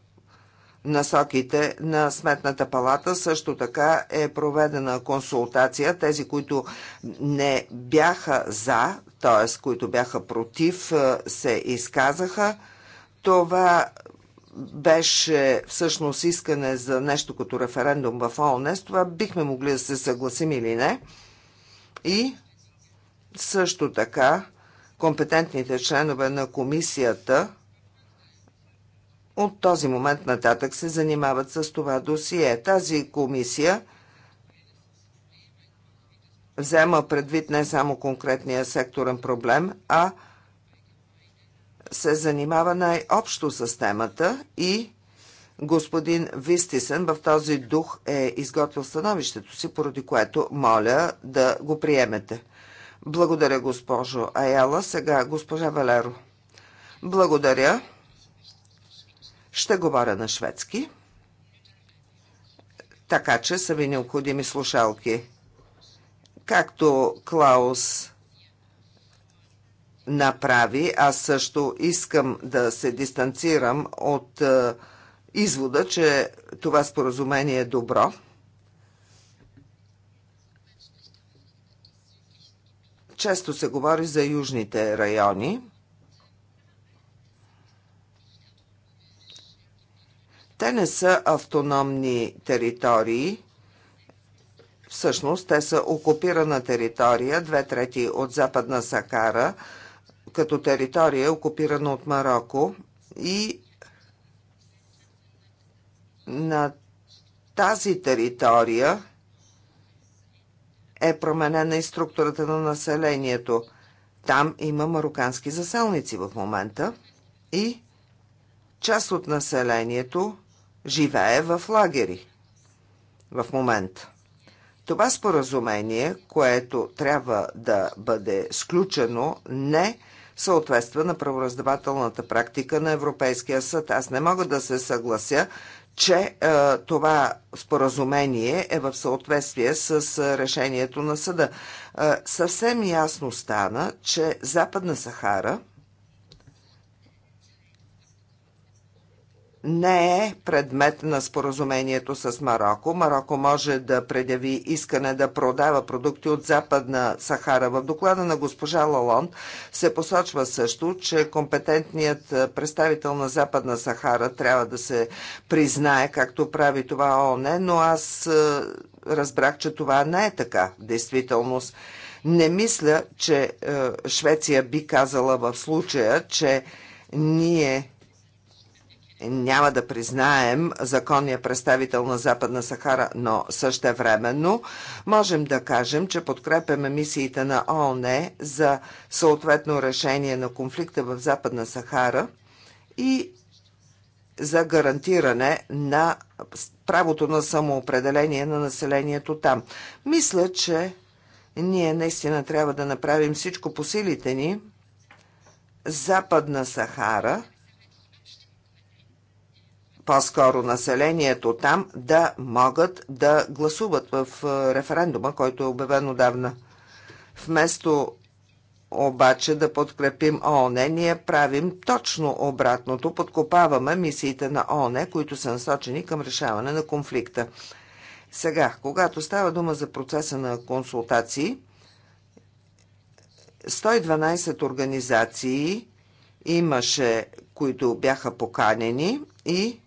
насоките на Сметната палата. Също така е проведена консултация. Тези, които не бяха за т.е. които бяха против, се изказаха. Това беше всъщност искане за нещо като референдум в ООН, с това бихме могли да се съгласим или не. И също така компетентните членове на комисията от този момент нататък се занимават с това досие. Тази комисия – взема предвид не само конкретния секторен проблем, а се занимава най-общо с темата и господин Вистисен в този дух е изготвил становището си, поради което моля да го приемете. Благодаря, госпожо Аяла. Сега госпожа Валеро. Благодаря. Ще говоря на шведски, така че са ви необходими слушалки. Както Клаус направи, аз също искам да се дистанцирам от е, извода, че това споразумение е добро. Често се говори за южните райони. Те не са автономни територии, Всъщност те са окупирана територия, две трети от Западна Сакара, като територия е окупирана от Марокко и на тази територия е променена и структурата на населението. Там има марокански заселници в момента и част от населението живее в лагери в момента. Това споразумение, което трябва да бъде сключено, не съответства на правораздавателната практика на Европейския съд. Аз не мога да се съглася, че е, това споразумение е в съответствие с е, решението на съда. Е, съвсем ясно стана, че Западна Сахара – не е предмет на споразумението с Марокко. Марокко може да предяви искане да продава продукти от Западна Сахара. В доклада на госпожа Лалон се посочва също, че компетентният представител на Западна Сахара трябва да се признае, както прави това ООН, но аз е, разбрах, че това не е така в действителност. Не мисля, че е, Швеция би казала в случая, че ние няма да признаем законния представител на Западна Сахара, но също времено можем да кажем, че подкрепяме мисиите на ООН за съответно решение на конфликта в Западна Сахара и за гарантиране на правото на самоопределение на населението там. Мисля, че ние наистина трябва да направим всичко по силите ни Западна Сахара – по-скоро населението там, да могат да гласуват в е, референдума, който е обявен отдавна. Вместо обаче да подкрепим ООН, ние правим точно обратното. Подкопаваме мисиите на ООН, които са насочени към решаване на конфликта. Сега, когато става дума за процеса на консултации, 112 организации имаше, които бяха поканени и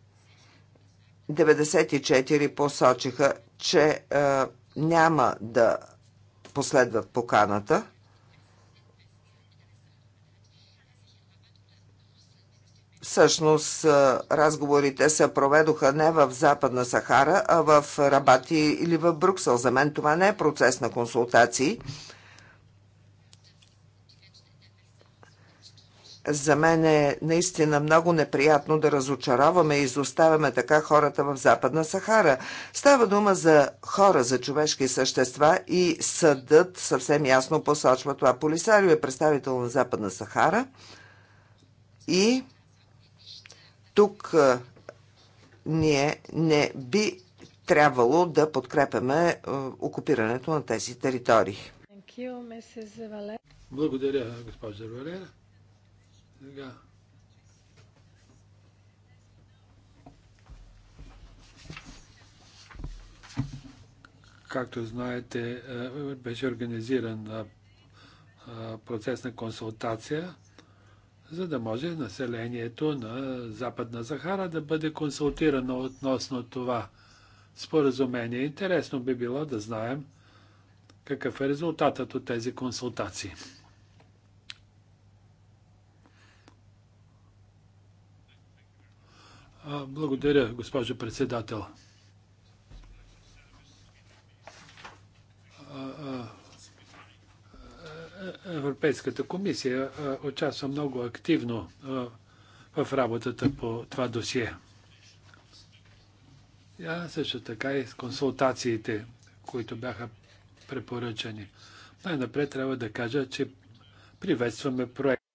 94 посочиха, че е, няма да последват поканата. Всъщност е, разговорите се проведоха не в Западна Сахара, а в Рабати или в Брюксел. За мен това не е процес на консултации. за мен е наистина много неприятно да разочароваме и изоставяме така хората в Западна Сахара. Става дума за хора, за човешки същества и съдът съвсем ясно посочва това. Полисарио е представител на Западна Сахара и тук ние не би трябвало да подкрепяме окупирането на тези територии. Благодаря, госпожа Валера. Сега. Както знаете, е, беше организиран е, е, процес на консултация, за да може населението на Западна Захара да бъде консултирано относно това споразумение. Интересно би било да знаем какъв е резултатът от тези консултации. Благодаря, госпожо председател. Е, Европейската комисия участва много активно в работата по това досие. Я също така и с консултациите, които бяха препоръчани. Най-напред трябва да кажа, че приветстваме проект.